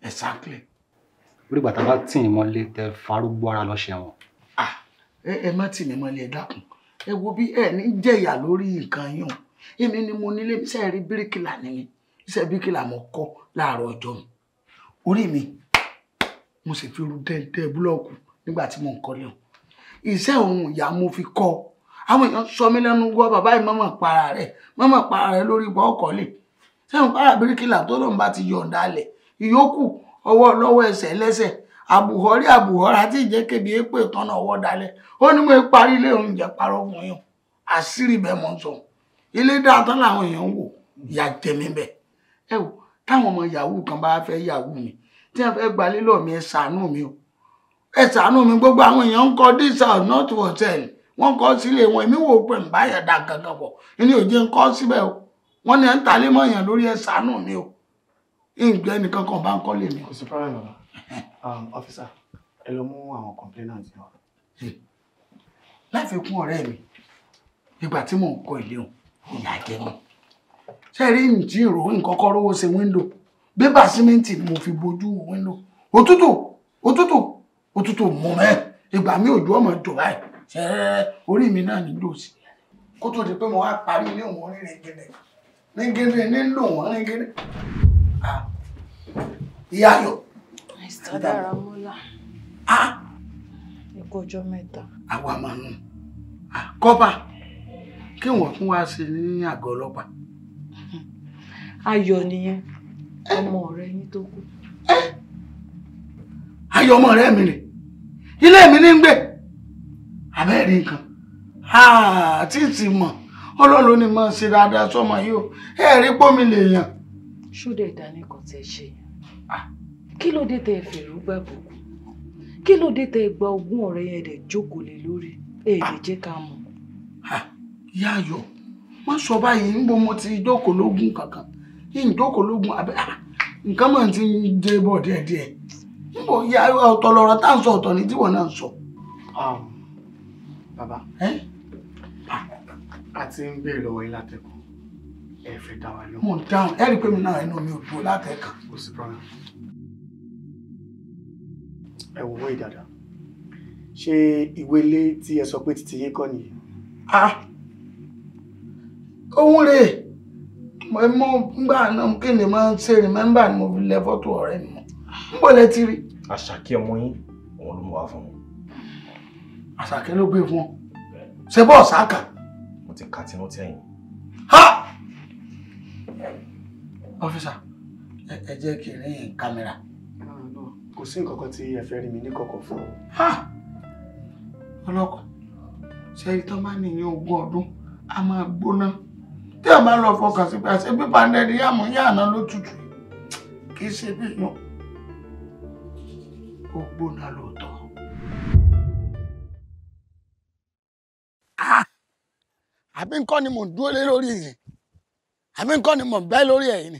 Speaker 1: exactly. orí bàtà bá tì í mọ́lé tẹ farúgbó ara lọ ṣẹ̀wọ̀n.
Speaker 3: ẹ má tì mí mọ́lé ẹ dákun ẹ wo bí ẹ ní jẹ̀yà lórí nǹkan yàn èmi ni mo nílé iṣẹ́ rí bíríkìlà ni mi iṣẹ́ bíríkìlà mo kọ́ láàárọ̀ ọjọ́ mi orí mi mo sì fi ru dẹ́ẹ̀dẹ́ búlọ́ọ̀kù nígbà tí mo ń kọ́ lẹ́hìn iṣẹ́ òun ìyá mo fi kọ́ ọ àwọn èèyàn sọ mí lẹ́nu gbọ́ bàbá yìí mọ́mọ́ para rẹ̀ mọ́mọ́ para rẹ̀ lórí ìbọn ọkọ̀ lè sẹ́wọ̀n para bíríkìlà tó lọ́n bá ti yọ̀ǹda lẹ̀ ìyókù ọwọ́ lọ́wọ́ ẹsẹ̀ lẹ́sẹ̀ àbùhọ́rí àbùhọ́ra tí ìjẹ́ kébi èpè tọ́nà ọwọ́ dalẹ̀ ó ní mo parí ilé òun jẹ́ parọ́ fún yàn àṣírí bẹ́ẹ̀ mọ́ sọ ilé dáadáa làwọn èèyàn ń wò ìyá tẹ̀mí bẹ̀ ẹ wò táwọn ọmọ yahoo kan bá fẹ́ yahoo mi tí wọ́n fẹ́ gbalé lọ́ọ̀ mi ẹ ṣàánú mi o ẹ ṣàánú mi gbogbo àwọn èèyàn ń kọ́ this not for wọ́n kọ́ sílé wọn èmi wò pé nbá yẹn da kankan pọ̀ ní òjé ń kọ́ síbẹ̀ o wọ́n ní ẹ̀ ń talé mọ́ èèyàn lórí ẹ̀ sànú mi o ìgbẹ́ nìkan kan bá ń kọ́ lè mi. kò sí problem bàbá
Speaker 7: ọfíìsà um, ẹ lọ mú àwọn complainant náà. láfikún ọ̀rẹ́ mi ìgbà tí mò ń kọ́ ilé o ìyá jẹ́ mi ṣe rí ìjì
Speaker 3: ìròyìn kọ́kọ́ rówó ṣe wíńdò bébà símẹ́ǹtì ni mo fi bojú wíńdò òtútù òtútù òtútù mú mẹ́ ìgbà mi òjò ọmọ jò báyìí ṣe orí mi náà nílò sí kó tó di pé mo wá parí ilé wọn rí rẹ̀gẹ̀dẹ̀ nílò
Speaker 5: wọn rẹ̀gẹ̀dẹ̀ ìyá a mr daramola ẹkọ ọjọ́ mẹ́ta. àwa máa nù
Speaker 3: kọ́ba kí wọ́n fún wa sí ní àgọ́ ọlọ́pàá.
Speaker 5: ayọ̀ nìyẹn ọmọ rẹ tó
Speaker 3: ayọ̀ ọmọ rẹ mi ilé mi ní ń àbẹ́ẹ̀rí nǹkan àti ti mọ̀ ọlọ́run ni mo ṣe dáadáa sọmọ yìí o ẹ rí pómi lèèyàn.
Speaker 5: ṣúdẹ̀ ìdání tẹ ṣe kí ló dé tẹ fèrè kí ló dé tẹ gba ogún ọ̀rẹ́ yẹn dẹ̀ jókòó lé lórí èdè jẹ́ ká mọ̀.
Speaker 3: ìyá ayọ̀ wọ́n sọ báyìí ń mo ti jókòó lógún kankan yìí jókòó lógún nǹkan ti ń dé bọ̀ díẹ̀díẹ̀ ń bọ̀ ìyá ọ̀tọ̀ tá à ń sọ ọ̀tọ̀ náà ń sọ.
Speaker 7: Bàbá, a ti ń béèrè lọ́wọ́ yín látẹ̀kọ́. Ẹ fẹ́ dá wa lóhùn. Mo dáhùn, ẹ rí i pé mi náà ẹnu mi ò dúró látẹ̀kọ́. Kò sí pọ́nà. Ẹ wò wọ́n ìdàdà. Ṣé ìwé ilé tí ẹ sọ pé títí yé kọ́ nìyí?
Speaker 3: Ah! Ohun rèé mo mọ ngbà náà kí ni máa ń ṣe rìmẹ́mbà ni mo fi lẹ fọ́tò ọ̀rẹ́ mi mọ́. Ń bọ̀ ti rí. Àṣàkí ọmọ yín, òun ló mú wa fún mi àṣàkẹ́ ló gbé fún ọ ṣe bọ́ ọ̀sáàkà. mo ti kà tí mo tẹ̀yìn. ha ọfíìsà ẹ jẹ́ kí n rí kámẹ́rà.
Speaker 7: kò sí nǹkan kan tí ẹ fẹ́ rí mi ní kọ̀kọ̀ fún.
Speaker 3: ha ọlọ́kọ̀ ṣe ẹni tó bá nìyẹn ogún ọdún a máa gbóná tí a bá lọ fọkàn sí pé àṣẹ pípa nẹ́ẹ̀dì yàmú yàrá ló tutù kì í ṣe bí yàn ó gbóná lóòótọ́. àbí nǹkan ni mò ń dúró lé lórí yìí àbí nǹkan ni mò ń bẹ́ lórí ẹ̀yìn ni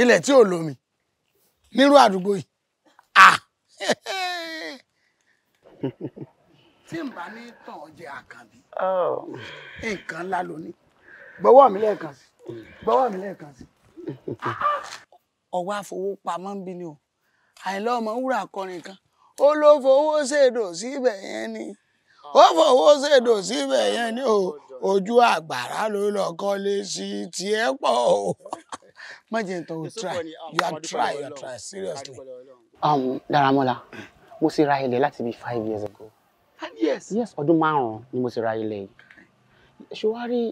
Speaker 3: ilẹ̀ tí ò lómi nírú àdúgbò yìí à [laughs] tí n bá ní tàn ọ́ jẹ àkànbí oh. nǹkan ńlá lóní gbọ́wọ́ mi lẹ́ẹ̀kan sí gbọ́wọ́ mi lẹ́ẹ̀kan sí [laughs] ọwọ́ àfowópamọ́ ń bí ni o àìlọ́ ọmọ wúrà kọrin kan ó ló fowó ṣèdò síbẹ̀ yẹn ni ó fowó ṣèdò síbẹ̀ yẹn ní ojú àgbàrá ló lọ kọ́lé sí tiẹ̀ pọ̀ o májèntàn o try ah, you are try you are try seriously. Um, Daramola mo ti ra ilẹ̀ láti bíi five years ago. five yes ọdún márùn-ún ni mo ti ra ilẹ̀ yìí ṣùwárí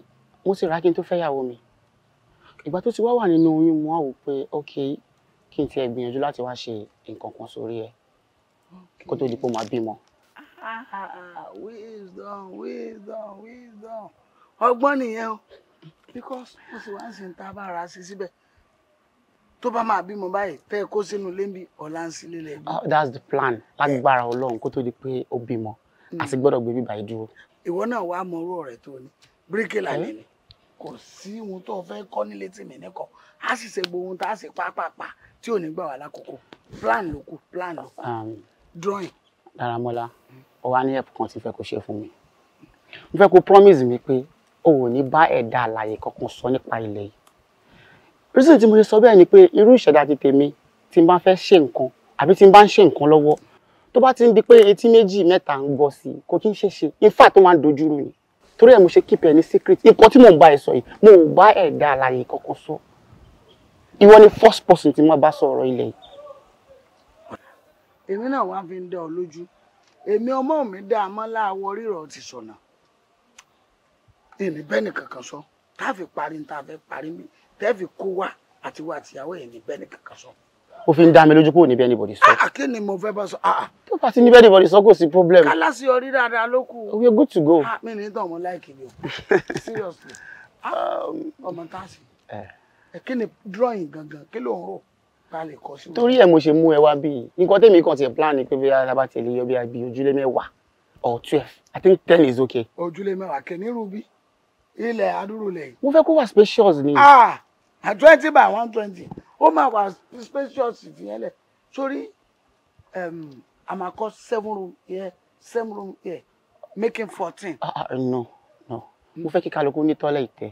Speaker 3: mo ti rà á kí n tó fẹ́yàwó mi ìgbà tó ti wá wà nínú oyún mo wá wò pé ok kí n tiẹ̀ gbìyànjú láti wá ṣe nǹkan kan sórí ẹ̀ kó tó di pé mo máa bímọ. Ah, ah, wisdom, wisdom, wisdom. Ọgbọ́n nìyẹn o. Because mo sì wá ń sin tá bá ra sí síbẹ̀. Tó bá máa bímọ báyìí, tẹ́ ẹ kó sínú lẹ́ńbí ọ̀la ń sílé lẹ́bí. Ah, that's the plan. Lágbára Ọlọ́run kó tó di pé ó bímọ. A sì gbọ́dọ̀ gbé bíbá yìí dúró. Ìwọ náà wàá mọ orú ọ̀rẹ́ tó ní. Bíríkìlà eh? ni Kò sí ohun tó fẹ́ kọ́ nílé tí mi nìkan. A sì ṣe gbogbo ohun tá a sì pápápá tí ò ní gbà wá lákòókò. Plan ló kù, plan ló kù. Um, Drawing.
Speaker 1: Daramola. Mm -hmm o wá ní ẹ̀pù kan tí fẹ́ kó ṣe fún mi mo fẹ́
Speaker 3: kó promise mi pé o ò ní bá ẹ̀dá àlàyé kankan sọ nípa ilẹ̀ yìí reason tí mo ṣe sọ bẹ́ẹ̀ ni pé irú ìṣẹ̀dá ti tèmi tí n bá fẹ́ ṣe nǹkan àbí tí n bá ń ṣe nǹkan lọ́wọ́ tó bá ti ń di pé etí méjì mẹ́ta ń gbọ́ sí i kò kí ń ṣe ṣe in fact tó máa ń dojú rú ni torí ẹ̀ mo ṣe keep ẹ̀ ní secret nǹkan tí mò ń bá ẹ sọ yìí mo ò bá ẹ̀dá àlàyé kankan sọ ìwọ ni first person tí mo bá sọ ọ̀rọ̀ ilẹ̀ yìí. èmi náà wá fi ń dá ọ lójú èmi ọmọ mi dá a mọ́ láàwọ rírọ̀ ti sọ̀nà ìní bẹ́ẹ̀ nìkankan sọ táàfì parí ní táàfì parí mi tẹ́ẹ̀fì kó wá àti wá àtìyàwó ìní bẹ́ẹ̀ nìkankan sọ. ó fi ń dá mi lójú kó ní bẹ́ẹ̀ níbọ̀dì sọ. a ah, kí ni mo fẹ́ bá sọ. Ah, ah. tó bá ti ní bẹ́ẹ̀ níbọ̀dì sọ kò sí problem. kálásì orí dáadáa ló kù. we are good to go. mi ní tọ̀ mọ́ láìkì mi o seriously um, ọmọ táàsì eh. eh, kí ni drawing gangan kí ló ń rò torí ẹ̀ mo ṣe mú ẹ wá bí nǹkan tèmi kan tiẹ̀ plan ni pé bí alábà tiẹ̀ lè yọ bí abí ojúlé mẹ́wàá or twelve i think ten is okay. ojúlé mẹ́wàá kẹ́ nírú bí ilẹ̀ adúrúlẹ̀ yìí. mo fẹ́ kó wà spacious ni. ah twenty by one twenty ó máa wà spacious ìfìyẹn lẹ̀ sórí a máa seven room here seven room here making fourteen. ah, ah no no mo fẹ́ kí kálukú ní tọ́lẹ̀ ìtẹ́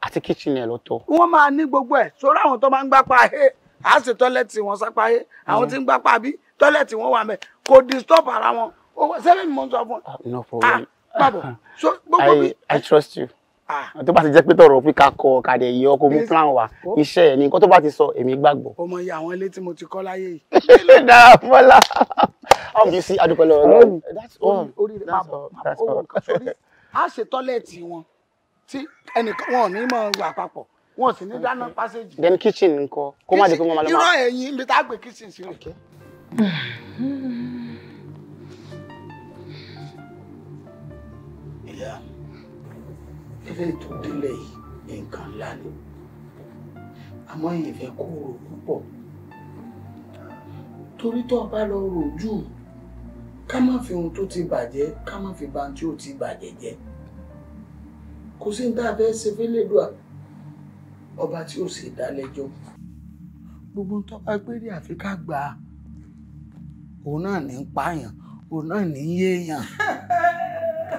Speaker 3: àti kitchen ẹ̀ lọ́tọ̀. wọ́n máa ní gbogbo ẹ̀ sórí àwọn tó máa ń gbápá ẹ̀ á ṣe tọ́lẹ́tì wọn sápáyé àwọn mm. tí ń gbá pàbí tọ́lẹ́tì wọn wà mẹ́ kò disturb ara wọn ó sẹ́fẹ̀mí mo ń sọ fún ọ. Ah, no problem. Ah, pàbọ̀ [laughs] so gbogbo mi. I trust you ah. tó bá ti jẹ́ pé tọ̀rọ̀ pé ká kọ kàdé yìí ọkọ̀ mú plan wa oh. iṣẹ́ ẹ̀ ní nǹkan tó bá ti sọ èmi gbàgbọ́. ọmọ iye àwọn ilé tí mo ti kọ́ láyé yìí. ilé dára mọ́lá
Speaker 4: ọ̀hún sí adúpẹ́ lọ.
Speaker 3: orí All. máa All. owó All. sórí a ṣe tọ́lẹ̀tì wọn tí ẹnìkan wọn ò ní mọ̀ wà papọ̀ wọn sì ní dáná pásẹ́jì. then kitchen ńkọ́ kó má di pé wọn máa lọ máa. irọ́ ẹ̀yìn ibi tá a gbé kitchen sí rẹ̀. ìyá ilé tó délé yìí nǹkan ńlá ni àmọ́ ìfẹ́ kó rò púpọ̀ torí tó bá lọ rò jù ká má fi ohun tó ti bàjẹ́ ká má fi ba ohun tí ò ti bàjẹ́ jẹ́ kò sí ní tá a fẹ́ ṣe fẹ́lẹ́ dùn ọba tí ó ṣe dálẹ́jọ́ gbogbo tó bá gbére àfi ká gbà á òun náà ní ń pààyàn òun náà ní ń yéèyàn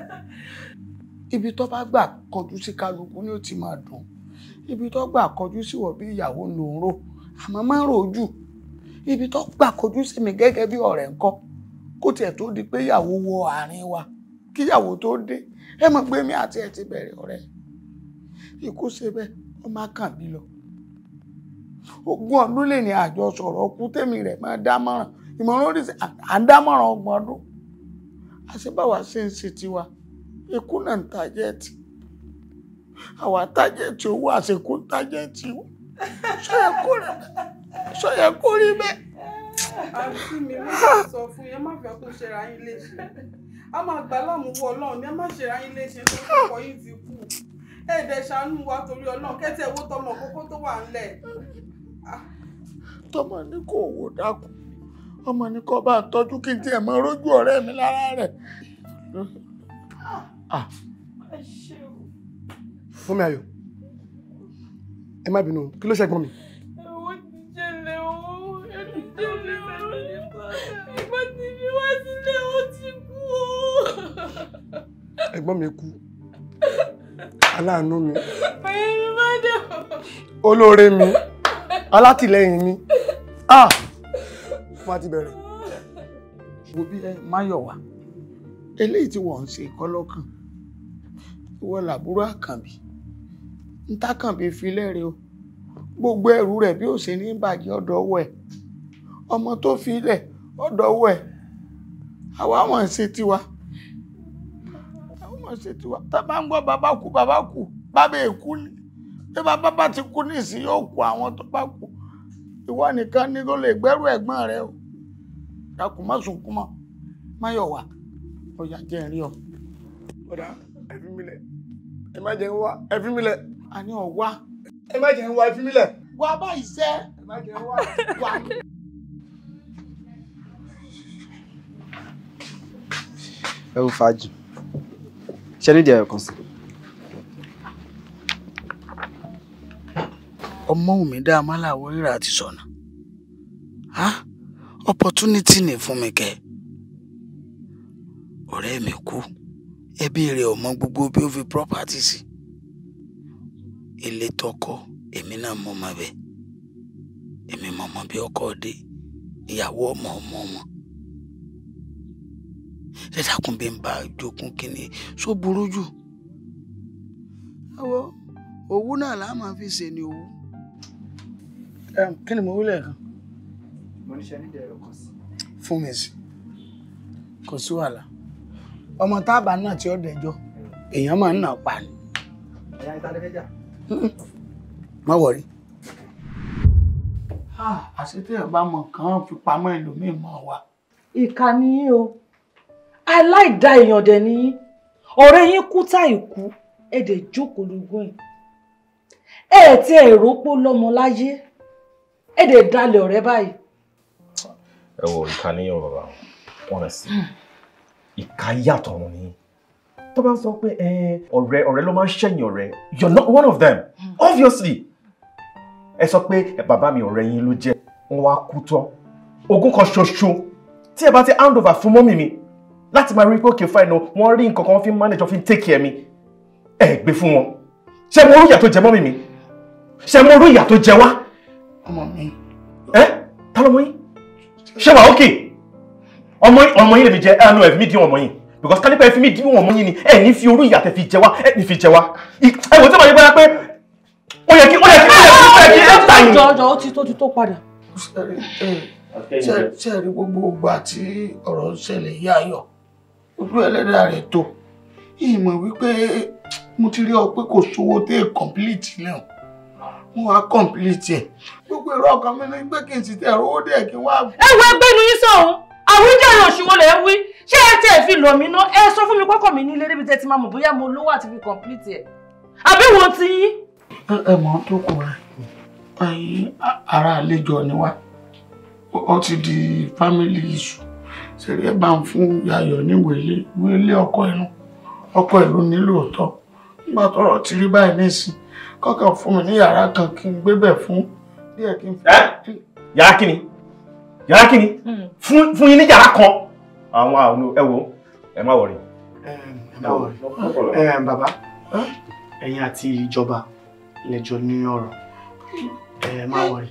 Speaker 3: [laughs] ibi tó bá gbà kọjú sí kálukú ni ó ti máa dùn ibi tó gbà kọjú sí wọ̀ bí ìyàwó ló ń rò àmọ́ má rò jù ibi tó gbà kọjú sí mi gẹ́gẹ́ bí ọ̀rẹ́ ńkọ́ kó tiẹ̀ tó di pé ìyàwó wọ àárín wa kíyàwó tó dé ẹ mọ̀ pé mi àti ẹ ti bẹ̀rẹ̀ ọ̀rẹ́ ikú ṣe bẹ́ẹ̀ ó má kàn mí lọ ogún ọdún lè ní àjọ sọ̀rọ̀ ọkú tèmi rẹ̀ máa dámọ̀ràn ìmọ̀ràn oríṣi à ń dámọ̀ràn ọgbọ̀n ọdún àṣebáwa ṣe ń ṣe tiwa ikú náà ń tajẹ́ẹ̀tì àwa tájẹ́ẹ̀tì owó àṣekú ń tajẹ́ẹ̀tì wọn sọ yẹ kó rí bẹ́ẹ̀. àǹtí mi ló sọ fún yẹn má fẹ́ kó ṣera yín léṣe a máa gbà láàmú wọ ọlọ́run ní ẹ má ṣera yín léṣe tó kọ́ yín ti kú ẹ̀ẹ́dẹ̀ ṣàánú wa torí ọlọ́run kẹ́tẹ́ owó tọmọ kókó tó wà ńlẹ̀. Ah. tọmọ ní kò wò dákun ọmọ ní kò bá tọ́jú kí n tiẹ̀ mọ rójú ọ̀rẹ́ mi lára rẹ̀.
Speaker 7: Ah. Ah. Fúnmi Ayọ̀ ẹ má bínú kí ló ṣẹ̀gbọ́n mi. owó mi kú aláàánú mi olóore mi alátìlẹyìn mi ah má ti bẹ̀rẹ̀.
Speaker 3: wo bí ẹ máyọ̀wá eléyìí tí wọ́n ń ṣe kọ́lọ́kàn ìwọ làbúrò àkànbí ntàkànbí filẹ̀ rẹ o gbogbo ẹrù rẹ bí ó ṣe ní bàjẹ́ ọ̀dọ̀ ọwọ́ ẹ̀ ọmọ tó filẹ̀ ọ̀dọ̀ ọwọ́ ẹ̀ àwa mọ̀ ń ṣe tiwa máa ṣe tiwa tá a bá ń gbọ́ bàbá kú bàbá kú bàbá èkú ni bí bàbá bá ti kú nísìnyí yóò kú àwọn tó bá kú ìwọ nìkan ni ló lè gbẹ́rù ẹ̀gbọ́n rẹ o dàkú má sunkún mọ́ má yọ̀ wá ọjà jẹ́ ẹ̀rí ọ. ọ̀dà ẹ fi mí lẹ̀ ẹ má jẹ́ ń wá ẹ fi mí lẹ̀. àní ọ̀ wá. ẹ má jẹ́ ń wá ẹ fi lẹ̀. wà bá ìṣe. ẹ má jẹ́ ń wá wà á. ẹ ò fàájì. Tiens-lui dire conseil. Ọmọ́wùmí Dáamálà ati ti ha opportunity ni fun mi kẹ́. Ọ̀rẹ́ mi kú. Ẹbí rẹ̀ ò gbogbo bí o fi property si Ilé tọkọ èmi náà mọ̀ mọ́ bẹ́ẹ̀. Èmi mọ̀ mọ́ bí ọkọ dé. Ìyàwó ọmọ ọmọ wọn. ẹ dákun bẹ́ẹ̀ ń bá jogún kínní só burú jù. ẹwọ òwú náà là á máa fi ṣe ni òwú. kí ni mo wí lẹ́ẹ̀kan. mo ní sẹ́ni dẹ̀rẹ̀ kọ sí. fún mi sí kò sí wàhálà ọmọ táàbà náà tí ó dẹjọ́ èèyàn máa ń nà pa ni. ẹ̀yà ìtàlẹ́fẹ́jà. má wọrí ah, àṣetẹ̀yàn bá mọ̀ kàn án fi pamọ́ ẹlòmíì mọ́ wa.
Speaker 5: ìkà nìyí o aláìda èèyàn dẹ̀ ni yín ọ̀rẹ́ yín kú tá ìkú ẹ dẹ̀ jókòó lógún ẹ̀ ẹ ti ẹ̀ rọ́pò lọ́mọ láyé ẹ dẹ̀ dalẹ̀ ọ̀rẹ́ báyìí.
Speaker 3: ẹ wo ìka níyàn bàbá
Speaker 7: honestly hmm. ìka yàtọ̀ wọn ni tó bá sọ pé ọ̀rẹ́ ọ̀rẹ́ ló máa ń ṣẹ̀yìn ọ̀rẹ́ you're not one of them hmm. obviously
Speaker 3: ẹ sọ pé bàbá mi ọ̀rẹ́ yín ló jẹ́ wọn wá kú tán ogún kan ṣoṣo tí ẹ bá ti hand over fún mọ́mì mi láti máa rí pé òkè fáìn o wọ́n rí nǹkan kan fi ń manage fi ń take care mi ẹ gbé fún wọn ṣé mo rú ìyà tó jẹ mọ́ mi mi ṣé mo rú ìyà tó jẹ wá. ọmọ mi. ẹ ta lọmọ yín ṣé wàá òkè ọmọ yín ọmọ yín lè fi jẹ ẹnu ẹ fi mí dín ọmọ yín because kálípà ẹ fi mí dín ọmọ yín ni ẹ ní fi orú ìyà tẹ fi jẹ wá ẹ ní fi jẹ wá ẹ wò tí wọ́n yẹ bọ́lá pé
Speaker 4: ó yẹ kí ó yẹ kí ó yẹ kí ó yẹ kí ó jọ
Speaker 3: jọ ó ti tó ti tó padà. ṣe ṣe rí gbogbo ìgbà tí ọ̀rọ̀ ń ṣẹlẹ̀ yá ayọ̀ ojú ẹlẹ́dàá rẹ̀ tó ìmọ̀ wípé mo ti rí ọ pé kò sówó tẹ́ kọ̀m̀pìlìtì náà mo wá kọ̀m̀pìlìtì ẹ̀ gbogbo èrò ọkàn mi ní pé kí n sì tẹ rówó dẹ̀ kí n wá.
Speaker 5: ẹ wo ẹgbẹ́ inú yín sọ̀hún àwíjàre òṣùwò lẹ̀ wí ṣé ẹ tẹ̀ fi lọ̀ mí ná ẹ sọ fún mi kọ́kọ́ mi nílé débi tẹ́ ti máa mọ̀ bóyá mo lówó àti fi kọ̀m̀pìlìtì ẹ̀ àbí wo ti yín. ẹ mọ̀ tó kù rẹ̀
Speaker 3: ara àlejò ni wá ó ti di family issue ṣeré ẹ bá ń fún yayọ̀ níwò ilé wọ ilé ọkọ ìlú ọkọ ìlú nílò òótọ́ nígbà tọrọ ti rí báyìí nísìn kọkàn fún mi ní yàrá kan kí n gbébẹ̀ fún díẹ̀ kí n fi. yàrá kí ni yàrá kí ni hmm. fún yín ní yàrá kan àwọn àwọn ẹ wò ẹ má wọrí.
Speaker 7: bàbá ẹ̀yin àti ìjọba lẹ́jọ́ ní ọ̀rọ̀ ẹ má wọrí.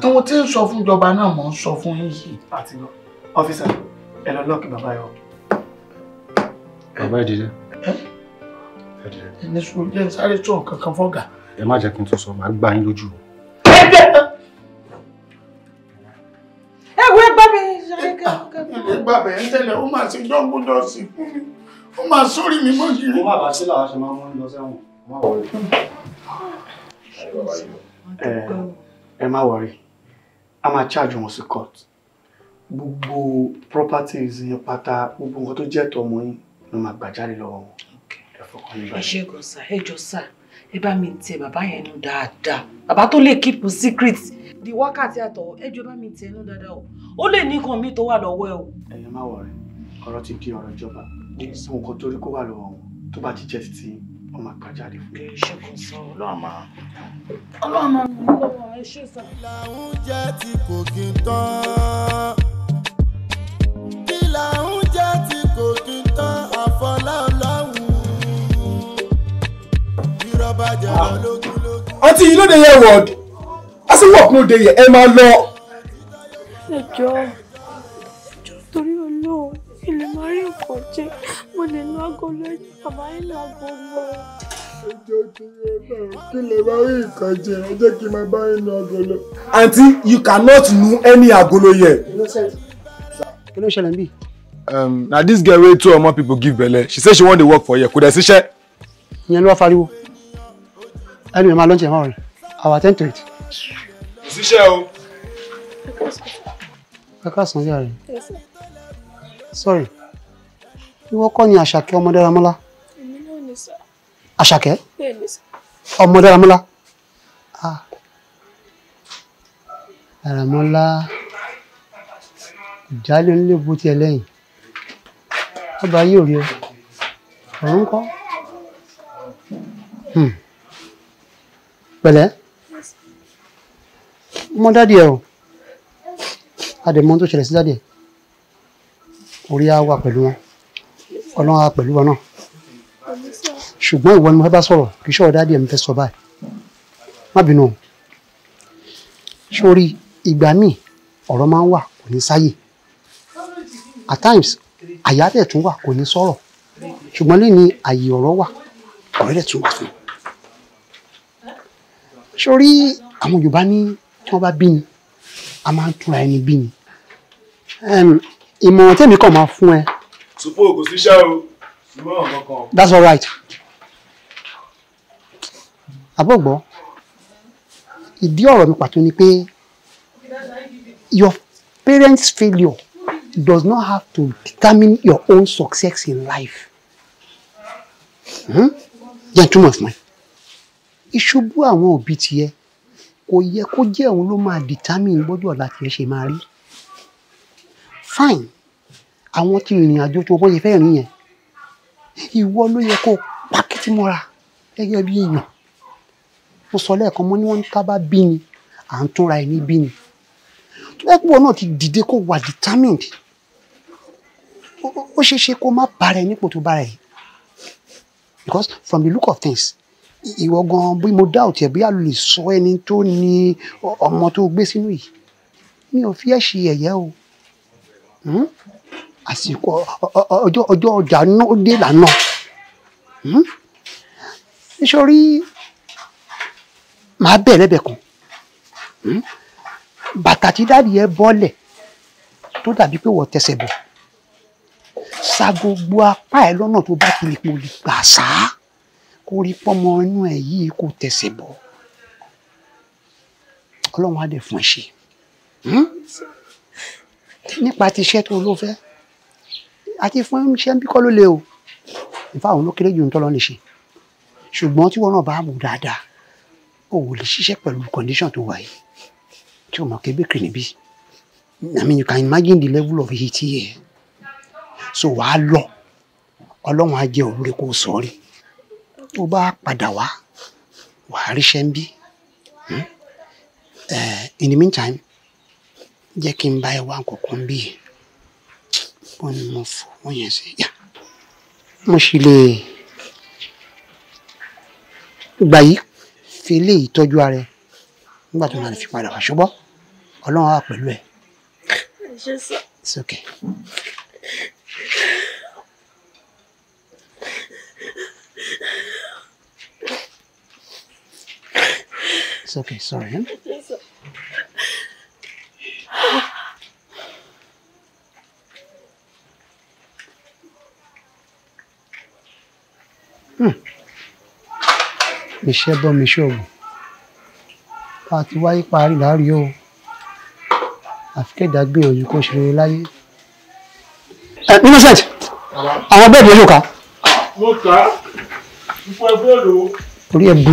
Speaker 7: tí mo
Speaker 3: ti ń sọ fún ìjọba náà mò ń sọ fún yín yìí. àti
Speaker 7: ẹ lọ lọ́ọ̀kì bàbá yọ. bàbá ẹ dìde. ẹ ní sùúrù jẹ́ sáré tó nǹkan kan fọ́gà.
Speaker 3: ẹ má jẹ́ kí n tún sọ màá gbá yín lójú. ẹ jẹ́ ẹ wo ẹgbẹ́ mi ṣe kẹ́kẹ́.
Speaker 7: ẹgbẹ́ bẹ̀ ń tẹ́lẹ̀ ó máa ṣe dọ́gbọ́dọ́sì fún mi ó máa sórí mi bó ṣe rí. ó má bàa sí
Speaker 1: làwọn ṣe máa ń mú lọ sẹ́wọ̀n má wọrí.
Speaker 7: ẹ má wọrí a máa ṣáàjù wọn sí court gbogbo properties yẹn pátá gbogbo nǹkan tó jẹ́ tọmọ yín ló máa gbà jáde lọ́wọ́ wọn.
Speaker 5: ẹ ṣe gan sa ẹ jọ sá ẹ bá mi tẹ bàbá yẹn nù dáadáa bàbá tó lè keep secret di wákàtí àtọ̀ ẹ jọ bá mi tẹ nù dáadáa o ó lè ní nǹkan mi tó wà lọ́wọ́ ẹ
Speaker 7: o. ẹyẹ má wọrẹ ọ̀rọ̀ ti di ọ̀rọ̀ ìjọba gbogbo nǹkan torí kó wà lọ́wọ́ wọn tó bá ti títí wọn máa gbà jáde fún mi. ṣé kò sọ ọlọ́run máa
Speaker 4: ọlọ́run máa mú un lọ́wọ́ ẹ ṣe sọ.
Speaker 7: làwọn jẹ́ ti kò kí n tán.
Speaker 3: Auntie, you know the hear word I said work no day. here ẹ máa lọ.
Speaker 6: ẹjọ ẹjọ
Speaker 2: torí olóò ilẹ̀ máa rí nǹkan jẹ mo lè lo aago lẹ́yìn bàbá yìí lọ aago lọ. ẹjọ torí olóò
Speaker 3: kí lè máa rí nǹkan jẹ ẹ jẹ́ kí n máa bá yín lo you cannot nu any agolo here. kí ló ṣẹlẹ̀ bí. Um, na girl wey two more people give belle she said she want to work for here kò dẹ̀ ṣiṣẹ́.
Speaker 1: ìyẹn ló wá fariwo anyway máa lọ́njẹ̀ máa rìn I will attend to it. ṣiṣẹ́ o. ẹ káàsán yà rẹ̀ sorry ìwọ kọ́ ni àṣàkẹ́ ọmọ dáramọ́lá.
Speaker 2: èmi náà ni
Speaker 6: sá. àṣàkẹ́. bẹ́ẹ̀
Speaker 1: ọmọ dáramọ́lá. ah dáramọ́lá ìjálè onílé bó tiẹ̀ lẹ́yìn ọba yóò rí ọ ọ̀run kọ́. Hmm pẹ̀lẹ́ mọ dáàdì ẹ o àdèmọ tó ṣẹlẹ̀ sí dáàdì ẹ orí á wà pẹ̀lú wọn ọlọ́run á pẹ̀lú wọn náà ṣùgbọ́n ìwọ ni mo fẹ́ bá sọ̀rọ̀ kì í ṣọ̀rọ̀ dáàdì ẹ mi fẹ́ sọ báyìí má bínú o sórí ìgbà míì ọ̀rọ̀ máa ń wà kò ní sáyè at times àyà dẹ̀ tún wà kò ní sọ̀rọ̀ ṣùgbọ́n lè ní àyè ọ̀rọ̀ wà ọ̀rẹ́ dẹ̀ tún wà fún un sórí àwọn Yorùbá ní tí wọ́n bá bí ni a máa ń túra ẹni bí ni ìmọ̀ràn tèmi kàn máa fún ẹ.
Speaker 3: sùpò kò síṣẹ́ o ìmọ̀ràn kankan.
Speaker 1: that's all right. àbọ̀gbọ́ ìdí ọ̀rọ̀ mi pàtó ni pé your parents' failure does not have to determine your own success in life. Hmm? Jẹ́ túmọ̀ fún ẹ ìṣubú àwọn òbí tiẹ̀ kò yẹ kó jẹ́ òun ló máa determine gbọ́dọ̀ ọ̀la tiẹ̀ ṣe máa rí fine àwọn tí ìrìn àjò tó bọ́ yẹ fẹ́ rìn yẹn ìwọ ló yẹ kó pákẹ́tì mọ́ra gẹ́gẹ́ bí èèyàn mo sọ lẹ́ẹ̀kan mo ní wọ́n ń tábà bí ni à ń túnra ẹni bí ni tó bá pọ̀ náà ti dìde kó wà determined ó ṣeé ṣe kó má bára ẹ nípò tó bára ẹ because from the look of things ìwọ gan bí mo dá òtí ẹ bóyá lè sọ ẹni tó ní ọmọ tó gbé sínú yìí mi ò fi ẹ ṣe ẹ̀yẹ o hmm? àsìkò ọjọ́ ọjọ́ ọjà náà dé lànà nítorí hmm? màá bẹ̀ lẹ́bẹ̀ kan hmm? bàtà tí dáàdì ẹ bọ́lẹ̀ tó dàbí pé wọ́n tẹsẹ̀ bọ̀ sa gbogbo apá ẹ lọ́nà tó bá ti lè pò lè gbà sáà kó rí pọ́mọ inú ẹ̀ yìí kó tẹ̀sẹ̀ bọ̀ ọlọ́run á dẹ̀ fún ẹ ṣe hmm? nípa ti iṣẹ́ tó ló fẹ́ àti fún iṣẹ́ ń bí kọ́ ló le o ìfá òun ló jù ń tọ́lọ́ lè ṣe ṣùgbọ́n tí wọn bá mú dáadáa o ò lè ṣiṣẹ́ pẹ̀lú condition tó wà yìí tí o mọ̀ pé bakery níbí I mean you can imagine the level of heat here so wàá lọ ọlọ́run á jẹ́ òwúrẹ́ kó sọ tó bá padà wá wàá ríṣẹ́ ń bí hmm? eh, in the meantime jẹ́ kí n bá ẹ wá nǹkankan bí wọ́n ní mo fò wọ́n yẹn sí yá mo sì lè gbà yìí fi lè tọ́jú ara ẹ nígbà tó máa fi padà wá ṣùgbọ́n ọlọ́run wà pẹ̀lú ẹ. It's okay. It's okay, sorry. Huh? Yes, hmm. iṣẹ́ bọ́ mi ṣòwò bá ti wáyé parí láàrí o àfikẹ́dà gbìyànjú kó ṣe láyé. Innocent àwọn bẹ́ẹ̀dì ló ṣòkà.
Speaker 5: mo kà á fún ẹ Pull
Speaker 1: your orí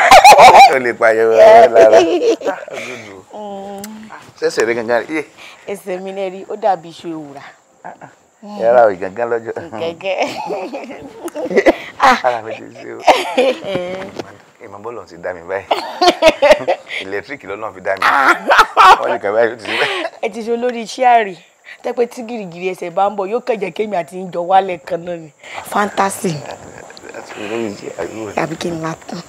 Speaker 3: o lè pààyàn rẹ lára eh. ah, ṣẹ̀ṣẹ̀ rẹ gangan rẹ.
Speaker 2: ẹsẹ̀ mi lẹ́rí ó dàbí iṣu ewùrà.
Speaker 3: yàrá òye gangan lọ́jọ́. Mm.
Speaker 2: gẹ́gẹ́.
Speaker 3: [laughs] Ah. ara mi ti ṣe o
Speaker 2: [laughs]
Speaker 3: ìmọ̀ bọ́ọ̀lù ti dá mi báyìí ẹlẹtíríkì [laughs] lọ́nà fi dá mi ah. wọ́n ní kàwé ayé ti ṣe báyìí.
Speaker 2: ẹ ti ṣe olórí iṣẹ́ àrè tẹ́pẹ́ tí gìrìgìrì ẹsẹ̀ bá ń bọ̀ yóò kẹ̀jẹ̀ kémi àti ìjọ wálẹ̀ kan náà ni fantasy àbí kí tán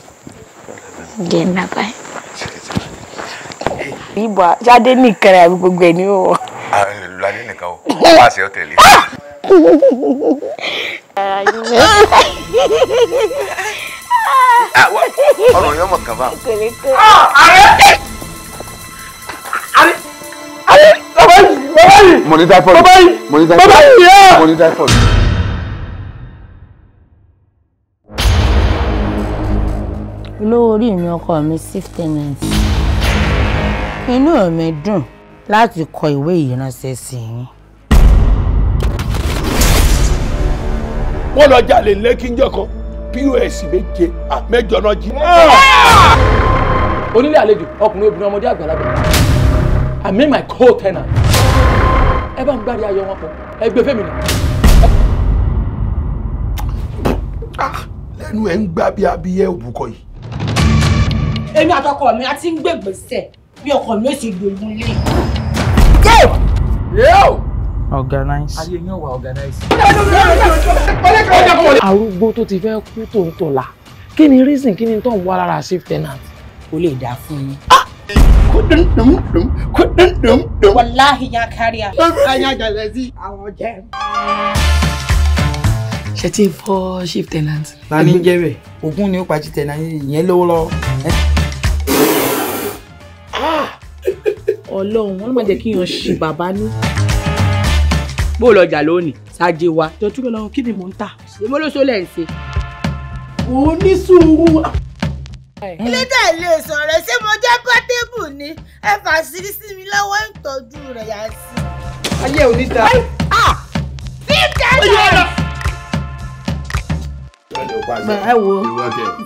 Speaker 2: jẹnda báyìí. ibà jáde nìkan àbí gbogbo ẹ ní o.
Speaker 3: lulade nìkan o ah! Ah, wá sí ọ tẹ̀lé. ọ̀rọ̀ yóò mọ kaba.
Speaker 4: ààrẹ
Speaker 3: ààrẹ bàbá yìí bàbá yìí bàbá yìí bàbá ah!
Speaker 2: olówó orí mi ọkọ mi chief tenant inú mi dùn láti kọ ìwé yìí ránṣẹ́ sí yín.
Speaker 3: wọ́n lọ jalè lẹ́kíjọ́ kan pọ́s méje mẹ́jọ náà jí. onílé àlejò ọkùnrin obìnrin ọmọdé àgbàlagbà i mean my co-tenant ẹ bá ń gbárí ayọ̀ wọn pọ̀ ẹ gbé fẹ́mi nà. Ah, lẹ́nu ẹ̀ ń gbá bí abiyẹ́ òbúkọ yìí
Speaker 2: èmi àtọkọ mi a ti ń gbègbèsè bí ọkọ mi ó sì gbógun lé. organize.
Speaker 3: ayé
Speaker 4: yóò wá organize.
Speaker 2: arúgbó
Speaker 3: tó ti fẹ́ kú tó ń tọ̀la kí ni reason kí ni tó ń wá lára chief tenant kó lè dáa
Speaker 5: fún
Speaker 2: yín. kudin dum dum kudin dum dum. wàláhì ya káríà. anya ah! jàlẹ́sí àwọn jẹ́.
Speaker 5: ṣe ti ń fọ́ chief tenant.
Speaker 3: ta ni ń jẹ́ bẹ́ẹ̀ ogún ni ó pa chief tenant yẹn lówó lọ́wọ́.
Speaker 5: ọlọ́run wọn ló máa jẹ́ kí èèyàn ṣì bàbá ní.
Speaker 2: bó o lọ jà lónìí ṣáájú wa. jọ̀tún lọ́wọ́ kí ni mò ń tà. èmi ló sọ lẹ́yìn sí. òun ní sùúrù. ilédà ilé ṣé mo jẹ́ pọ́tébù ni ẹ fà sí sí mi lọ́wọ́ ìtọ́jú rẹ̀ yá sí. ayé ò ní ta. fífẹ́ ah! náà ẹ wo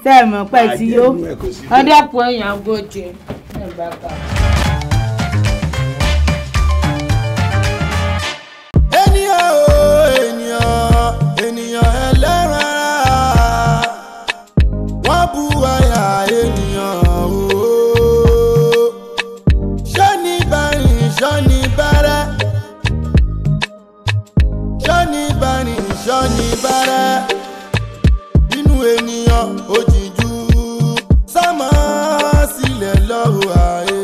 Speaker 2: tẹ́ ẹ mọ̀ pẹ́ tí yó ọdẹ pọ̀ ẹ̀yàn gòjè ẹ̀ bá
Speaker 3: nínú ènìyàn òjìjú sámà sílẹ̀ lọ́rùn àyè.